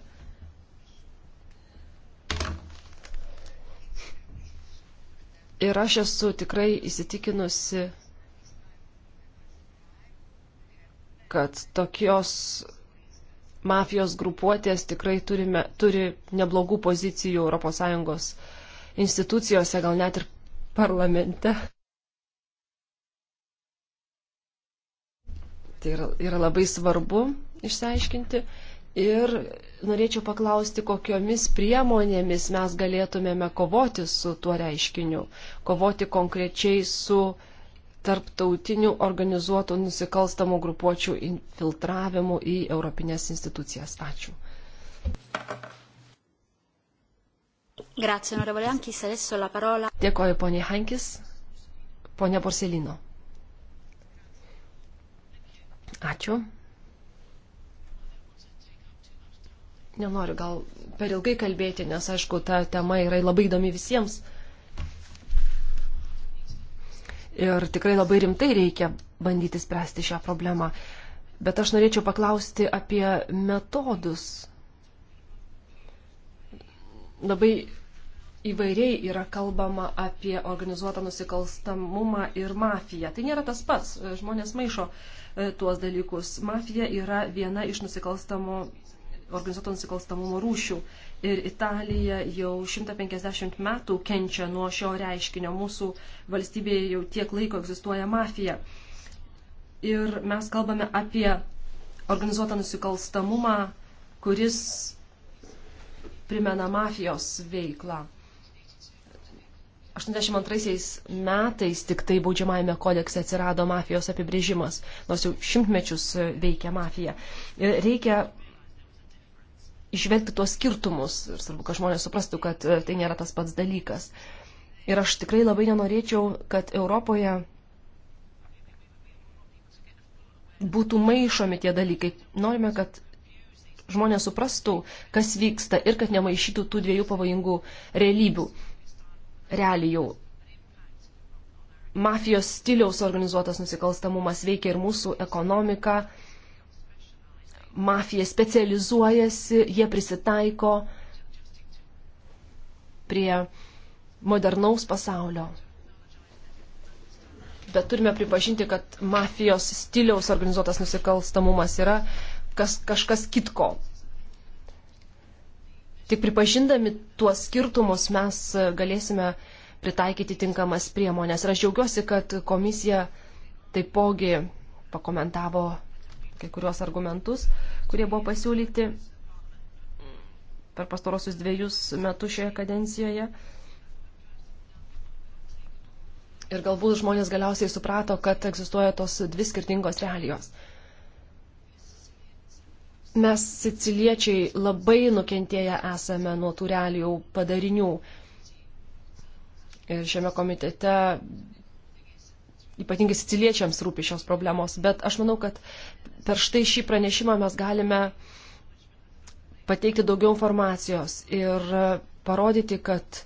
Ir aš esu tikrai įsitikinusi, kad tokios mafijos grupuotės tikrai turime, turi neblogų pozicijų ES institucijose, gal net ir parlamente. Tai yra, yra labai svarbu išsiaiškinti. Ir norėčiau paklausti, kokiomis priemonėmis mes galėtumėme kovoti su tuo reiškiniu, kovoti konkrečiai su tarptautinių organizuotų nusikalstamų grupuočių infiltravimu į europinės institucijas. Ačiū. Grazie, Dėkoju, ponė Hankis. Ponė Porcelino. Ačiū. Nenoriu gal per ilgai kalbėti, nes aišku, ta tema yra labai įdomi visiems. Ir tikrai labai rimtai reikia bandyti spręsti šią problemą. Bet aš norėčiau paklausti apie metodus. Labai įvairiai yra kalbama apie organizuotą nusikalstamumą ir mafiją. Tai nėra tas pats. Žmonės maišo e, tuos dalykus. Mafija yra viena iš nusikalstamo, organizuoto nusikalstamumo rūšių. Ir Italija jau 150 metų kenčia nuo šio reiškinio. Mūsų valstybėje jau tiek laiko egzistuoja mafija. Ir mes kalbame apie organizuotą nusikalstamumą, kuris primena mafijos veiklą. 82 metais tik tai baudžiamajame kodekse atsirado mafijos apibrėžimas, nors jau šimtmečius veikia mafija. Ir reikia išvelgti tuos skirtumus ir svarbu, kad žmonės suprastų, kad e, tai nėra tas pats dalykas. Ir aš tikrai labai nenorėčiau, kad Europoje būtų maišomi tie dalykai. Norime, kad žmonės suprastų, kas vyksta ir kad nemaišytų tų dviejų pavojingų realybių realijų. Mafijos stiliaus organizuotas nusikalstamumas veikia ir mūsų ekonomiką. Mafija specializuojasi, jie prisitaiko prie modernaus pasaulio. Bet turime pripažinti, kad mafijos stiliaus organizuotas nusikalstamumas yra kas, kažkas kitko. Tik pripažindami tuos skirtumus mes e, galėsime pritaikyti tinkamas priemonės. Ir aš džiaugiuosi, kad komisija taipogi pakomentavo kai kuriuos argumentus, kurie buvo pasiūlyti per pastarosius dviejus metus šioje kadencijoje. Ir galbūt žmonės galiausiai suprato, kad egzistuoja tos dvi skirtingos realijos. Mes, siciliečiai, labai nukentėję esame nuo tų realijų padarinių. Ir šiame komitete ypatingai siciliečiams rūpi šios problemos, bet aš manau, kad per štai šį pranešimą mes galime pateikti daugiau informacijos ir parodyti, kad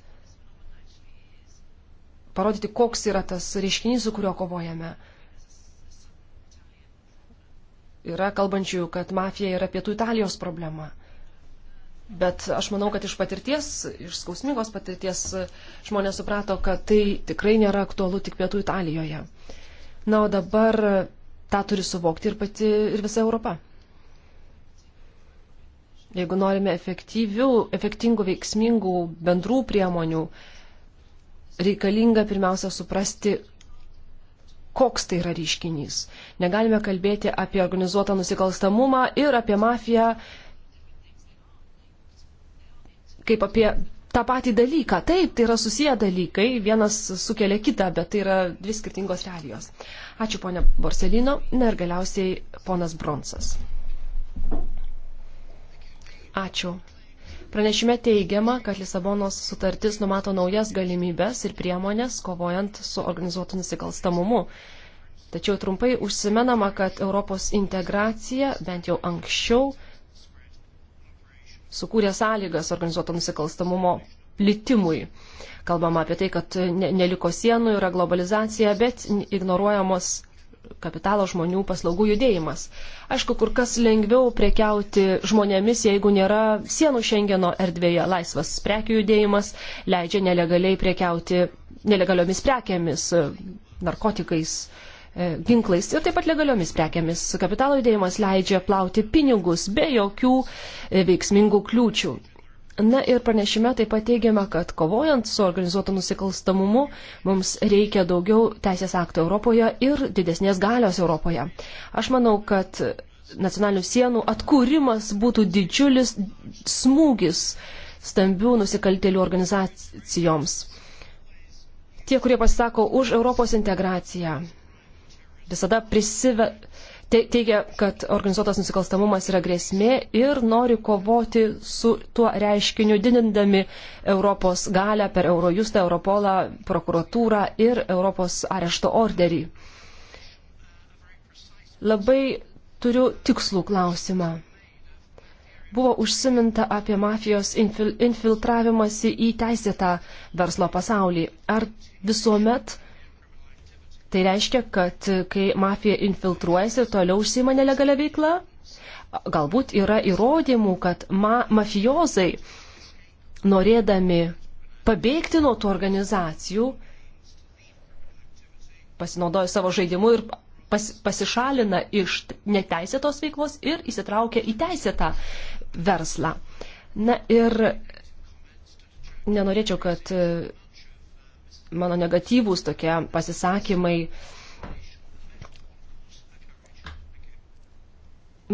parodyti, koks yra tas reiškinys, su kuriuo kovojame. Yra kalbančių, kad mafija yra pietų Italijos problema. Bet aš manau, kad iš patirties, iš skausmingos patirties žmonės suprato, kad tai tikrai nėra aktualu tik pietų Italijoje. Na, o dabar tą turi suvokti ir pati, ir visa Europa. Jeigu norime efektyvių, efektingų, veiksmingų bendrų priemonių, reikalinga pirmiausia suprasti, koks tai yra ryškinys. Negalime kalbėti apie organizuotą nusikalstamumą ir apie mafiją kaip apie tą patį dalyką. Taip, tai yra susiję dalykai, vienas sukelia kitą, bet tai yra dvi skirtingos realijos. Ačiū ponia Borselino. Na ir galiausiai ponas Bronsas. Ačiū. Pranešime teigiama, kad Lisabonos sutartis numato naujas galimybės ir priemonės kovojant su organizuotu nusikalstamumu. Tačiau trumpai užsimenama, kad Europos integracija bent jau anksčiau sukūrė sąlygas organizuoto nusikalstamumo plitimui. Kalbama apie tai, kad neliko sienų, yra globalizacija, bet ignoruojamos kapitalo žmonių paslaugų judėjimas. Aišku, kur kas lengviau prekiauti žmonėmis, jeigu nėra sienų Šengeno erdvėje laisvas prekių judėjimas, leidžia nelegaliai prekiauti nelegaliomis prekiamis, narkotikais, e, ginklais ir taip pat legaliomis prekiamis. Kapitalo judėjimas leidžia plauti pinigus be jokių e, veiksmingų kliūčių. Na ir pranešime taip pat teigiame, kad kovojant su organizuotu nusikalstamumu mums reikia daugiau teisės aktų Europoje ir didesnės galios Europoje. Aš manau, kad nacionalinių sienų atkūrimas būtų didžiulis smūgis stambių nusikaltėlių organizacijoms. Tie, kurie pasisako už Europos integraciją, visada prisive, teigia, kad organizuotas nusikalstamumas yra grėsmė ir nori kovoti su tuo reiškiniu, didindami Europos galę per Eurojustą, Europolą, prokuratūrą ir Europos arešto orderį. Labai turiu tikslų klausimą. Buvo užsiminta apie mafijos infiltravimąsi į teisėtą verslo pasaulį. Ar visuomet Tai reiškia, kad kai mafija infiltruojasi ir toliau užsima nelegalią veiklą, galbūt yra įrodymų, kad ma mafijozai, norėdami pabėgti nuo tų organizacijų, pasinaudoja savo žaidimu ir pas, pasišalina iš neteisėtos veiklos ir įsitraukia į teisėtą verslą. Na ir nenorėčiau, kad mano negatyvūs tokie pasisakymai.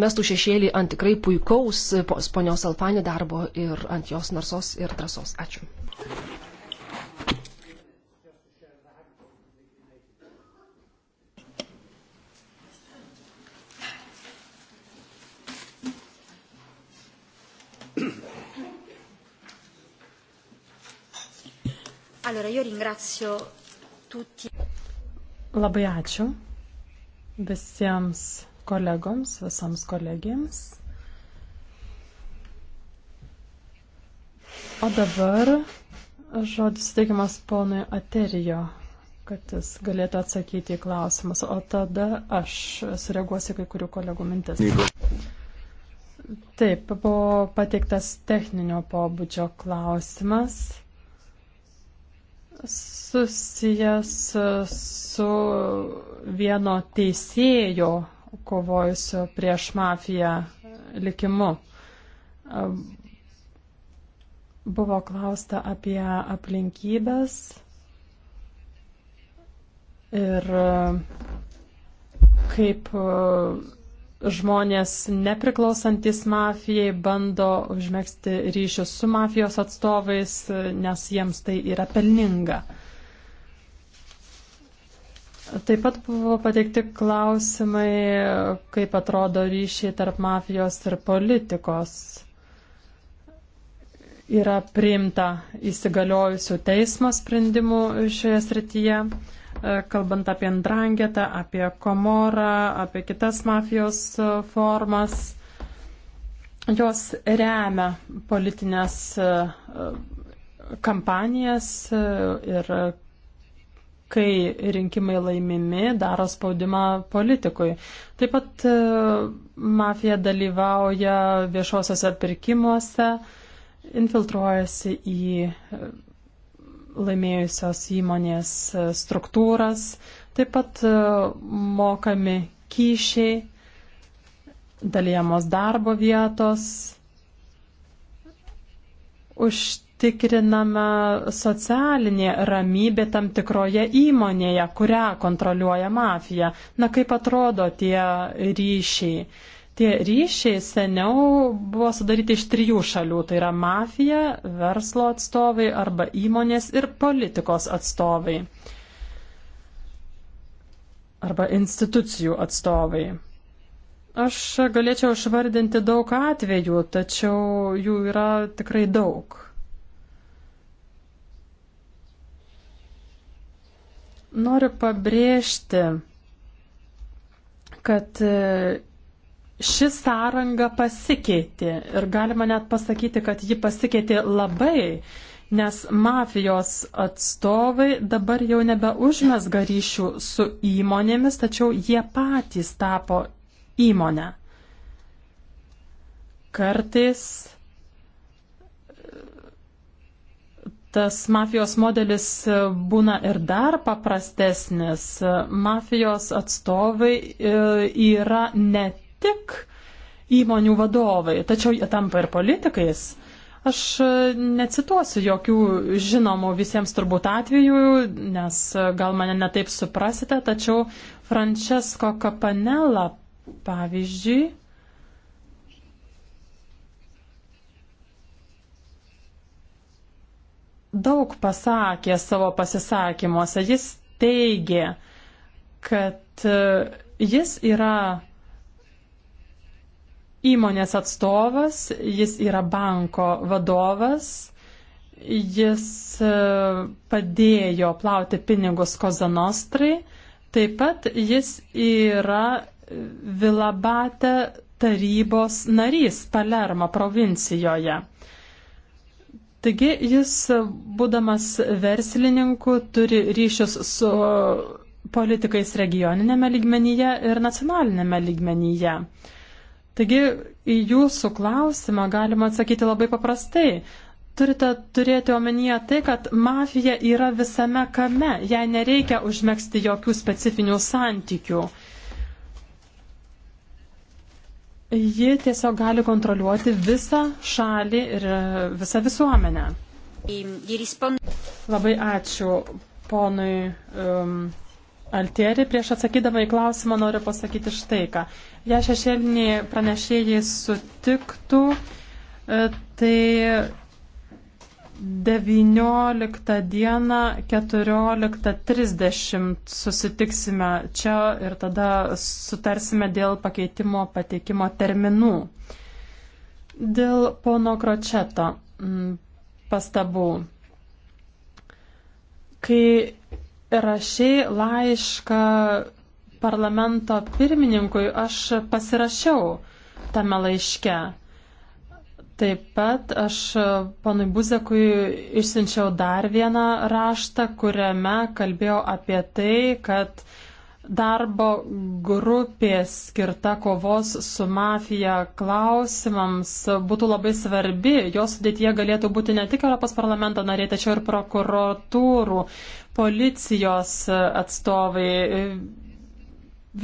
Mestų šešėlį ant tikrai puikaus ponios Alfanė darbo ir ant jos narsos ir drąsos. Ačiū. Allora, io ringrazio tutti. Labai ačiū visiems kolegoms, visoms kolegijams. O dabar žodis suteikiamas ponui Aterijo, kad jis galėtų atsakyti į klausimus, o tada aš sureaguosiu kai kurių kolegų mintis. Taip, buvo pateiktas techninio pobūdžio klausimas susijęs su vieno teisėjo kovojusio prieš mafiją likimu. Buvo klausta apie aplinkybės ir kaip žmonės nepriklausantis mafijai bando užmėgsti ryšius su mafijos atstovais, nes jiems tai yra pelninga. Taip pat buvo pateikti klausimai, kaip atrodo ryšiai tarp mafijos ir politikos. Yra priimta įsigaliojusių teismo sprendimų šioje srityje. E, kalbant apie Andrangetą, apie Komorą, apie kitas mafijos e, formas. Jos remia politinės e, kampanijas ir kai rinkimai laimimi, daro spaudimą politikui. Taip pat mafija dalyvauja viešuosiuose pirkimuose, infiltruojasi į laimėjusios įmonės e, struktūras, taip pat e, mokami kyšiai, dalyjamos darbo vietos, užtikrinama socialinė ramybė tam tikroje įmonėje, kurią kontroliuoja mafija. Na kaip atrodo tie ryšiai? Tie ryšiai seniau buvo sudaryti iš trijų šalių - tai yra mafija, verslo atstovai arba įmonės ir politikos atstovai arba institucijų atstovai. Aš galėčiau išvardinti daug atvejų, tačiau jų yra tikrai daug. Noriu pabrėžti, kad Ši sąranga pasikeitė ir galima net pasakyti, kad ji pasikeitė labai, nes mafijos atstovai dabar jau nebeužmesga ryšių su įmonėmis, tačiau jie patys tapo įmonę. Kartais e, tas mafijos modelis e, būna ir dar paprastesnis. Mafijos atstovai e, yra ne tik įmonių vadovai, tačiau jie tampa ir politikais. Aš e, necituosiu jokių žinomų visiems turbūt atvejų, nes e, gal mane netaip suprasite, tačiau Francesco Capanella, pavyzdžiui, daug pasakė savo pasisakymuose. Jis teigė, kad e, jis yra įmonės atstovas, jis yra banko vadovas, jis e, padėjo plauti pinigus Kozanostrai, taip pat jis yra Vilabate tarybos narys Palermo provincijoje. Taigi jis, būdamas verslininku, turi ryšius su politikais regioninėme lygmenyje ir nacionalinėme lygmenyje. Uh, Taigi į jūsų klausimą galima atsakyti labai paprastai. Turite turėti omenyje tai, kad mafija yra visame kame, jai nereikia užmėgsti jokių specifinių santykių. Ji tiesiog gali kontroliuoti visą šalį ir e, visą visuomenę. Labai ačiū ponui um, Altieri, prieš atsakydama į klausimą noriu pasakyti štai ką. Jei šešėliniai pranešėjai sutiktų, e, tai 19 dieną 14.30 susitiksime čia ir tada sutarsime dėl pakeitimo pateikimo terminų. Dėl pono Kročeto pastabų. Kai rašiai laišką parlamento pirmininkui, aš pasirašiau tame laiške. Taip pat aš panui Buzekui išsiunčiau dar vieną raštą, kuriame kalbėjau apie tai, kad darbo grupė skirta kovos su mafija klausimams būtų labai svarbi. Jos sudėtyje galėtų būti ne tik Europos parlamento nariai, tačiau ir prokuratūrų, policijos atstovai.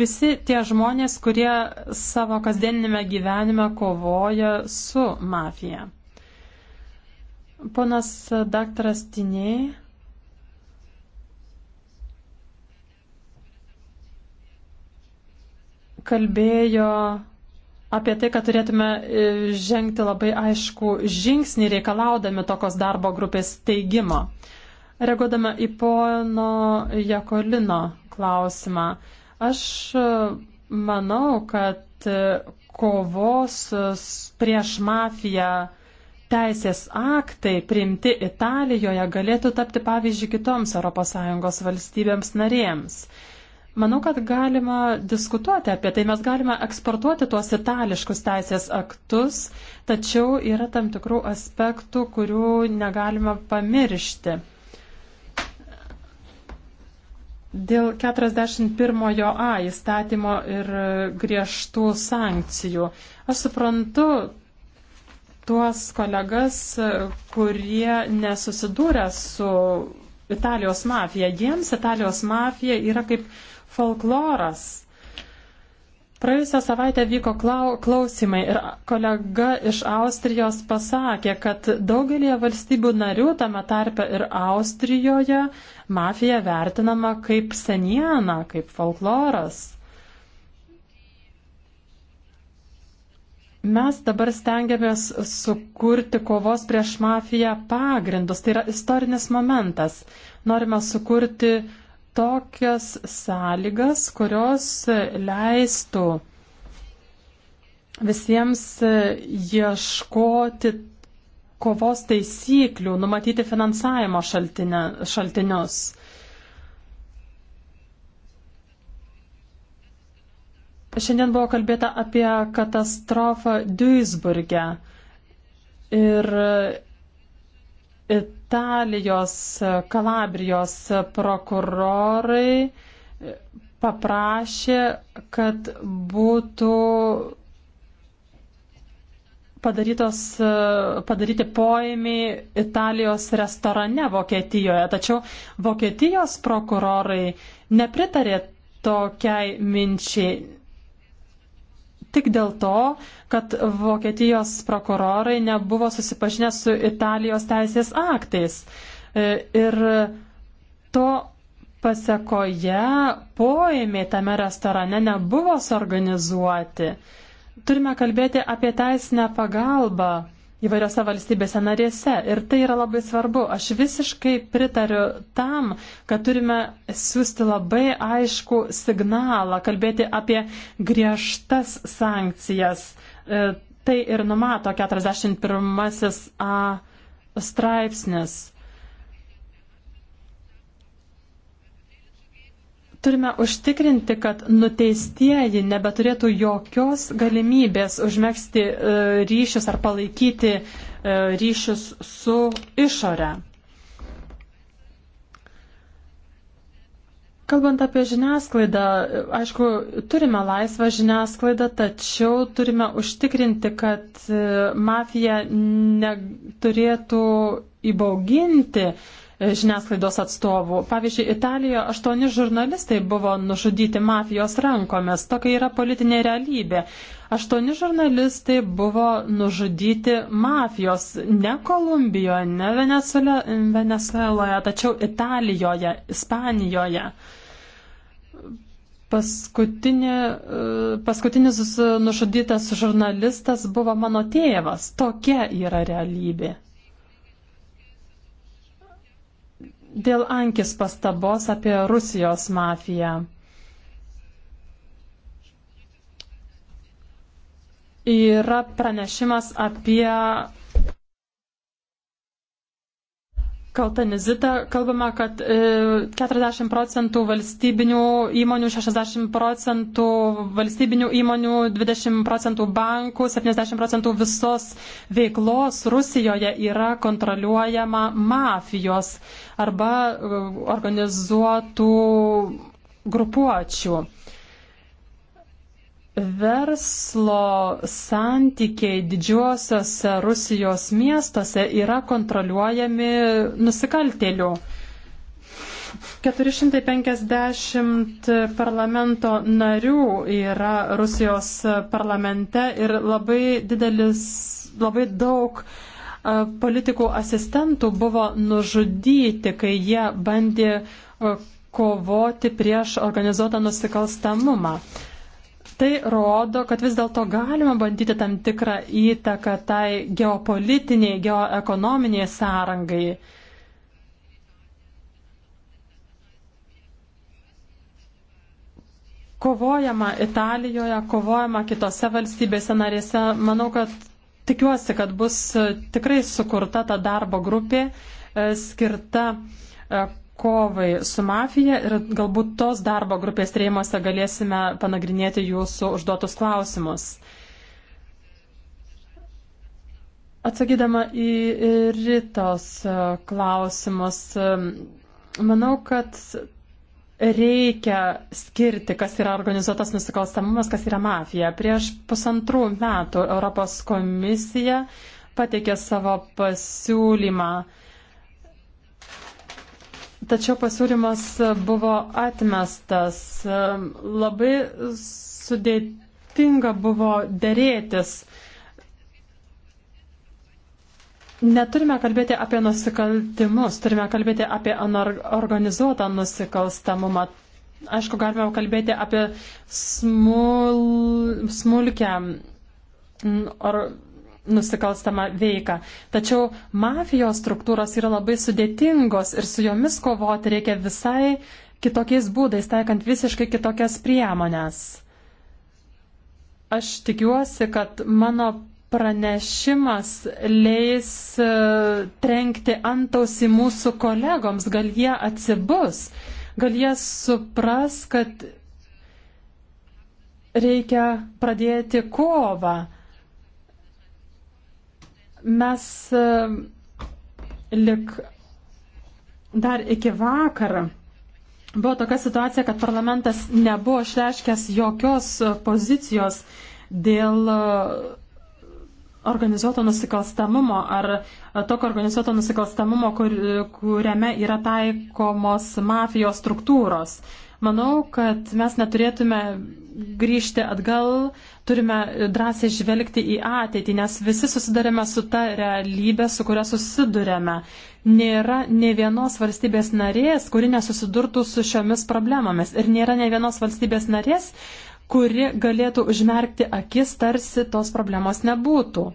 Visi tie žmonės, kurie savo kasdieninėme gyvenime kovoja su mafija. Ponas daktaras Tiniai. kalbėjo apie tai, kad turėtume e, žengti labai aišku žingsnį reikalaudami tokios darbo grupės teigimo. Reaguodama į pono Jekolino klausimą, aš e, manau, kad e, kovos prieš mafiją teisės aktai priimti Italijoje galėtų tapti pavyzdžiui kitoms ES valstybėms narėms. Manau, kad galima diskutuoti apie tai, mes galime eksportuoti tuos itališkus teisės aktus, tačiau yra tam tikrų aspektų, kurių negalima pamiršti. Dėl 41 A įstatymo ir griežtų sankcijų. Aš suprantu tuos kolegas, kurie nesusidūrė su Italijos mafija. Jiems Italijos mafija yra kaip folkloras. Praėjusią savaitę vyko klausimai ir kolega iš Austrijos pasakė, kad daugelie valstybių narių, tame tarpe ir Austrijoje, mafija vertinama kaip seniena, kaip folkloras. Mes dabar stengiamės sukurti kovos prieš mafiją pagrindus, tai yra istorinis momentas. Norime sukurti tokias sąlygas, kurios leistų visiems ieškoti kovos taisyklių, numatyti finansavimo šaltinę, šaltinius. Šiandien buvo kalbėta apie katastrofą Duisburge ir it Italijos, Kalabrijos prokurorai paprašė, kad būtų padarytos, padaryti poėmiai Italijos restorane Vokietijoje. Tačiau Vokietijos prokurorai nepritarė tokiai minčiai, tik dėl to, kad Vokietijos prokurorai nebuvo susipažinę su Italijos teisės aktais. E, ir to pasiekoje poėmiai tame restorane nebuvo suorganizuoti. Turime kalbėti apie teisinę pagalbą įvairiose valstybėse narėse. Ir tai yra labai svarbu. Aš visiškai pritariu tam, kad turime siūsti labai aišku signalą, kalbėti apie griežtas sankcijas. E, tai ir numato 41 A straipsnis. Turime užtikrinti, kad nuteistieji nebeturėtų jokios galimybės užmėgsti e, ryšius ar palaikyti e, ryšius su išore. Kalbant apie žiniasklaidą, aišku, turime laisvą žiniasklaidą, tačiau turime užtikrinti, kad e, mafija neturėtų įbauginti E, žiniasklaidos atstovų. Pavyzdžiui, Italijoje aštuoni žurnalistai buvo nužudyti mafijos rankomis. Tokia yra politinė realybė. Aštuoni žurnalistai buvo nužudyti mafijos ne Kolumbijoje, ne Venezueloje, tačiau Italijoje, Ispanijoje. Paskutinė, e, paskutinis nužudytas žurnalistas buvo mano tėvas. Tokia yra realybė. Dėl Ankis pastabos apie Rusijos mafiją. Yra pranešimas apie Kaltanizitą kalbame, kad 40 e, procentų valstybinių įmonių, 60 procentų valstybinių įmonių, 20 procentų bankų, 70 procentų visos veiklos Rusijoje yra kontroliuojama mafijos arba e, organizuotų grupuočių. Verslo santykiai didžiuosiuose Rusijos miestuose yra kontroliuojami nusikaltėlių. 450 parlamento narių yra Rusijos parlamente ir labai didelis, labai daug politikų asistentų buvo nužudyti, kai jie bandė kovoti prieš organizuotą nusikalstamumą. Tai rodo, kad vis dėlto galima bandyti tam tikrą įtaką tai geopolitiniai, geoekonominiai sąrangai. kovojama Italijoje, kovojama kitose valstybėse narėse. Manau, kad tikiuosi, kad bus tikrai sukurta ta darbo grupė e, skirta e, kovai su mafija ir galbūt tos darbo grupės rėmose galėsime panagrinėti jūsų užduotus klausimus. Atsakydama į rytos e, klausimus, e, manau, kad reikia skirti, kas yra organizuotas nusikalstamumas, kas yra mafija. Prieš pusantrų metų Europos komisija pateikė savo pasiūlymą uh, Tačiau pasiūlymas buvo atmestas. Labai sudėtinga buvo dėrėtis. Neturime kalbėti apie nusikaltimus, turime kalbėti apie organizuotą nusikalstamumą. Aišku, galime kalbėti apie smul, smulkę or, nusikalstamą veiką. Tačiau mafijos struktūros yra labai sudėtingos ir su jomis kovoti reikia visai kitokiais būdais, taikant visiškai kitokias priemonės. Aš tikiuosi, kad mano pranešimas leis e, trenkti antausi mūsų kolegoms, gal jie atsibus, gal jie supras, kad reikia pradėti kovą mes e, lik dar iki vakar buvo tokia situacija, kad parlamentas nebuvo išreiškęs jokios pozicijos dėl e, organizuoto nusikalstamumo ar e, tokio organizuoto nusikalstamumo, kur, kuriame yra taikomos mafijos struktūros. Manau, kad mes neturėtume grįžti atgal, turime drąsiai žvelgti į ateitį, nes visi susidarėme su ta realybė, su kuria susidurėme. Nėra ne vienos valstybės narės, kuri nesusidurtų su šiomis problemomis. Ir nėra ne vienos valstybės narės, kuri galėtų užmerkti akis, tarsi tos problemos nebūtų.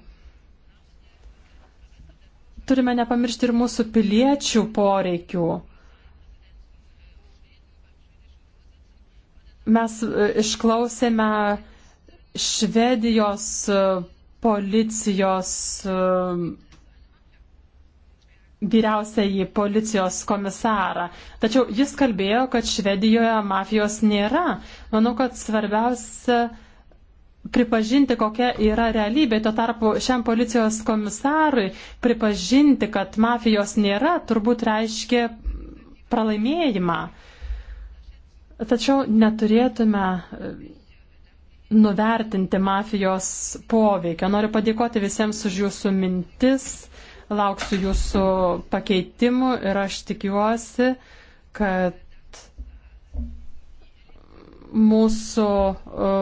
Turime nepamiršti ir mūsų piliečių poreikių Mes e, išklausėme Švedijos e, policijos e, vyriausiai policijos komisarą. Tačiau jis kalbėjo, kad Švedijoje mafijos nėra. Manau, kad svarbiausia pripažinti, kokia yra realybė. Tuo tarpu šiam policijos komisarui pripažinti, kad mafijos nėra, turbūt reiškia pralaimėjimą. Uh, Tačiau neturėtume e, nuvertinti mafijos poveikio. Noriu padėkoti visiems už jūsų mintis, lauksiu jūsų pakeitimų ir aš tikiuosi, kad mūsų e,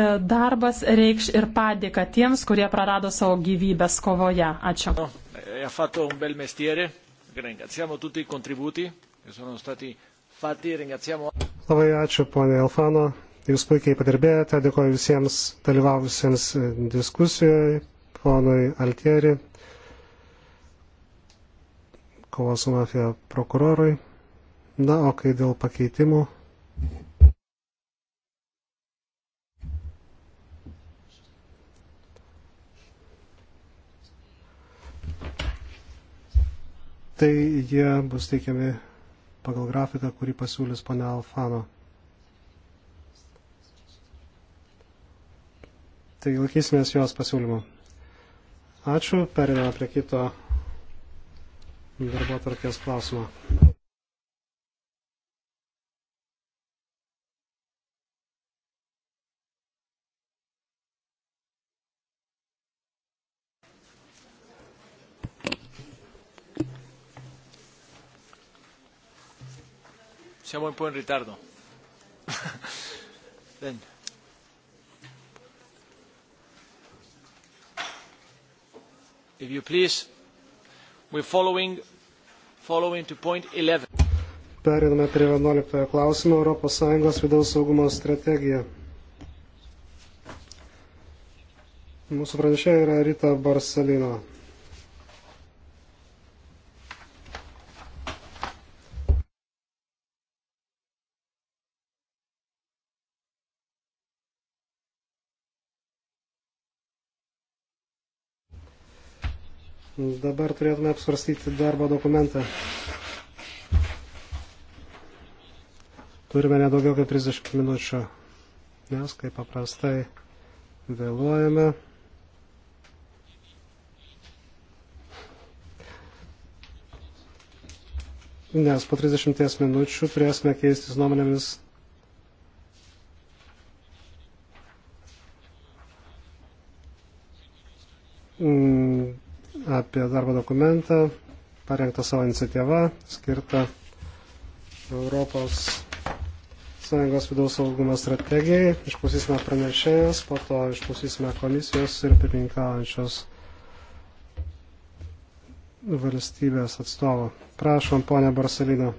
e, darbas reikš ir padėka tiems, kurie prarado savo gyvybės kovoje. Ačiū. Ringraziamo tutti i contributi che sono stati fatti, ringraziamo. Labai ačiū, ponė Alfano. Jūs puikiai padirbėjote. Dėkoju visiems dalyvavusiems diskusijoje, ponui Altieri, kovos su mafija prokurorui. Na, o kai dėl pakeitimų. tai jie bus teikiami pagal grafiką, kurį pasiūlys ponia Alfano. Taigi laikysimės jos pasiūlymų. Ačiū, perėmėme prie kito darbo tvarkės klausimo. siamo un po' in ritardo. Then. If you please, we're following, following to point 11. Periname prie 11 klausimo Europos Sąjungos vidaus saugumo strategija. Mūsų pranešėja yra Rita Barcelino. Dabar turėtume apsvarstyti darbo dokumentą. Turime nedaugiau kaip 30 minučių, nes kaip paprastai vėluojame. Nes po 30 minučių turėsime keistis nuomonėmis mm, apie darbo dokumentą, parengtą savo iniciatyvą, skirtą Europos Sąjungos vidaus saugumo strategijai. Išklausysime pranešėjus, po to išklausysime komisijos ir pirmininkaujančios valstybės atstovo. Prašom, ponė Barcelino.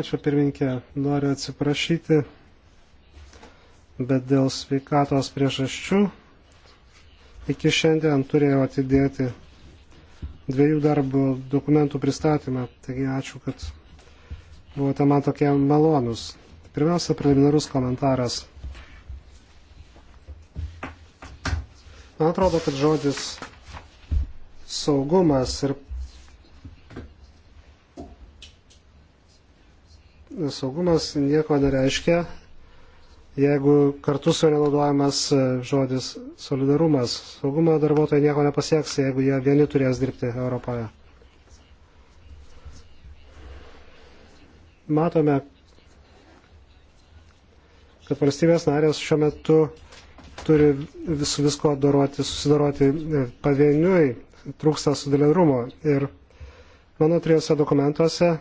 Ačiū pirminkė, noriu atsiprašyti, bet dėl sveikatos priežasčių iki šiandien turėjau atidėti dviejų darbo dokumentų pristatymą. Taigi ačiū, kad buvote man tokie malonus. Pirmiausia, preliminarus komentaras. Man atrodo, kad žodis saugumas ir saugumas nieko nereiškia, jeigu kartu su nenaudojamas e, žodis solidarumas. Saugumo darbuotojai nieko nepasieks, jeigu jie vieni turės dirbti Europoje. Matome, kad valstybės narės šiuo metu turi vis, visko doroti, susidoroti e, pavieniui, trūksta sudėlėrumo. Ir mano trijose dokumentuose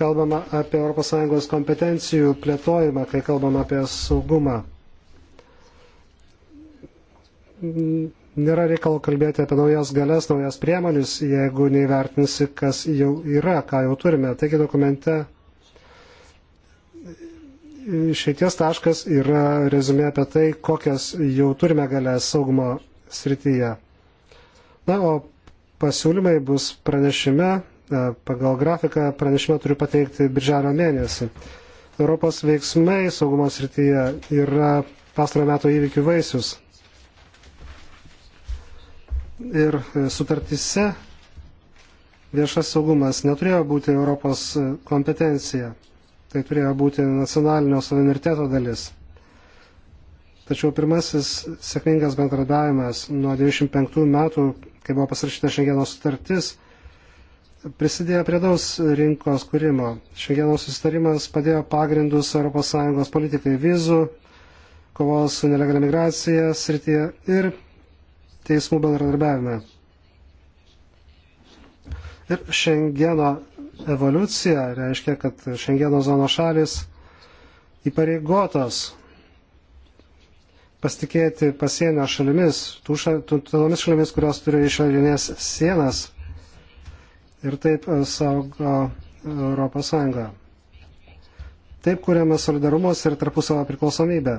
kalbama apie ES kompetencijų plėtojimą, kai kalbama apie saugumą. Nėra reikalo kalbėti apie naujas galės, naujas priemonės, jeigu neįvertinsi, kas jau yra, ką jau turime. Taigi dokumente išeities taškas yra rezumė apie tai, kokias jau turime galės saugumo srityje. Na, o pasiūlymai bus pranešime E, pagal grafiką pranešimą turiu pateikti birželio mėnesį. Europos veiksmai saugumo srityje yra pastarojo meto įvykių vaisius. Ir e, sutartise viešas saugumas neturėjo būti Europos kompetencija. Tai turėjo būti nacionalinio suvereniteto dalis. Tačiau pirmasis sėkmingas bendradavimas nuo 1995 metų, kai buvo pasirašyta Šengeno sutartis, prisidėjo prie daus rinkos kūrimo. Šengeno susitarimas padėjo pagrindus ES politikai vizų, kovos su nelegalia migracija srityje ir teismų bendradarbiavime. Ir Šengeno evoliucija reiškia, kad Šengeno zono šalis įpareigotos pasitikėti pasienio šalimis, tomis šalimis, kurios turi išorinės sienas ir taip e, saugo e, Europos Sąjungą. Taip kūrėme solidarumus ir tarpusavą priklausomybę.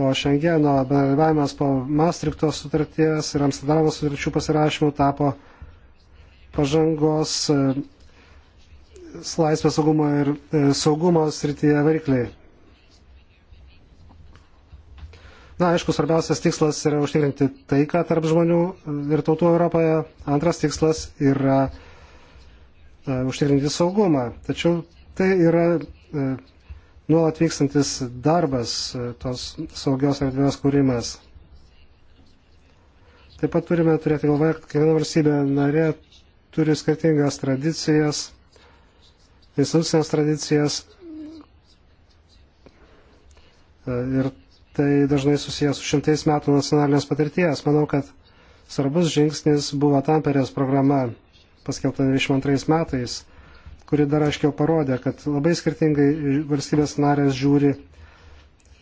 O Šengeno bendradarbiavimas po Maastrichto sutarties ir Amsterdamo sutarčių pasirašymų tapo pažangos e, laisvės saugumo ir saugumo srityje varikliai. Na, aišku, svarbiausias tikslas yra užtikrinti taiką tarp žmonių ir tautų Europoje. Antras tikslas yra e, užtikrinti saugumą. Tačiau tai yra e, nuolat vykstantis darbas, e, tos saugios erdvės kūrimas. Taip pat turime turėti galvoje, kad kiekviena valstybė narė turi skirtingas tradicijas, institucinės tradicijas ir tai dažnai susijęs su šimtais metų nacionalinės patirties. Manau, kad svarbus žingsnis buvo Tamperės programa paskelbta 22 metais, kuri dar aiškiau parodė, kad labai skirtingai valstybės narės žiūri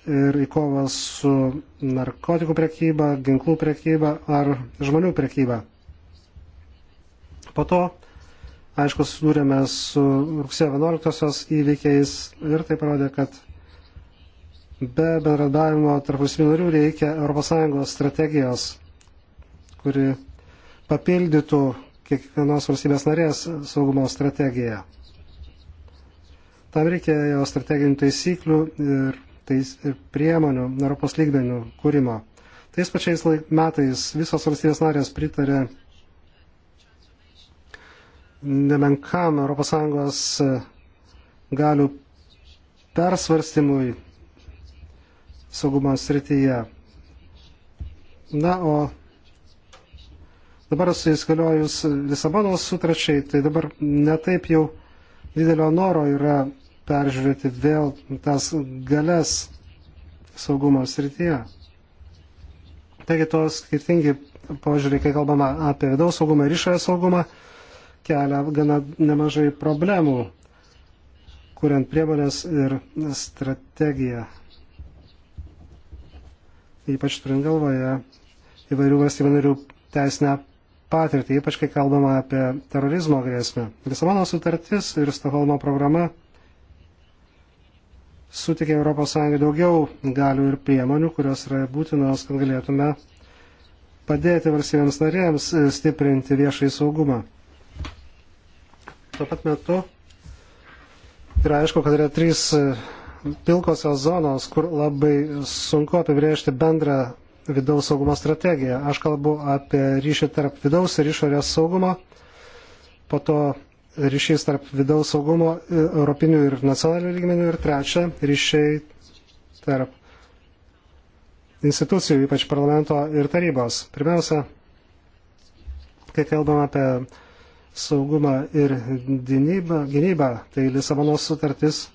ir į kovą su narkotikų prekyba, ginklų prekyba ar žmonių prekyba. Po to, aišku, susidūrėme su rugsėjo 11-osios įvykiais ir tai parodė, kad Be bendradavimo tarp valstybių reikia ES strategijos, kuri papildytų kiekvienos valstybės narės saugumo strategiją. Tam reikia jo strateginių taisyklių ir, tais, ir priemonių Europos lygmenių kūrimo. Tais pačiais metais visos valstybės narės pritarė nemenkam ES galių persvarstymui saugumo srityje. Na, o dabar su įsigaliojus Lisabonos sutračiai, tai dabar netaip jau didelio noro yra peržiūrėti vėl tas galės saugumo srityje. Taigi tos skirtingi požiūriai, kai kalbama apie vidaus saugumą ir išorės saugumą, kelia gana nemažai problemų, kuriant priemonės ir strategiją ypač turint galvoje įvairių valstybių narių teisinę patirtį, ypač kai kalbama apie terorizmo grėsmę. Lisabono sutartis ir Stokholmo programa sutikė ES daugiau galių ir priemonių, kurios yra būtinos, kad galėtume padėti valstybėms narėms stiprinti viešai saugumą. Tuo pat metu yra aišku, kad yra trys pilkosios zonos, kur labai sunku apibrėžti bendrą vidaus saugumo strategiją. Aš kalbu apie ryšį tarp vidaus ir išorės saugumo, po to ryšys tarp vidaus saugumo europinių ir nacionalinių lygmenių ir trečia ryšiai tarp institucijų, ypač parlamento ir tarybos. Pirmiausia, kai kalbam apie saugumą ir gynybą, gynybą tai Lisabonos sutartis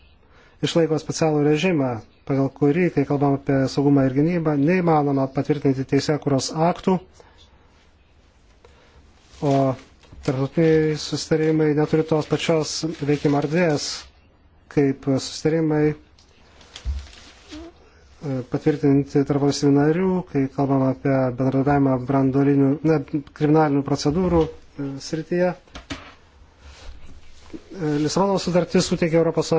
išlaiko specialų režimą, pagal kurį, kai kalbam apie saugumą ir gynybą, neįmanoma patvirtinti teisę kuros aktų, o tarptautiniai susitarimai neturi tos pačios veikimo ardvės, kaip susitarimai e, patvirtinti tarp valstybių narių, kai kalbam apie bendradavimą brandolinių, ne, kriminalinių procedūrų e, srityje. Lisabono sutartis suteikia ES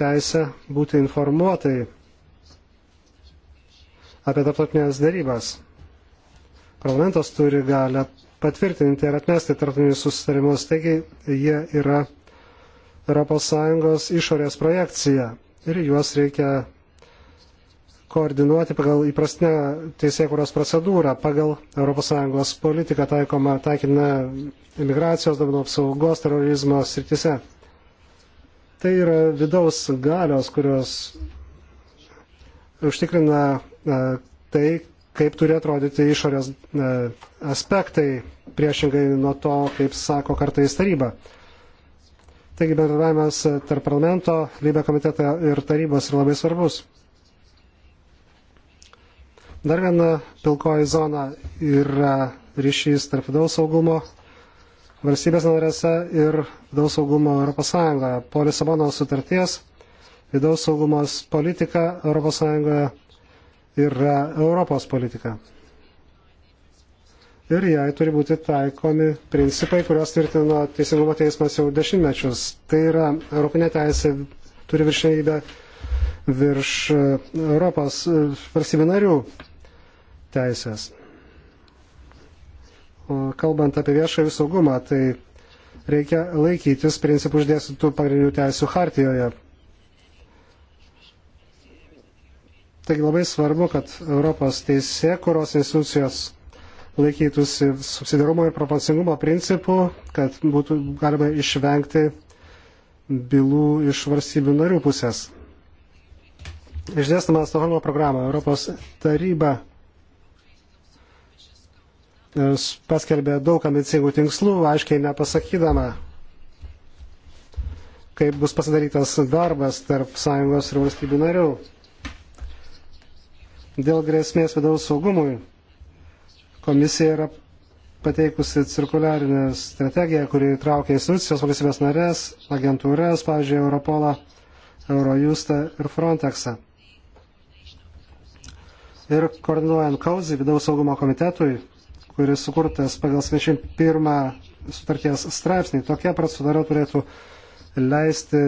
teisę būti informuotai apie tarptautinės darybas. Parlamentas turi galę patvirtinti ir atmesti tarptautinius susitarimus, taigi jie yra ES išorės projekcija ir juos reikia koordinuoti pagal įprastinę teisėkuros procedūrą, pagal ES politiką taikoma taikinę imigracijos, duomenų apsaugos, terorizmo srityse. Tai yra vidaus galios, kurios užtikrina e, tai, kaip turi atrodyti išorės e, aspektai, priešingai nuo to, kaip sako kartais taryba. Taigi bendradavimas tarp parlamento, lybė komiteto ir tarybos yra labai svarbus. Dar viena pilkoji zona yra ryšys tarp vidaus saugumo valstybės narėse ir vidaus saugumo Europos Sąjungoje. Po Lisabonos sutarties vidaus saugumos politika Europos Sąjungoje yra Europos politika. Ir jai turi būti taikomi principai, kuriuos tvirtino Teisingumo teismas jau dešimtmečius. Tai yra Europinė teisė turi viršenybę virš e, Europos e, valstybių narių teisės. O kalbant apie viešąjį saugumą, tai reikia laikytis principų uždėstytų pagrindinių teisų hartijoje. Taigi labai svarbu, kad Europos teisė, kurios institucijos laikytųsi subsidiarumo ir proporcingumo principų, kad būtų galima išvengti bylų iš valstybių narių pusės. Išdėstama Stokholmo programą Europos taryba paskelbė daug ambicingų tinkslų, aiškiai nepasakydama, kaip bus pasidarytas darbas tarp sąjungos ir valstybių narių. Dėl grėsmės vidaus saugumui komisija yra pateikusi cirkuliarinę strategiją, kuri traukia institucijos valstybės narės, agentūras, pavyzdžiui, Europolą, Eurojustą ir Frontexą. Ir koordinuojant Kauzį vidaus saugumo komitetui, kuris sukurtas pagal 21 sutarties straipsnį. Tokia procedūra turėtų leisti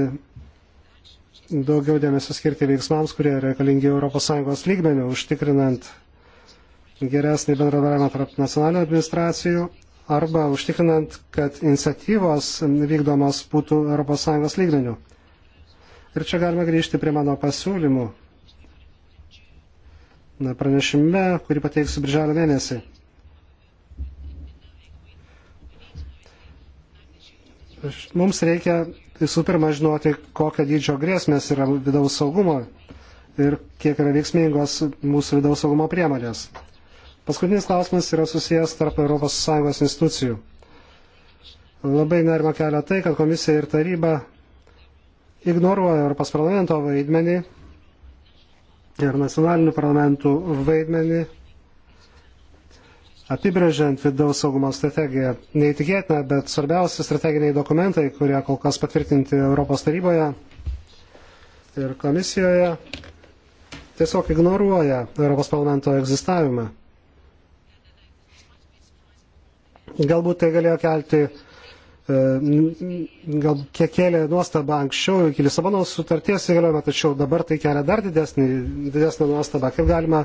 daugiau dėmesio skirti veiksmams, kurie reikalingi ES lygmenių, užtikrinant geresnį bendradarbiavimą tarp nacionalinių administracijų arba užtikrinant, kad iniciatyvos vykdomos būtų ES lygmenių. Ir čia galime grįžti prie mano pasiūlymų na, pranešime, kurį pateiksiu birželio mėnesį. Mums reikia visų pirma žinoti, kokio dydžio grėsmės yra vidaus saugumo ir kiek yra veiksmingos mūsų vidaus saugumo priemonės. Paskutinis klausimas yra susijęs tarp ES institucijų. Labai nerima kelia tai, kad komisija ir taryba ignoruoja Europos parlamento vaidmenį ir nacionalinių parlamentų vaidmenį apibrėžiant vidaus saugumo strategiją. Neįtikėtina, bet svarbiausi strateginiai dokumentai, kurie kol kas patvirtinti Europos taryboje ir komisijoje, tiesiog ignoruoja Europos parlamento egzistavimą. Galbūt tai galėjo kelti, e, gal kiek kėlė nuostabą anksčiau iki Lisabonos sutarties įgaliojimo, tačiau dabar tai kelia dar didesnį, didesnį nuostabą. Kaip galima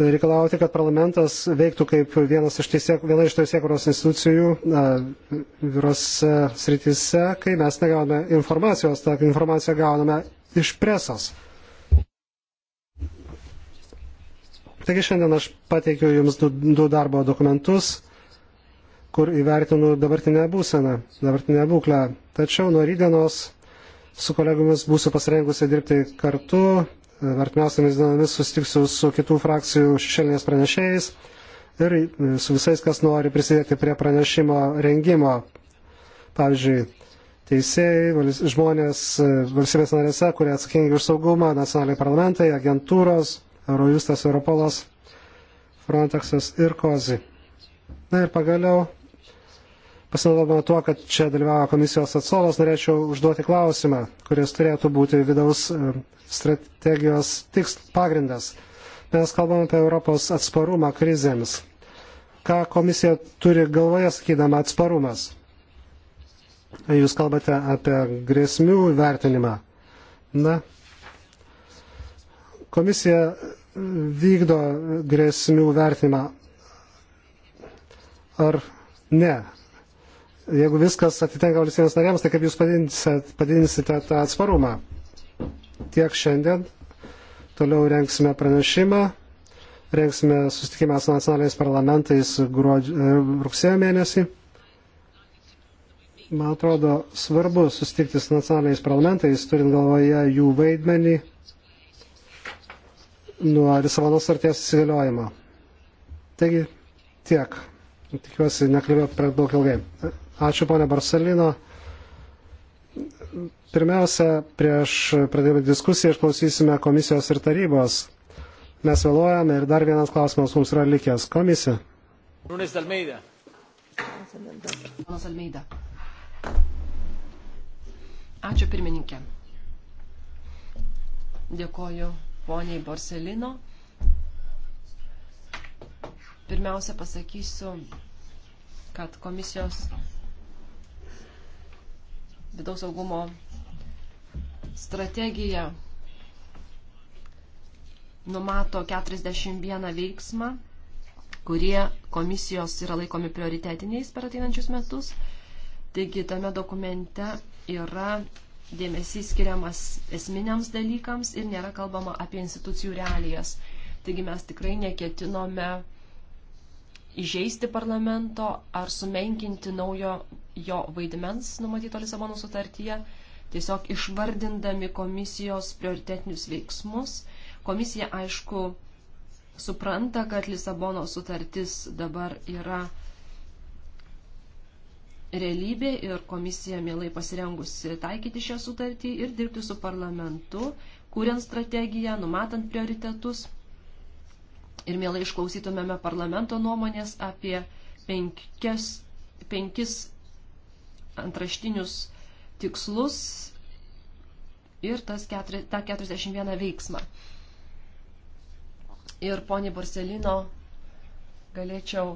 reikalauti, kad parlamentas veiktų kaip vienas iš teisėk, viena iš teisėkuros institucijų vyrose srityse, kai mes negauname informacijos, tą informaciją gauname iš presos. Taigi šiandien aš pateikiu Jums du, du darbo dokumentus, kur įvertinu dabartinę būseną, dabartinę būklę. Tačiau nuo rydienos su kolegomis būsiu pasirengusi dirbti kartu, artimiausiamis dienomis susitiksiu su kitų frakcijų šešėlinės pranešėjais ir e, su visais, kas nori prisidėti prie pranešimo rengimo. Pavyzdžiui, teisėjai, žmonės e, valstybės narėse, kurie atsakingi už saugumą, nacionaliniai parlamentai, agentūros, Eurojustas, Europolas, Frontexas ir Kozi. Na ir pagaliau Pasinaudodama tuo, kad čia dalyvavo komisijos atstovas, norėčiau užduoti klausimą, kuris turėtų būti vidaus e, strategijos tiks pagrindas. Mes kalbame apie Europos atsparumą krizėms. Ką komisija turi galvoje, sakydama atsparumas? Jūs kalbate apie grėsmių vertinimą. Na, komisija vykdo grėsmių vertinimą. Ar ne? jeigu viskas atitenka valstybės narėms, tai kaip jūs padidinsite, padidinsite tą atsparumą? Tiek šiandien. Toliau renksime pranešimą, renksime susitikimą su nacionaliniais parlamentais gruodžio, e, rugsėjo mėnesį. Man atrodo, svarbu susitikti su nacionaliniais parlamentais, turint galvoje jų vaidmenį nuo Lisabonos sarties įsigaliojimo. Taigi tiek. Tikiuosi, nekalbėjau per daug ilgai. Ačiū, ponė Barcelino. Pirmiausia, prieš pradėdami diskusiją išklausysime komisijos ir tarybos. Mes vėluojame ir dar vienas klausimas mums yra likęs. Komisija. Nunes Dalmeida. Ponas Almeida. Ačiū pirmininkė. Dėkoju poniai Borselino. Pirmiausia pasakysiu, kad komisijos vidaus saugumo strategija numato 41 veiksmą, kurie komisijos yra laikomi prioritetiniais per ateinančius metus. Taigi tame dokumente yra dėmesys skiriamas esminiams dalykams ir nėra kalbama apie institucijų realijas. Taigi mes tikrai neketinome įžeisti parlamento ar sumenkinti naujo jo vaidmens numatyto Lisabono sutartyje, tiesiog išvardindami komisijos prioritetinius veiksmus. Komisija, aišku, supranta, kad Lisabono sutartis dabar yra realybė ir komisija mielai pasirengusi taikyti šią sutartį ir dirbti su parlamentu, kuriant strategiją, numatant prioritetus. Ir mielai išklausytumėme parlamento nuomonės apie penkias, penkis antraštinius tikslus ir tas keturi, tą 41 veiksmą. Ir poniai Borselino galėčiau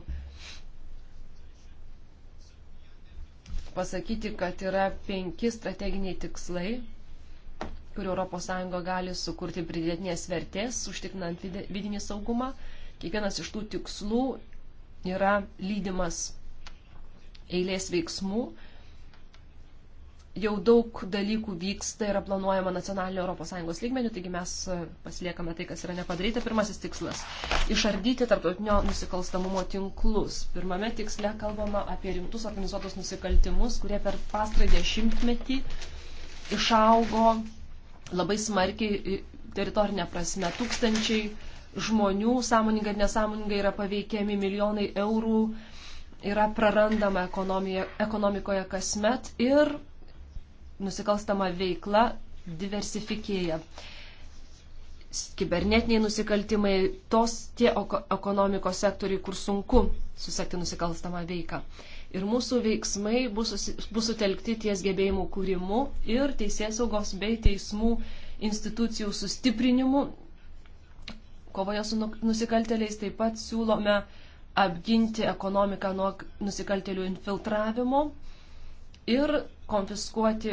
pasakyti, kad yra penki strateginiai tikslai, kur ES gali sukurti pridėtinės vertės, užtikrinant vidinį saugumą. Kiekvienas iš tų tikslų yra lydimas eilės veiksmų, jau daug dalykų vyksta, yra planuojama nacionalinio ES lygmenių, taigi mes e, pasiliekame tai, kas yra nepadaryta. Pirmasis tikslas - išardyti tarptautinio nusikalstamumo tinklus. Pirmame tiksle kalbama apie rimtus organizuotus nusikaltimus, kurie per pastarąjį dešimtmetį išaugo labai smarkiai teritorinė prasme. Tūkstančiai žmonių sąmoningai ir nesąmoningai yra paveikiami milijonai eurų yra prarandama ekonomikoje kasmet ir nusikalstama veikla diversifikėja. Kibernetiniai nusikaltimai, tos tie ekonomikos sektoriai, kur sunku susekti nusikalstamą veiką. Ir mūsų veiksmai bus, bus sutelkti ties gebėjimų kūrimu ir teisėsaugos bei teismų institucijų sustiprinimu. Kovoje su nu- nusikalteliais taip pat siūlome apginti ekonomiką nuo nusikaltelių infiltravimo ir konfiskuoti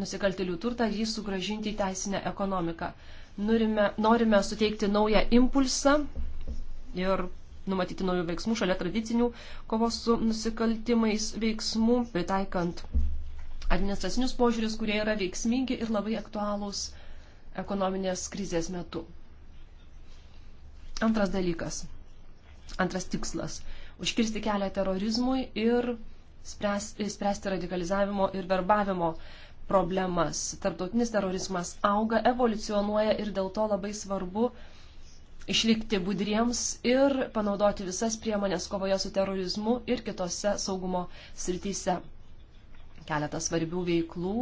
nusikaltėlių turtą, jį sugražinti į teisinę ekonomiką. Norime, norime suteikti naują impulsą ir numatyti naujų veiksmų šalia tradicinių kovos su nusikaltimais veiksmų, pritaikant administracinius požiūrius, kurie yra veiksmingi ir labai aktualūs ekonominės krizės metu. Antras dalykas, antras tikslas - užkirsti kelią terorizmui ir spręs, spręsti radikalizavimo ir verbavimo problemas. Tarptautinis terorizmas auga, evoliucionuoja ir dėl to labai svarbu išlikti budriems ir panaudoti visas priemonės kovoje su terorizmu ir kitose saugumo srityse. Keletas svarbių veiklų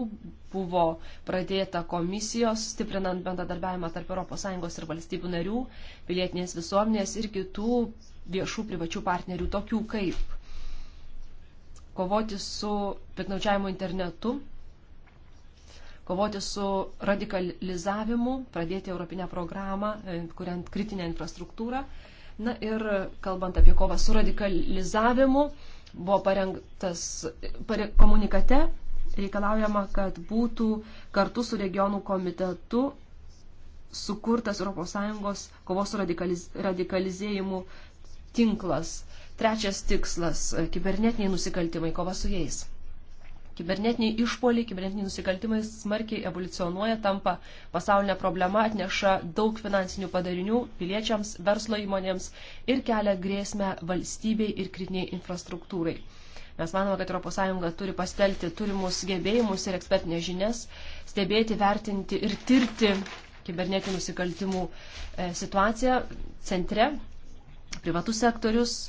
buvo pradėta komisijos, stiprinant bendradarbiavimą tarp ES ir valstybių narių, pilietinės visuomenės ir kitų viešų privačių partnerių, tokių kaip kovoti su piknaudžiavimu internetu, kovoti su radikalizavimu, pradėti europinę programą, e, kuriant kritinę infrastruktūrą. Na ir kalbant apie kovą su radikalizavimu, buvo parengtas pare, komunikate, reikalaujama, kad būtų kartu su regionų komitetu sukurtas ES kovos su radikaliz, radikalizėjimu tinklas. Trečias tikslas - kibernetiniai nusikaltimai, kova su jais. Kibernetiniai išpoliai, kibernetiniai nusikaltimai smarkiai evoliucionuoja, tampa pasaulinė problema, atneša daug finansinių padarinių piliečiams, verslo įmonėms ir kelia grėsmę valstybei ir kritiniai infrastruktūrai. Mes manome, kad ES turi pastelti turimus gebėjimus ir ekspertinės žinias, stebėti, vertinti ir tirti kibernetinių nusikaltimų e, situaciją centre, privatus sektorius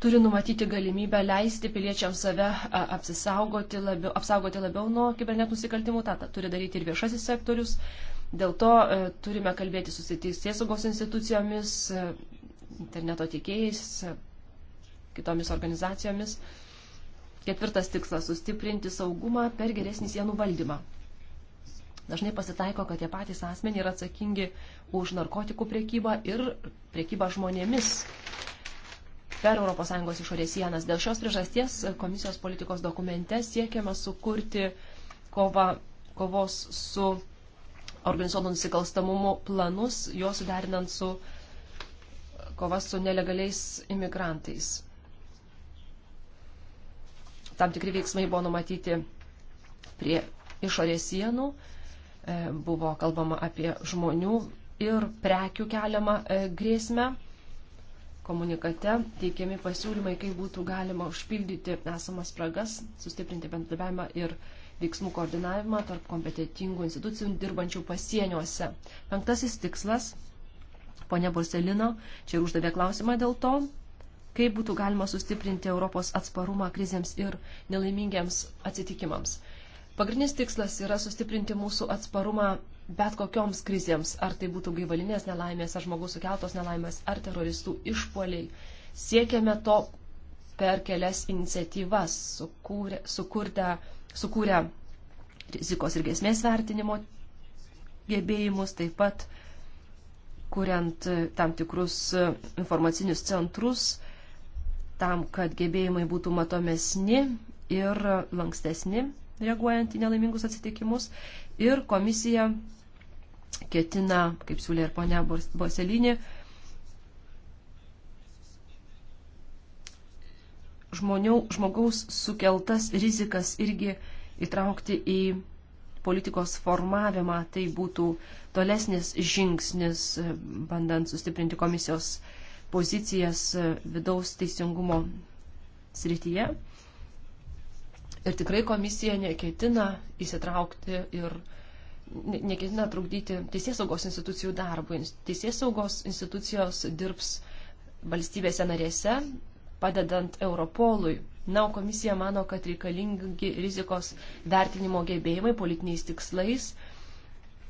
turi numatyti galimybę leisti piliečiams save apsisaugoti labiau, apsaugoti labiau nuo kibernetinių nusikaltimų, tą, tą turi daryti ir viešasis sektorius. Dėl to e, turime kalbėti su teisėsaugos institucijomis, e, interneto tiekėjais, e, kitomis organizacijomis. Ketvirtas tikslas - sustiprinti saugumą per geresnį sienų valdymą. Dažnai pasitaiko, kad tie patys asmenys yra atsakingi už narkotikų priekybą ir priekybą žmonėmis per ES išorės sienas. Dėl šios priežasties komisijos politikos dokumente siekiama sukurti kova, kovos su organizuotų nusikalstamumu planus, juos suderinant su kova su nelegaliais imigrantais. Tam tikri veiksmai buvo numatyti prie išorės sienų, e, buvo kalbama apie žmonių ir prekių keliamą e, grėsmę komunikate teikiami pasiūlymai, kaip būtų galima užpildyti esamas spragas, sustiprinti bendradarbiavimą ir veiksmų koordinavimą tarp kompetitingų institucijų dirbančių pasieniuose. Penktasis tikslas, ponia Borselino, čia ir uždavė klausimą dėl to, kaip būtų galima sustiprinti Europos atsparumą krizėms ir nelaimingiams atsitikimams. Pagrindinis tikslas yra sustiprinti mūsų atsparumą bet kokioms krizėms, ar tai būtų gaivalinės nelaimės, ar žmogaus sukeltos nelaimės, ar teroristų išpoliai. Siekėme to per kelias iniciatyvas, sukūrę, sukurtę, sukūrę rizikos ir grėsmės vertinimo gebėjimus, taip pat kuriant tam tikrus informacinius centrus, tam, kad gebėjimai būtų matomesni ir lankstesni, reaguojant į nelaimingus atsitikimus. Ir komisija ketina, kaip siūlė ir ponia Boselinė, žmonių, žmogaus sukeltas rizikas irgi įtraukti į politikos formavimą. Tai būtų tolesnis žingsnis, bandant sustiprinti komisijos pozicijas vidaus teisingumo srityje. Ir tikrai komisija neketina įsitraukti ir uh, neketina trukdyti teisės saugos institucijų darbui. Teisės saugos institucijos dirbs valstybėse narėse, padedant Europolui. Na, o komisija mano, kad reikalingi rizikos vertinimo gebėjimai politiniais tikslais,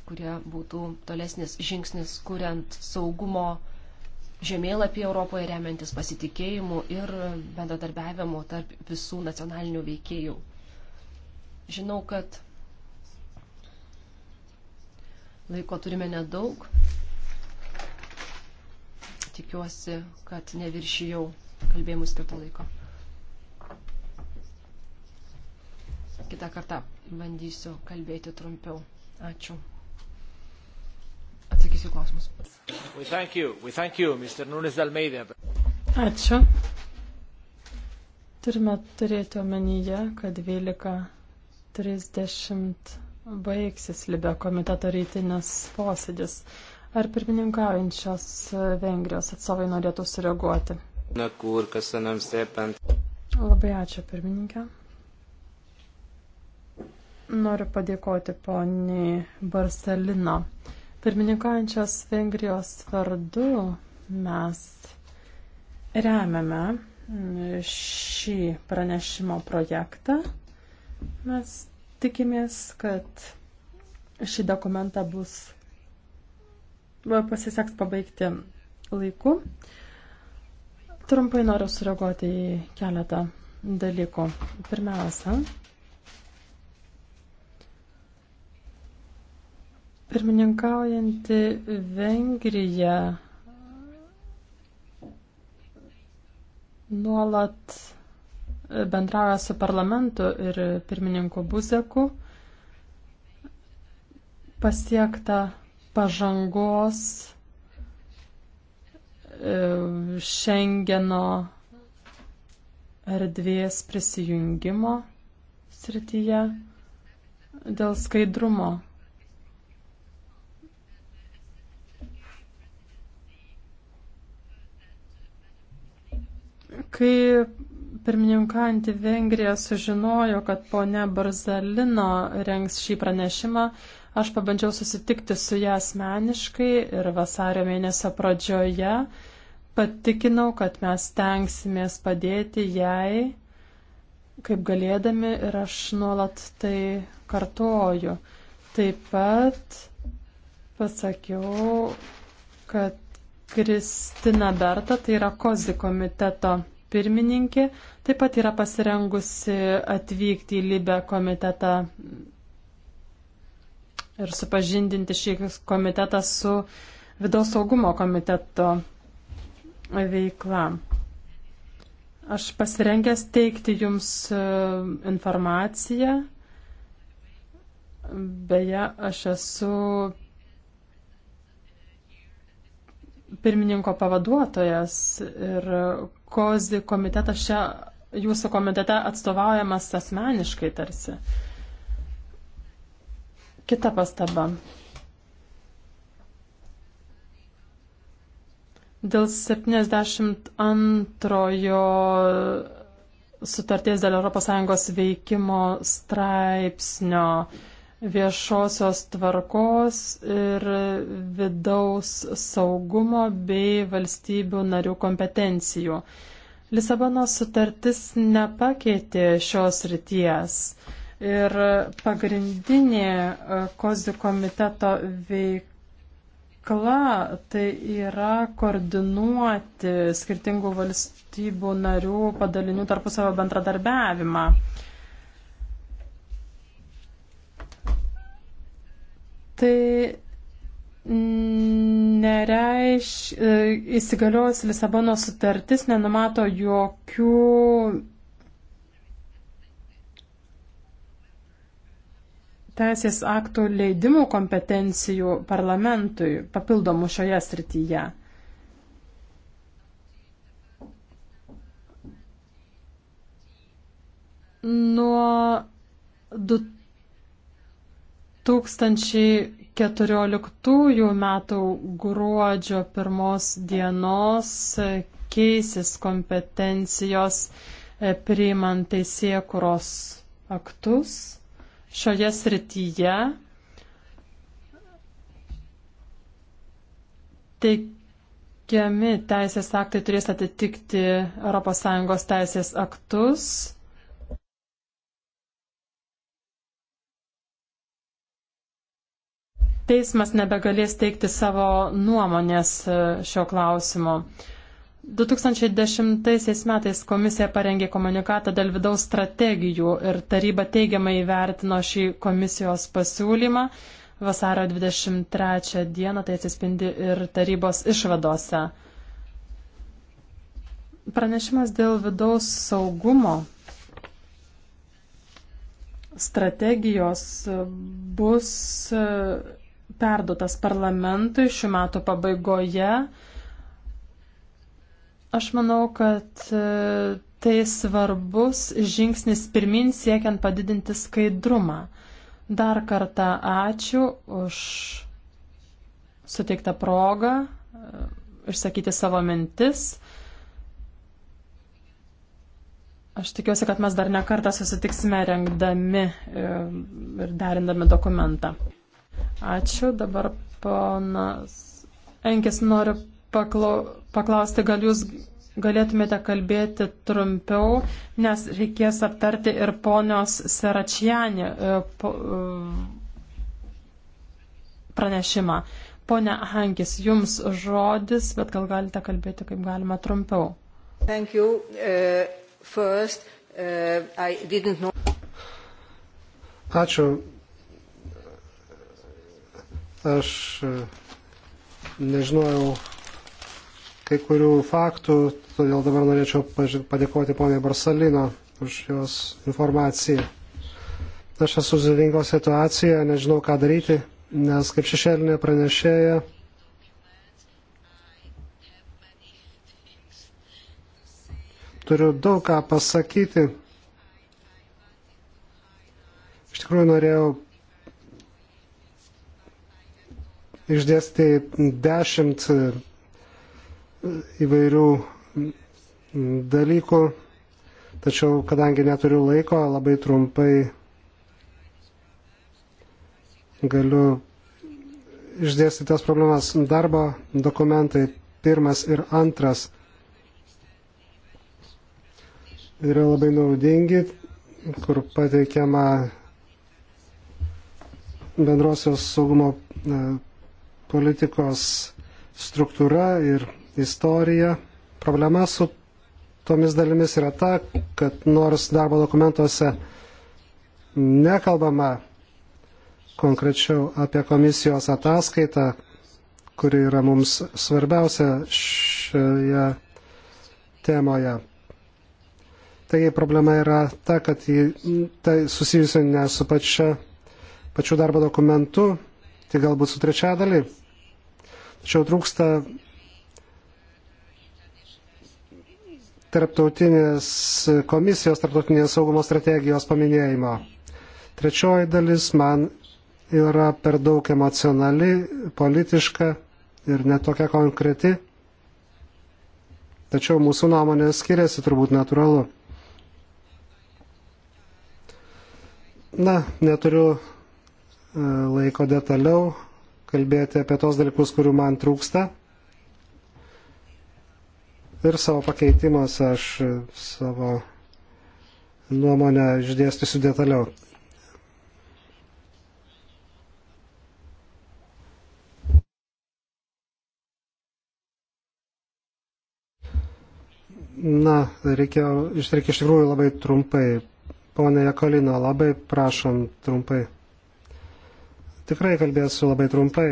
kurie būtų tolesnis žingsnis, kuriant saugumo žemėlapį Europoje remiantis pasitikėjimu ir bendradarbiavimu tarp visų nacionalinių veikėjų. Žinau, kad Laiko turime nedaug. Tikiuosi, kad neviršijau kalbėjimų skirto laiko. Kita kartą bandysiu kalbėti trumpiau. Ačiū. Atsakysiu klausimus. We thank you. We thank you, Mr. Nunes Almeida. Ačiū. Turime turėti omenyje, kad 12.30 baigsis Libė komiteto rytinis posėdis. Ar pirmininkaujančios Vengrijos atstovai norėtų sureaguoti? Na kur, kas anam sėpant. Labai ačiū, pirmininkė. Noriu padėkoti poniai Barcelino. Pirmininkaujančios Vengrijos vardu mes remiame šį pranešimo projektą. Mes Tikimės, kad šį dokumentą bus pasiseks pabaigti laiku. Trumpai noriu sureaguoti į keletą dalykų. Pirmiausia, pirmininkaujanti Vengrija nuolat bendrauja su parlamentu ir pirmininku Buzeku, pasiekta pažangos Šengeno e, erdvės prisijungimo srityje dėl skaidrumo. Kai Pirmininkanti Vengrija sužinojo, kad ponia Barzalino rengs šį pranešimą. Aš pabandžiau susitikti su ją asmeniškai ir vasario mėnesio pradžioje patikinau, kad mes tenksimės padėti jai, kaip galėdami, ir aš nuolat tai kartoju. Taip pat pasakiau, kad Kristina Berta, tai yra Kozi komiteto pirmininkė taip pat yra pasirengusi atvykti į Libę komitetą ir supažindinti šį komitetą su vidaus saugumo komiteto veikla. Aš pasirengęs teikti Jums e, informaciją. Beje, aš esu pirmininko pavaduotojas ir kozi komitetas čia jūsų komitete atstovaujamas asmeniškai tarsi. Kita pastaba. Dėl 72 sutarties dėl ES veikimo straipsnio viešosios tvarkos ir vidaus saugumo bei valstybių narių kompetencijų. Lisabonos sutartis nepakeitė šios ryties ir pagrindinė e, kozių komiteto veikla tai yra koordinuoti skirtingų valstybių narių padalinių tarpusavio bendradarbiavimą. tai nereiš, e, įsigalios Lisabono sutartis nenumato jokių teisės aktų leidimų kompetencijų parlamentui papildomų šioje srityje. Nuo 2000 2014 metų gruodžio pirmos dienos keisis kompetencijos e, priimant teisėkuros aktus šioje srityje. Teikiami teisės aktai turės atitikti ES teisės aktus teismas nebegalės teikti savo nuomonės e, šio klausimo. 2010 metais komisija parengė komunikatą dėl vidaus strategijų ir taryba teigiamai įvertino šį komisijos pasiūlymą. Vasario 23 dieną tai atsispindi ir tarybos išvadose. Pranešimas dėl vidaus saugumo strategijos bus e, perdotas parlamentui šių metų pabaigoje. Aš manau, kad e, tai svarbus žingsnis pirmin siekiant padidinti skaidrumą. Dar kartą ačiū už suteiktą progą e, išsakyti savo mintis. Aš tikiuosi, kad mes dar nekartą susitiksime rengdami e, ir derindami dokumentą. Ačiū. Dabar ponas Enkis nori paklau, paklausti, gal jūs galėtumėte kalbėti trumpiau, nes reikės aptarti ir ponios Seračianį e, e, pranešimą. Pone Hankis, jums žodis, bet gal galite kalbėti kaip galima trumpiau. Thank you. Uh, first, uh, I didn't know. Ačiū. Aš e, nežinojau kai kurių faktų, todėl dabar norėčiau padėkoti poniai Barsalino už jos informaciją. Aš esu susirinko situaciją, nežinau ką daryti, nes kaip šešėlinė pranešėja. Turiu daug ką pasakyti. Iš tikrųjų norėjau išdėstai dešimt e, įvairių dalykų, tačiau kadangi neturiu laiko, labai trumpai galiu išdėsti tas problemas darbo dokumentai pirmas ir antras yra labai naudingi, kur pateikiama bendrosios saugumo e, politikos struktūra ir istorija. Problema su tomis dalimis yra ta, kad nors darbo dokumentuose nekalbama konkrečiau apie komisijos ataskaitą, kuri yra mums svarbiausia šioje temoje. Taigi problema yra ta, kad jį, tai susijusi ne su pačia, pačiu darbo dokumentu, tai galbūt su trečia dalimi Tačiau trūksta tarptautinės komisijos, tarptautinės saugumo strategijos paminėjimo. Trečioji dalis man yra per daug emocionali, politiška ir netokia konkreti. Tačiau mūsų nuomonės skiriasi turbūt natūralu. Na, neturiu e, laiko detaliau kalbėti apie tos dalykus, kurių man trūksta. Ir savo pakeitimas aš savo nuomonę išdėstysiu detaliau. Na, reikia išreikšti iš tikrųjų labai trumpai. Pone Jakolino, labai prašom trumpai. Tikrai kalbėsiu labai trumpai.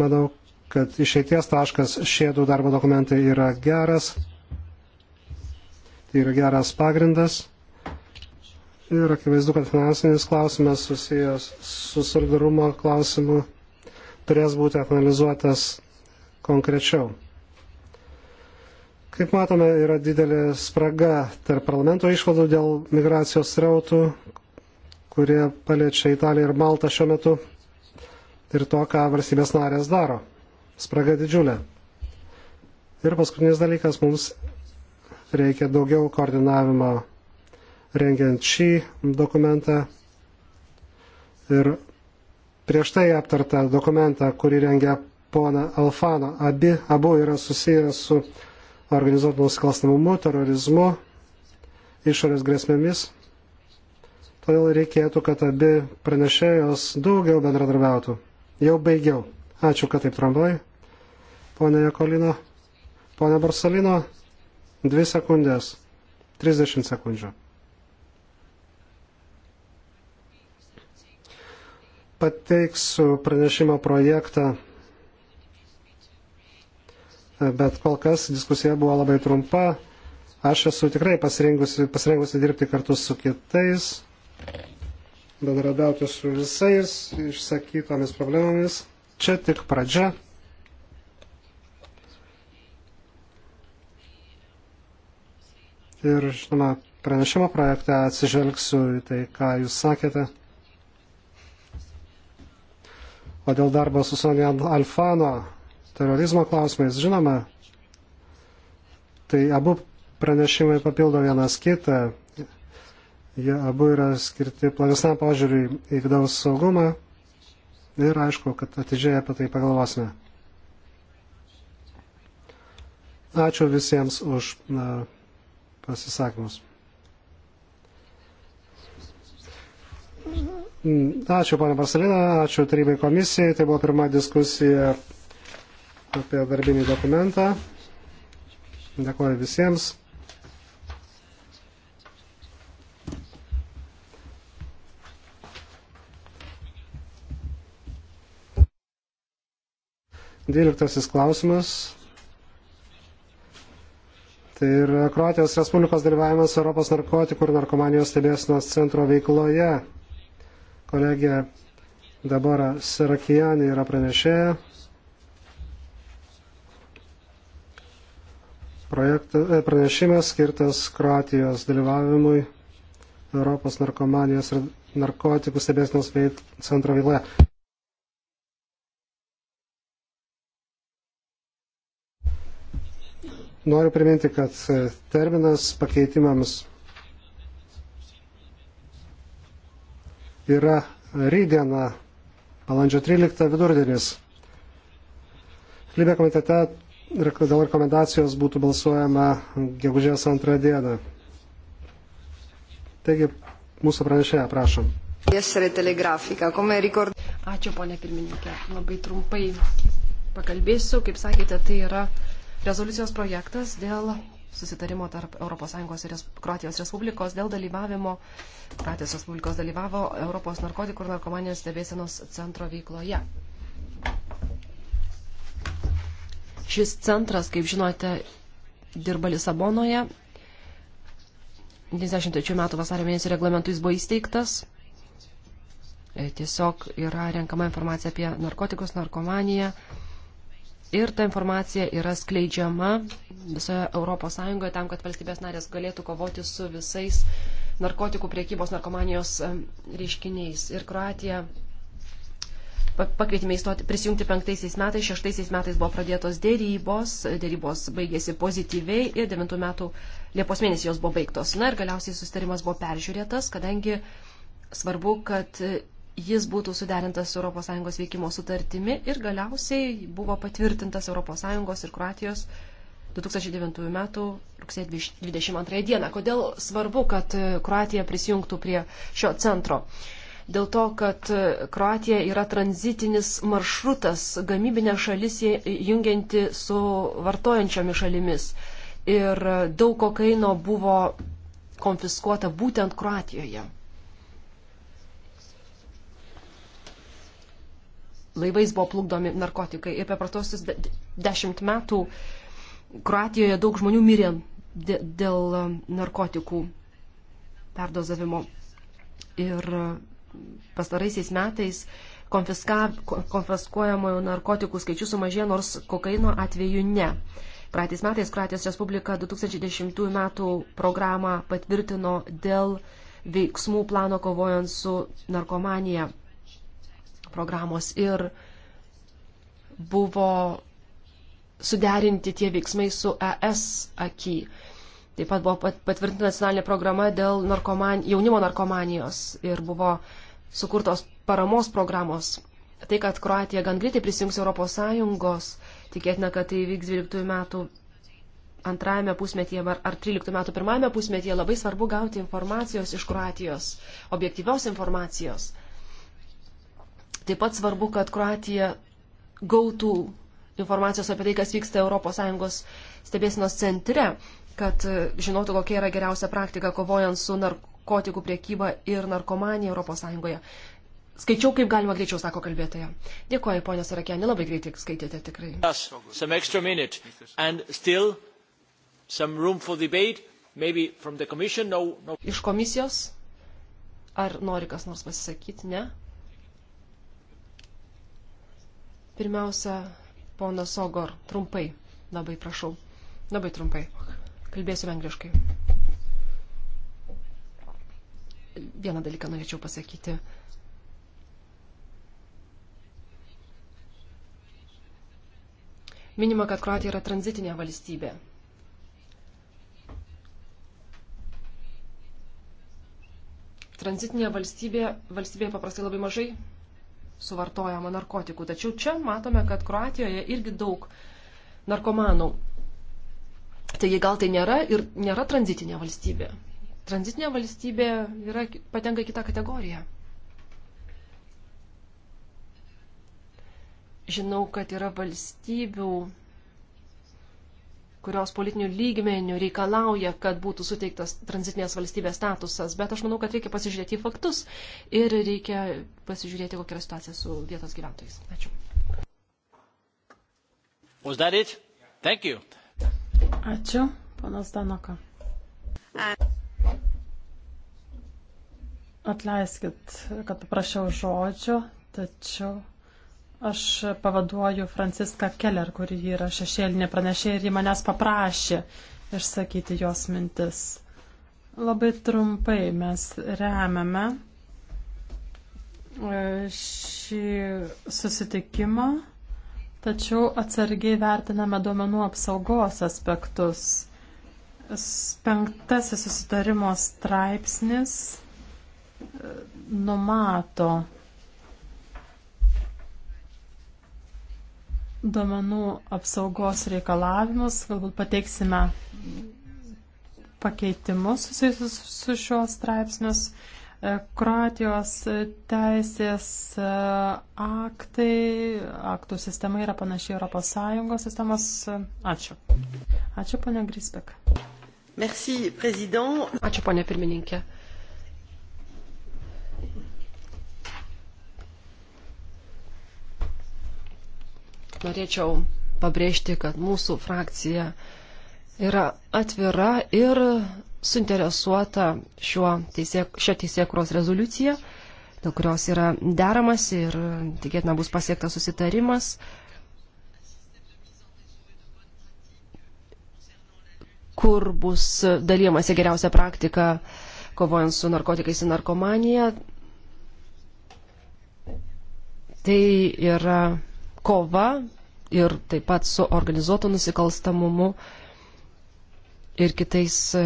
Manau, kad išeities taškas šie du darbo dokumentai yra geras. Tai yra geras pagrindas. Ir akivaizdu, kad finansinis klausimas susijęs su solidarumo klausimu turės būti analizuotas konkrečiau. Kaip matome, yra didelė spraga tarp parlamento išvadų dėl migracijos srautų, kurie paliečia Italiją ir Maltą šiuo metu ir to, ką valstybės narės daro. Spraga didžiulė. Ir paskutinis dalykas, mums reikia daugiau koordinavimo rengiant šį dokumentą ir prieš tai aptartą dokumentą, kurį rengia pona Alfano. Abi, abu yra susiję su organizuotų nusikalstamumu, terorizmu, išorės grėsmėmis Todėl reikėtų, kad abi pranešėjos daugiau bendradarbiautų. Jau baigiau. Ačiū, kad taip trumpai. Pone Jakolino. Pone Barsalino. Dvi sekundės. 30 sekundžių. pateiksiu pranešimo projektą, bet kol kas diskusija buvo labai trumpa. Aš esu tikrai pasirengusi, pasirengusi dirbti kartu su kitais bendradauti su visais išsakytomis problemomis. Čia tik pradžia. Ir, žinoma, pranešimo projekte atsižvelgsiu į tai, ką jūs sakėte. O dėl darbo su Sonja Alfano terorizmo klausimais, žinoma, tai abu pranešimai papildo vienas kitą. Jie abu yra skirti platesniam požiūriui į vidaus saugumą ir aišku, kad atidžiai apie tai pagalvosime. Ačiū visiems už na, pasisakymus. Ačiū, ponė Barcelina, ačiū tarybai komisijai. Tai buvo pirma diskusija apie darbinį dokumentą. Dėkuoju visiems. Dvyliktasis klausimas. Tai yra Kroatijos Respublikos dalyvavimas Europos narkotikų ir narkomanijos stebėsinos centro veikloje. Kolegė Dabora Sarakijanė yra pranešėja. Projekta, e, pranešimas skirtas Kroatijos dalyvavimui Europos narkomanijos ir narkotikų stebėsinos centro veikloje. Noriu priminti, kad terminas pakeitimams yra rydiena, balandžio 13 vidurdienis. Libė komitete dėl rekomendacijos būtų balsuojama gegužės antrą dieną. Taigi, mūsų pranešėja, prašom. Ačiū, ponė pirmininkė. Labai trumpai pakalbėsiu. Kaip sakėte, tai yra rezoliucijos projektas dėl susitarimo tarp ES ir Kroatijos Respublikos dėl dalyvavimo, Kroatijos Respublikos dalyvavo Europos narkotikų ir narkomanijos stebėsenos centro veikloje. Šis centras, kaip žinote, dirba Lisabonoje. 93 metų vasario mėnesį reglamentu jis buvo įsteigtas. E, tiesiog yra renkama informacija apie narkotikus, narkomaniją ir ta informacija yra skleidžiama visoje ES tam, kad valstybės narės galėtų kovoti su visais narkotikų priekybos narkomanijos reiškiniais. Ir Kroatija pakvietėme įstoti, prisijungti penktaisiais metais, šeštaisiais metais buvo pradėtos dėrybos, dėrybos baigėsi pozityviai ir devintų metų Liepos mėnesį jos buvo baigtos. Na ir galiausiai sustarimas buvo peržiūrėtas, kadangi svarbu, kad jis būtų suderintas su ES veikimo sutartimi ir galiausiai buvo patvirtintas ES ir Kroatijos 2009 m. rugsėjo 22 d. Kodėl svarbu, kad Kroatija prisijungtų prie šio centro? Dėl to, kad Kroatija yra tranzitinis maršrutas, gamybinė šalis jungianti su vartojančiomis šalimis. Ir daug kokaino buvo konfiskuota būtent Kroatijoje. laivais buvo plukdomi narkotikai. Ir per prastosius de dešimt metų Kroatijoje daug žmonių mirė dėl e, narkotikų perdozavimo. Ir e, pastaraisiais metais konfiskuojamojo narkotikų skaičių sumažėjo, nors kokaino atveju ne. Praeitais metais Kroatijos Respublika 2010 metų programą patvirtino dėl veiksmų plano kovojant su narkomanija programos ir buvo suderinti tie veiksmai su ES aky. Taip pat buvo patvirtinta nacionalinė programa dėl narkoman, jaunimo narkomanijos ir buvo sukurtos paramos programos. Tai, kad Kroatija gan greitai prisijungs Europos Sąjungos, tikėtina, kad tai vyks 12 metų antrajame pusmetyje ar, ar 13 metų pirmajame pusmetyje labai svarbu gauti informacijos iš Kroatijos, objektyvios informacijos. Taip pat svarbu, kad Kroatija gautų informacijos apie tai, kas vyksta ES stebėsinos centre, kad e, žinotų, kokia yra geriausia praktika kovojant su narkotikų priekyba ir narkomanija ES. Skaičiau, kaip galima greičiau, sako kalbėtoja. Dėkuoju, ponė Sarakė, nelabai greitai skaitėte tikrai. Iš komisijos, ar nori kas nors pasisakyti, ne? Pirmiausia, ponas Sogor, trumpai, labai prašau, labai trumpai. Kalbėsiu angliškai. Vieną dalyką norėčiau pasakyti. Minima, kad Kroatija yra tranzitinė valstybė. Tranzitinė valstybė, valstybė paprastai labai mažai suvartojama narkotikų. Tačiau čia matome, kad Kroatijoje irgi daug narkomanų. Taigi gal tai nėra ir nėra tranzitinė valstybė. Tranzitinė valstybė yra, patenka į kitą kategoriją. Žinau, kad yra valstybių kurios politinių lygmenių reikalauja, kad būtų suteiktas tranzitinės valstybės statusas, bet aš manau, kad reikia pasižiūrėti į faktus ir reikia pasižiūrėti, kokia yra situacija su vietos gyventojais. Ačiū. Was that it? Thank you. Ačiū, panas Danoka. Atleiskit, kad paprašiau žodžio, tačiau Aš pavaduoju Franciską Keller, kuri yra šešėlinė pranešė ir ji manęs paprašė išsakyti jos mintis. Labai trumpai mes remiame e, šį susitikimą, tačiau atsargiai vertiname duomenų apsaugos aspektus. Penktasis susitarimo straipsnis e, numato duomenų apsaugos reikalavimus, galbūt pateiksime pakeitimus susijusius su šios straipsnius. E, Kroatijos teisės e, aktai, aktų sistema yra panašiai Europos Sąjungos sistemos. Ačiū. Ačiū, ponia Grisbek. Merci, prezident. Ačiū, ponia pirmininkė. norėčiau pabrėžti, kad mūsų frakcija yra atvira ir suinteresuota šiuo teisė, šio teisėkros rezoliucija, dėl kurios yra deramas ir tikėtina bus pasiektas susitarimas. kur bus dalymasi geriausia praktika kovojant su narkotikais ir narkomanija. Tai yra kova ir taip pat su organizuotu nusikalstamumu ir kitais e,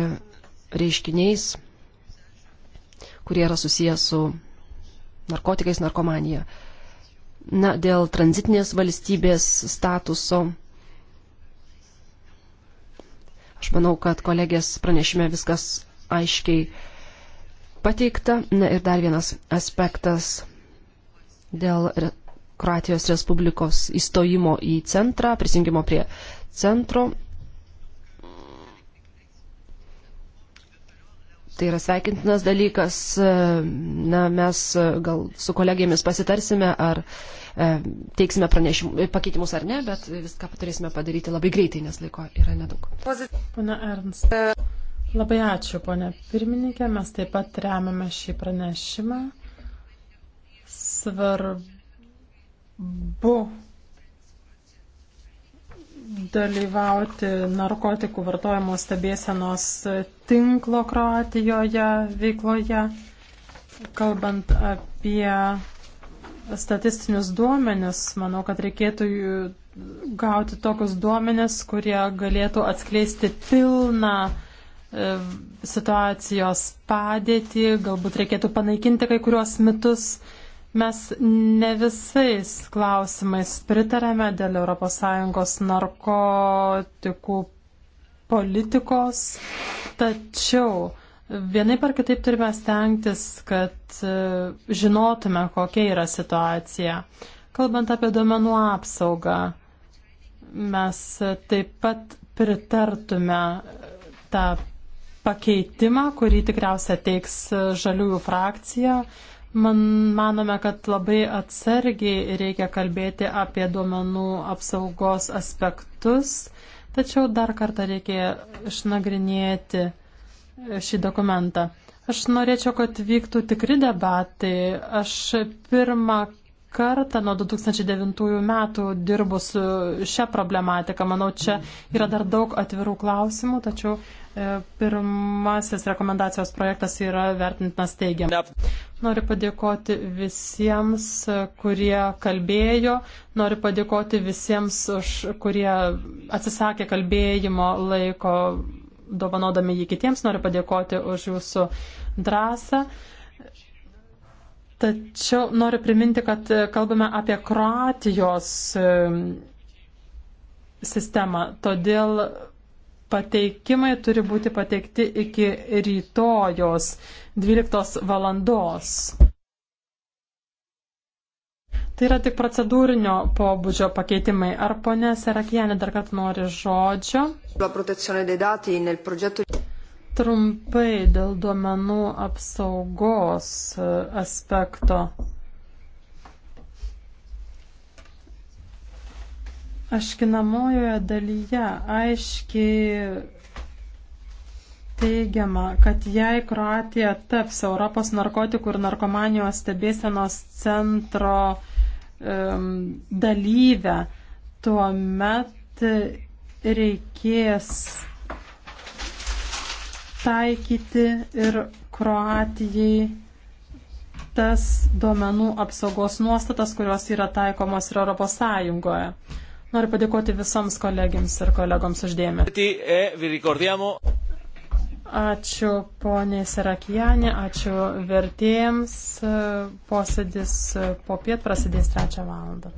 reiškiniais, kurie yra susiję su narkotikais, narkomanija. Na, dėl tranzitinės valstybės statuso. Aš manau, kad kolegės pranešime viskas aiškiai pateikta. Na ir dar vienas aspektas dėl Kroatijos Respublikos įstojimo į centrą, prisijungimo prie centro. Tai yra sveikintinas dalykas. Na, mes gal su kolegijomis pasitarsime, ar e, teiksime pakeitimus ar ne, bet viską turėsime padaryti labai greitai, nes laiko yra nedaug. Pana Ernst, labai ačiū, ponė pirmininkė. Mes taip pat remiame šį pranešimą. Svarbu buvo dalyvauti narkotikų vartojimo stebėsenos tinklo Kroatijoje veikloje. Kalbant apie statistinius duomenis, manau, kad reikėtų gauti tokius duomenis, kurie galėtų atskleisti pilną e, situacijos padėtį, galbūt reikėtų panaikinti kai kuriuos mitus. Mes ne visais klausimais pritarėme dėl ES narkotikų politikos, tačiau vienai par kitaip turime stengtis, kad e, žinotume, kokia yra situacija. Kalbant apie duomenų apsaugą, mes taip pat pritartume e, tą pakeitimą, kurį tikriausia teiks e, žaliųjų frakcija. Man, manome, kad labai atsargiai reikia kalbėti apie duomenų apsaugos aspektus, tačiau dar kartą reikia išnagrinėti šį dokumentą. Aš norėčiau, kad vyktų tikri debatai. Aš pirmą kartą nuo 2009 metų dirbu su šia problematika. Manau, čia yra dar daug atvirų klausimų, tačiau E, pirmasis rekomendacijos projektas yra vertintinas teigiamai. Noriu padėkoti visiems, kurie kalbėjo, noriu padėkoti visiems, už, kurie atsisakė kalbėjimo laiko, dovanodami jį kitiems, noriu padėkoti už jūsų drąsą. Tačiau noriu priminti, kad kalbame apie Kroatijos e, sistemą, todėl pateikimai turi būti pateikti iki rytojos 12 valandos. Tai yra tik procedūrinio pobūdžio pakeitimai. Ar ponė Serakienė dar kartą nori žodžio? Trumpai dėl duomenų apsaugos e, aspekto. Aškinamojoje dalyje aiškiai teigiama, kad jei Kroatija taps Europos narkotikų ir narkomanijos stebėsenos centro um, dalyvę, tuomet reikės taikyti ir Kroatijai tas duomenų apsaugos nuostatas, kurios yra taikomos ir Europos Sąjungoje. Noriu padėkoti visoms kolegiams ir kolegoms uždėmę. E, ačiū poniai Serakijanė, ačiū vertėjams. Posėdis po piet prasidės trečią valandą.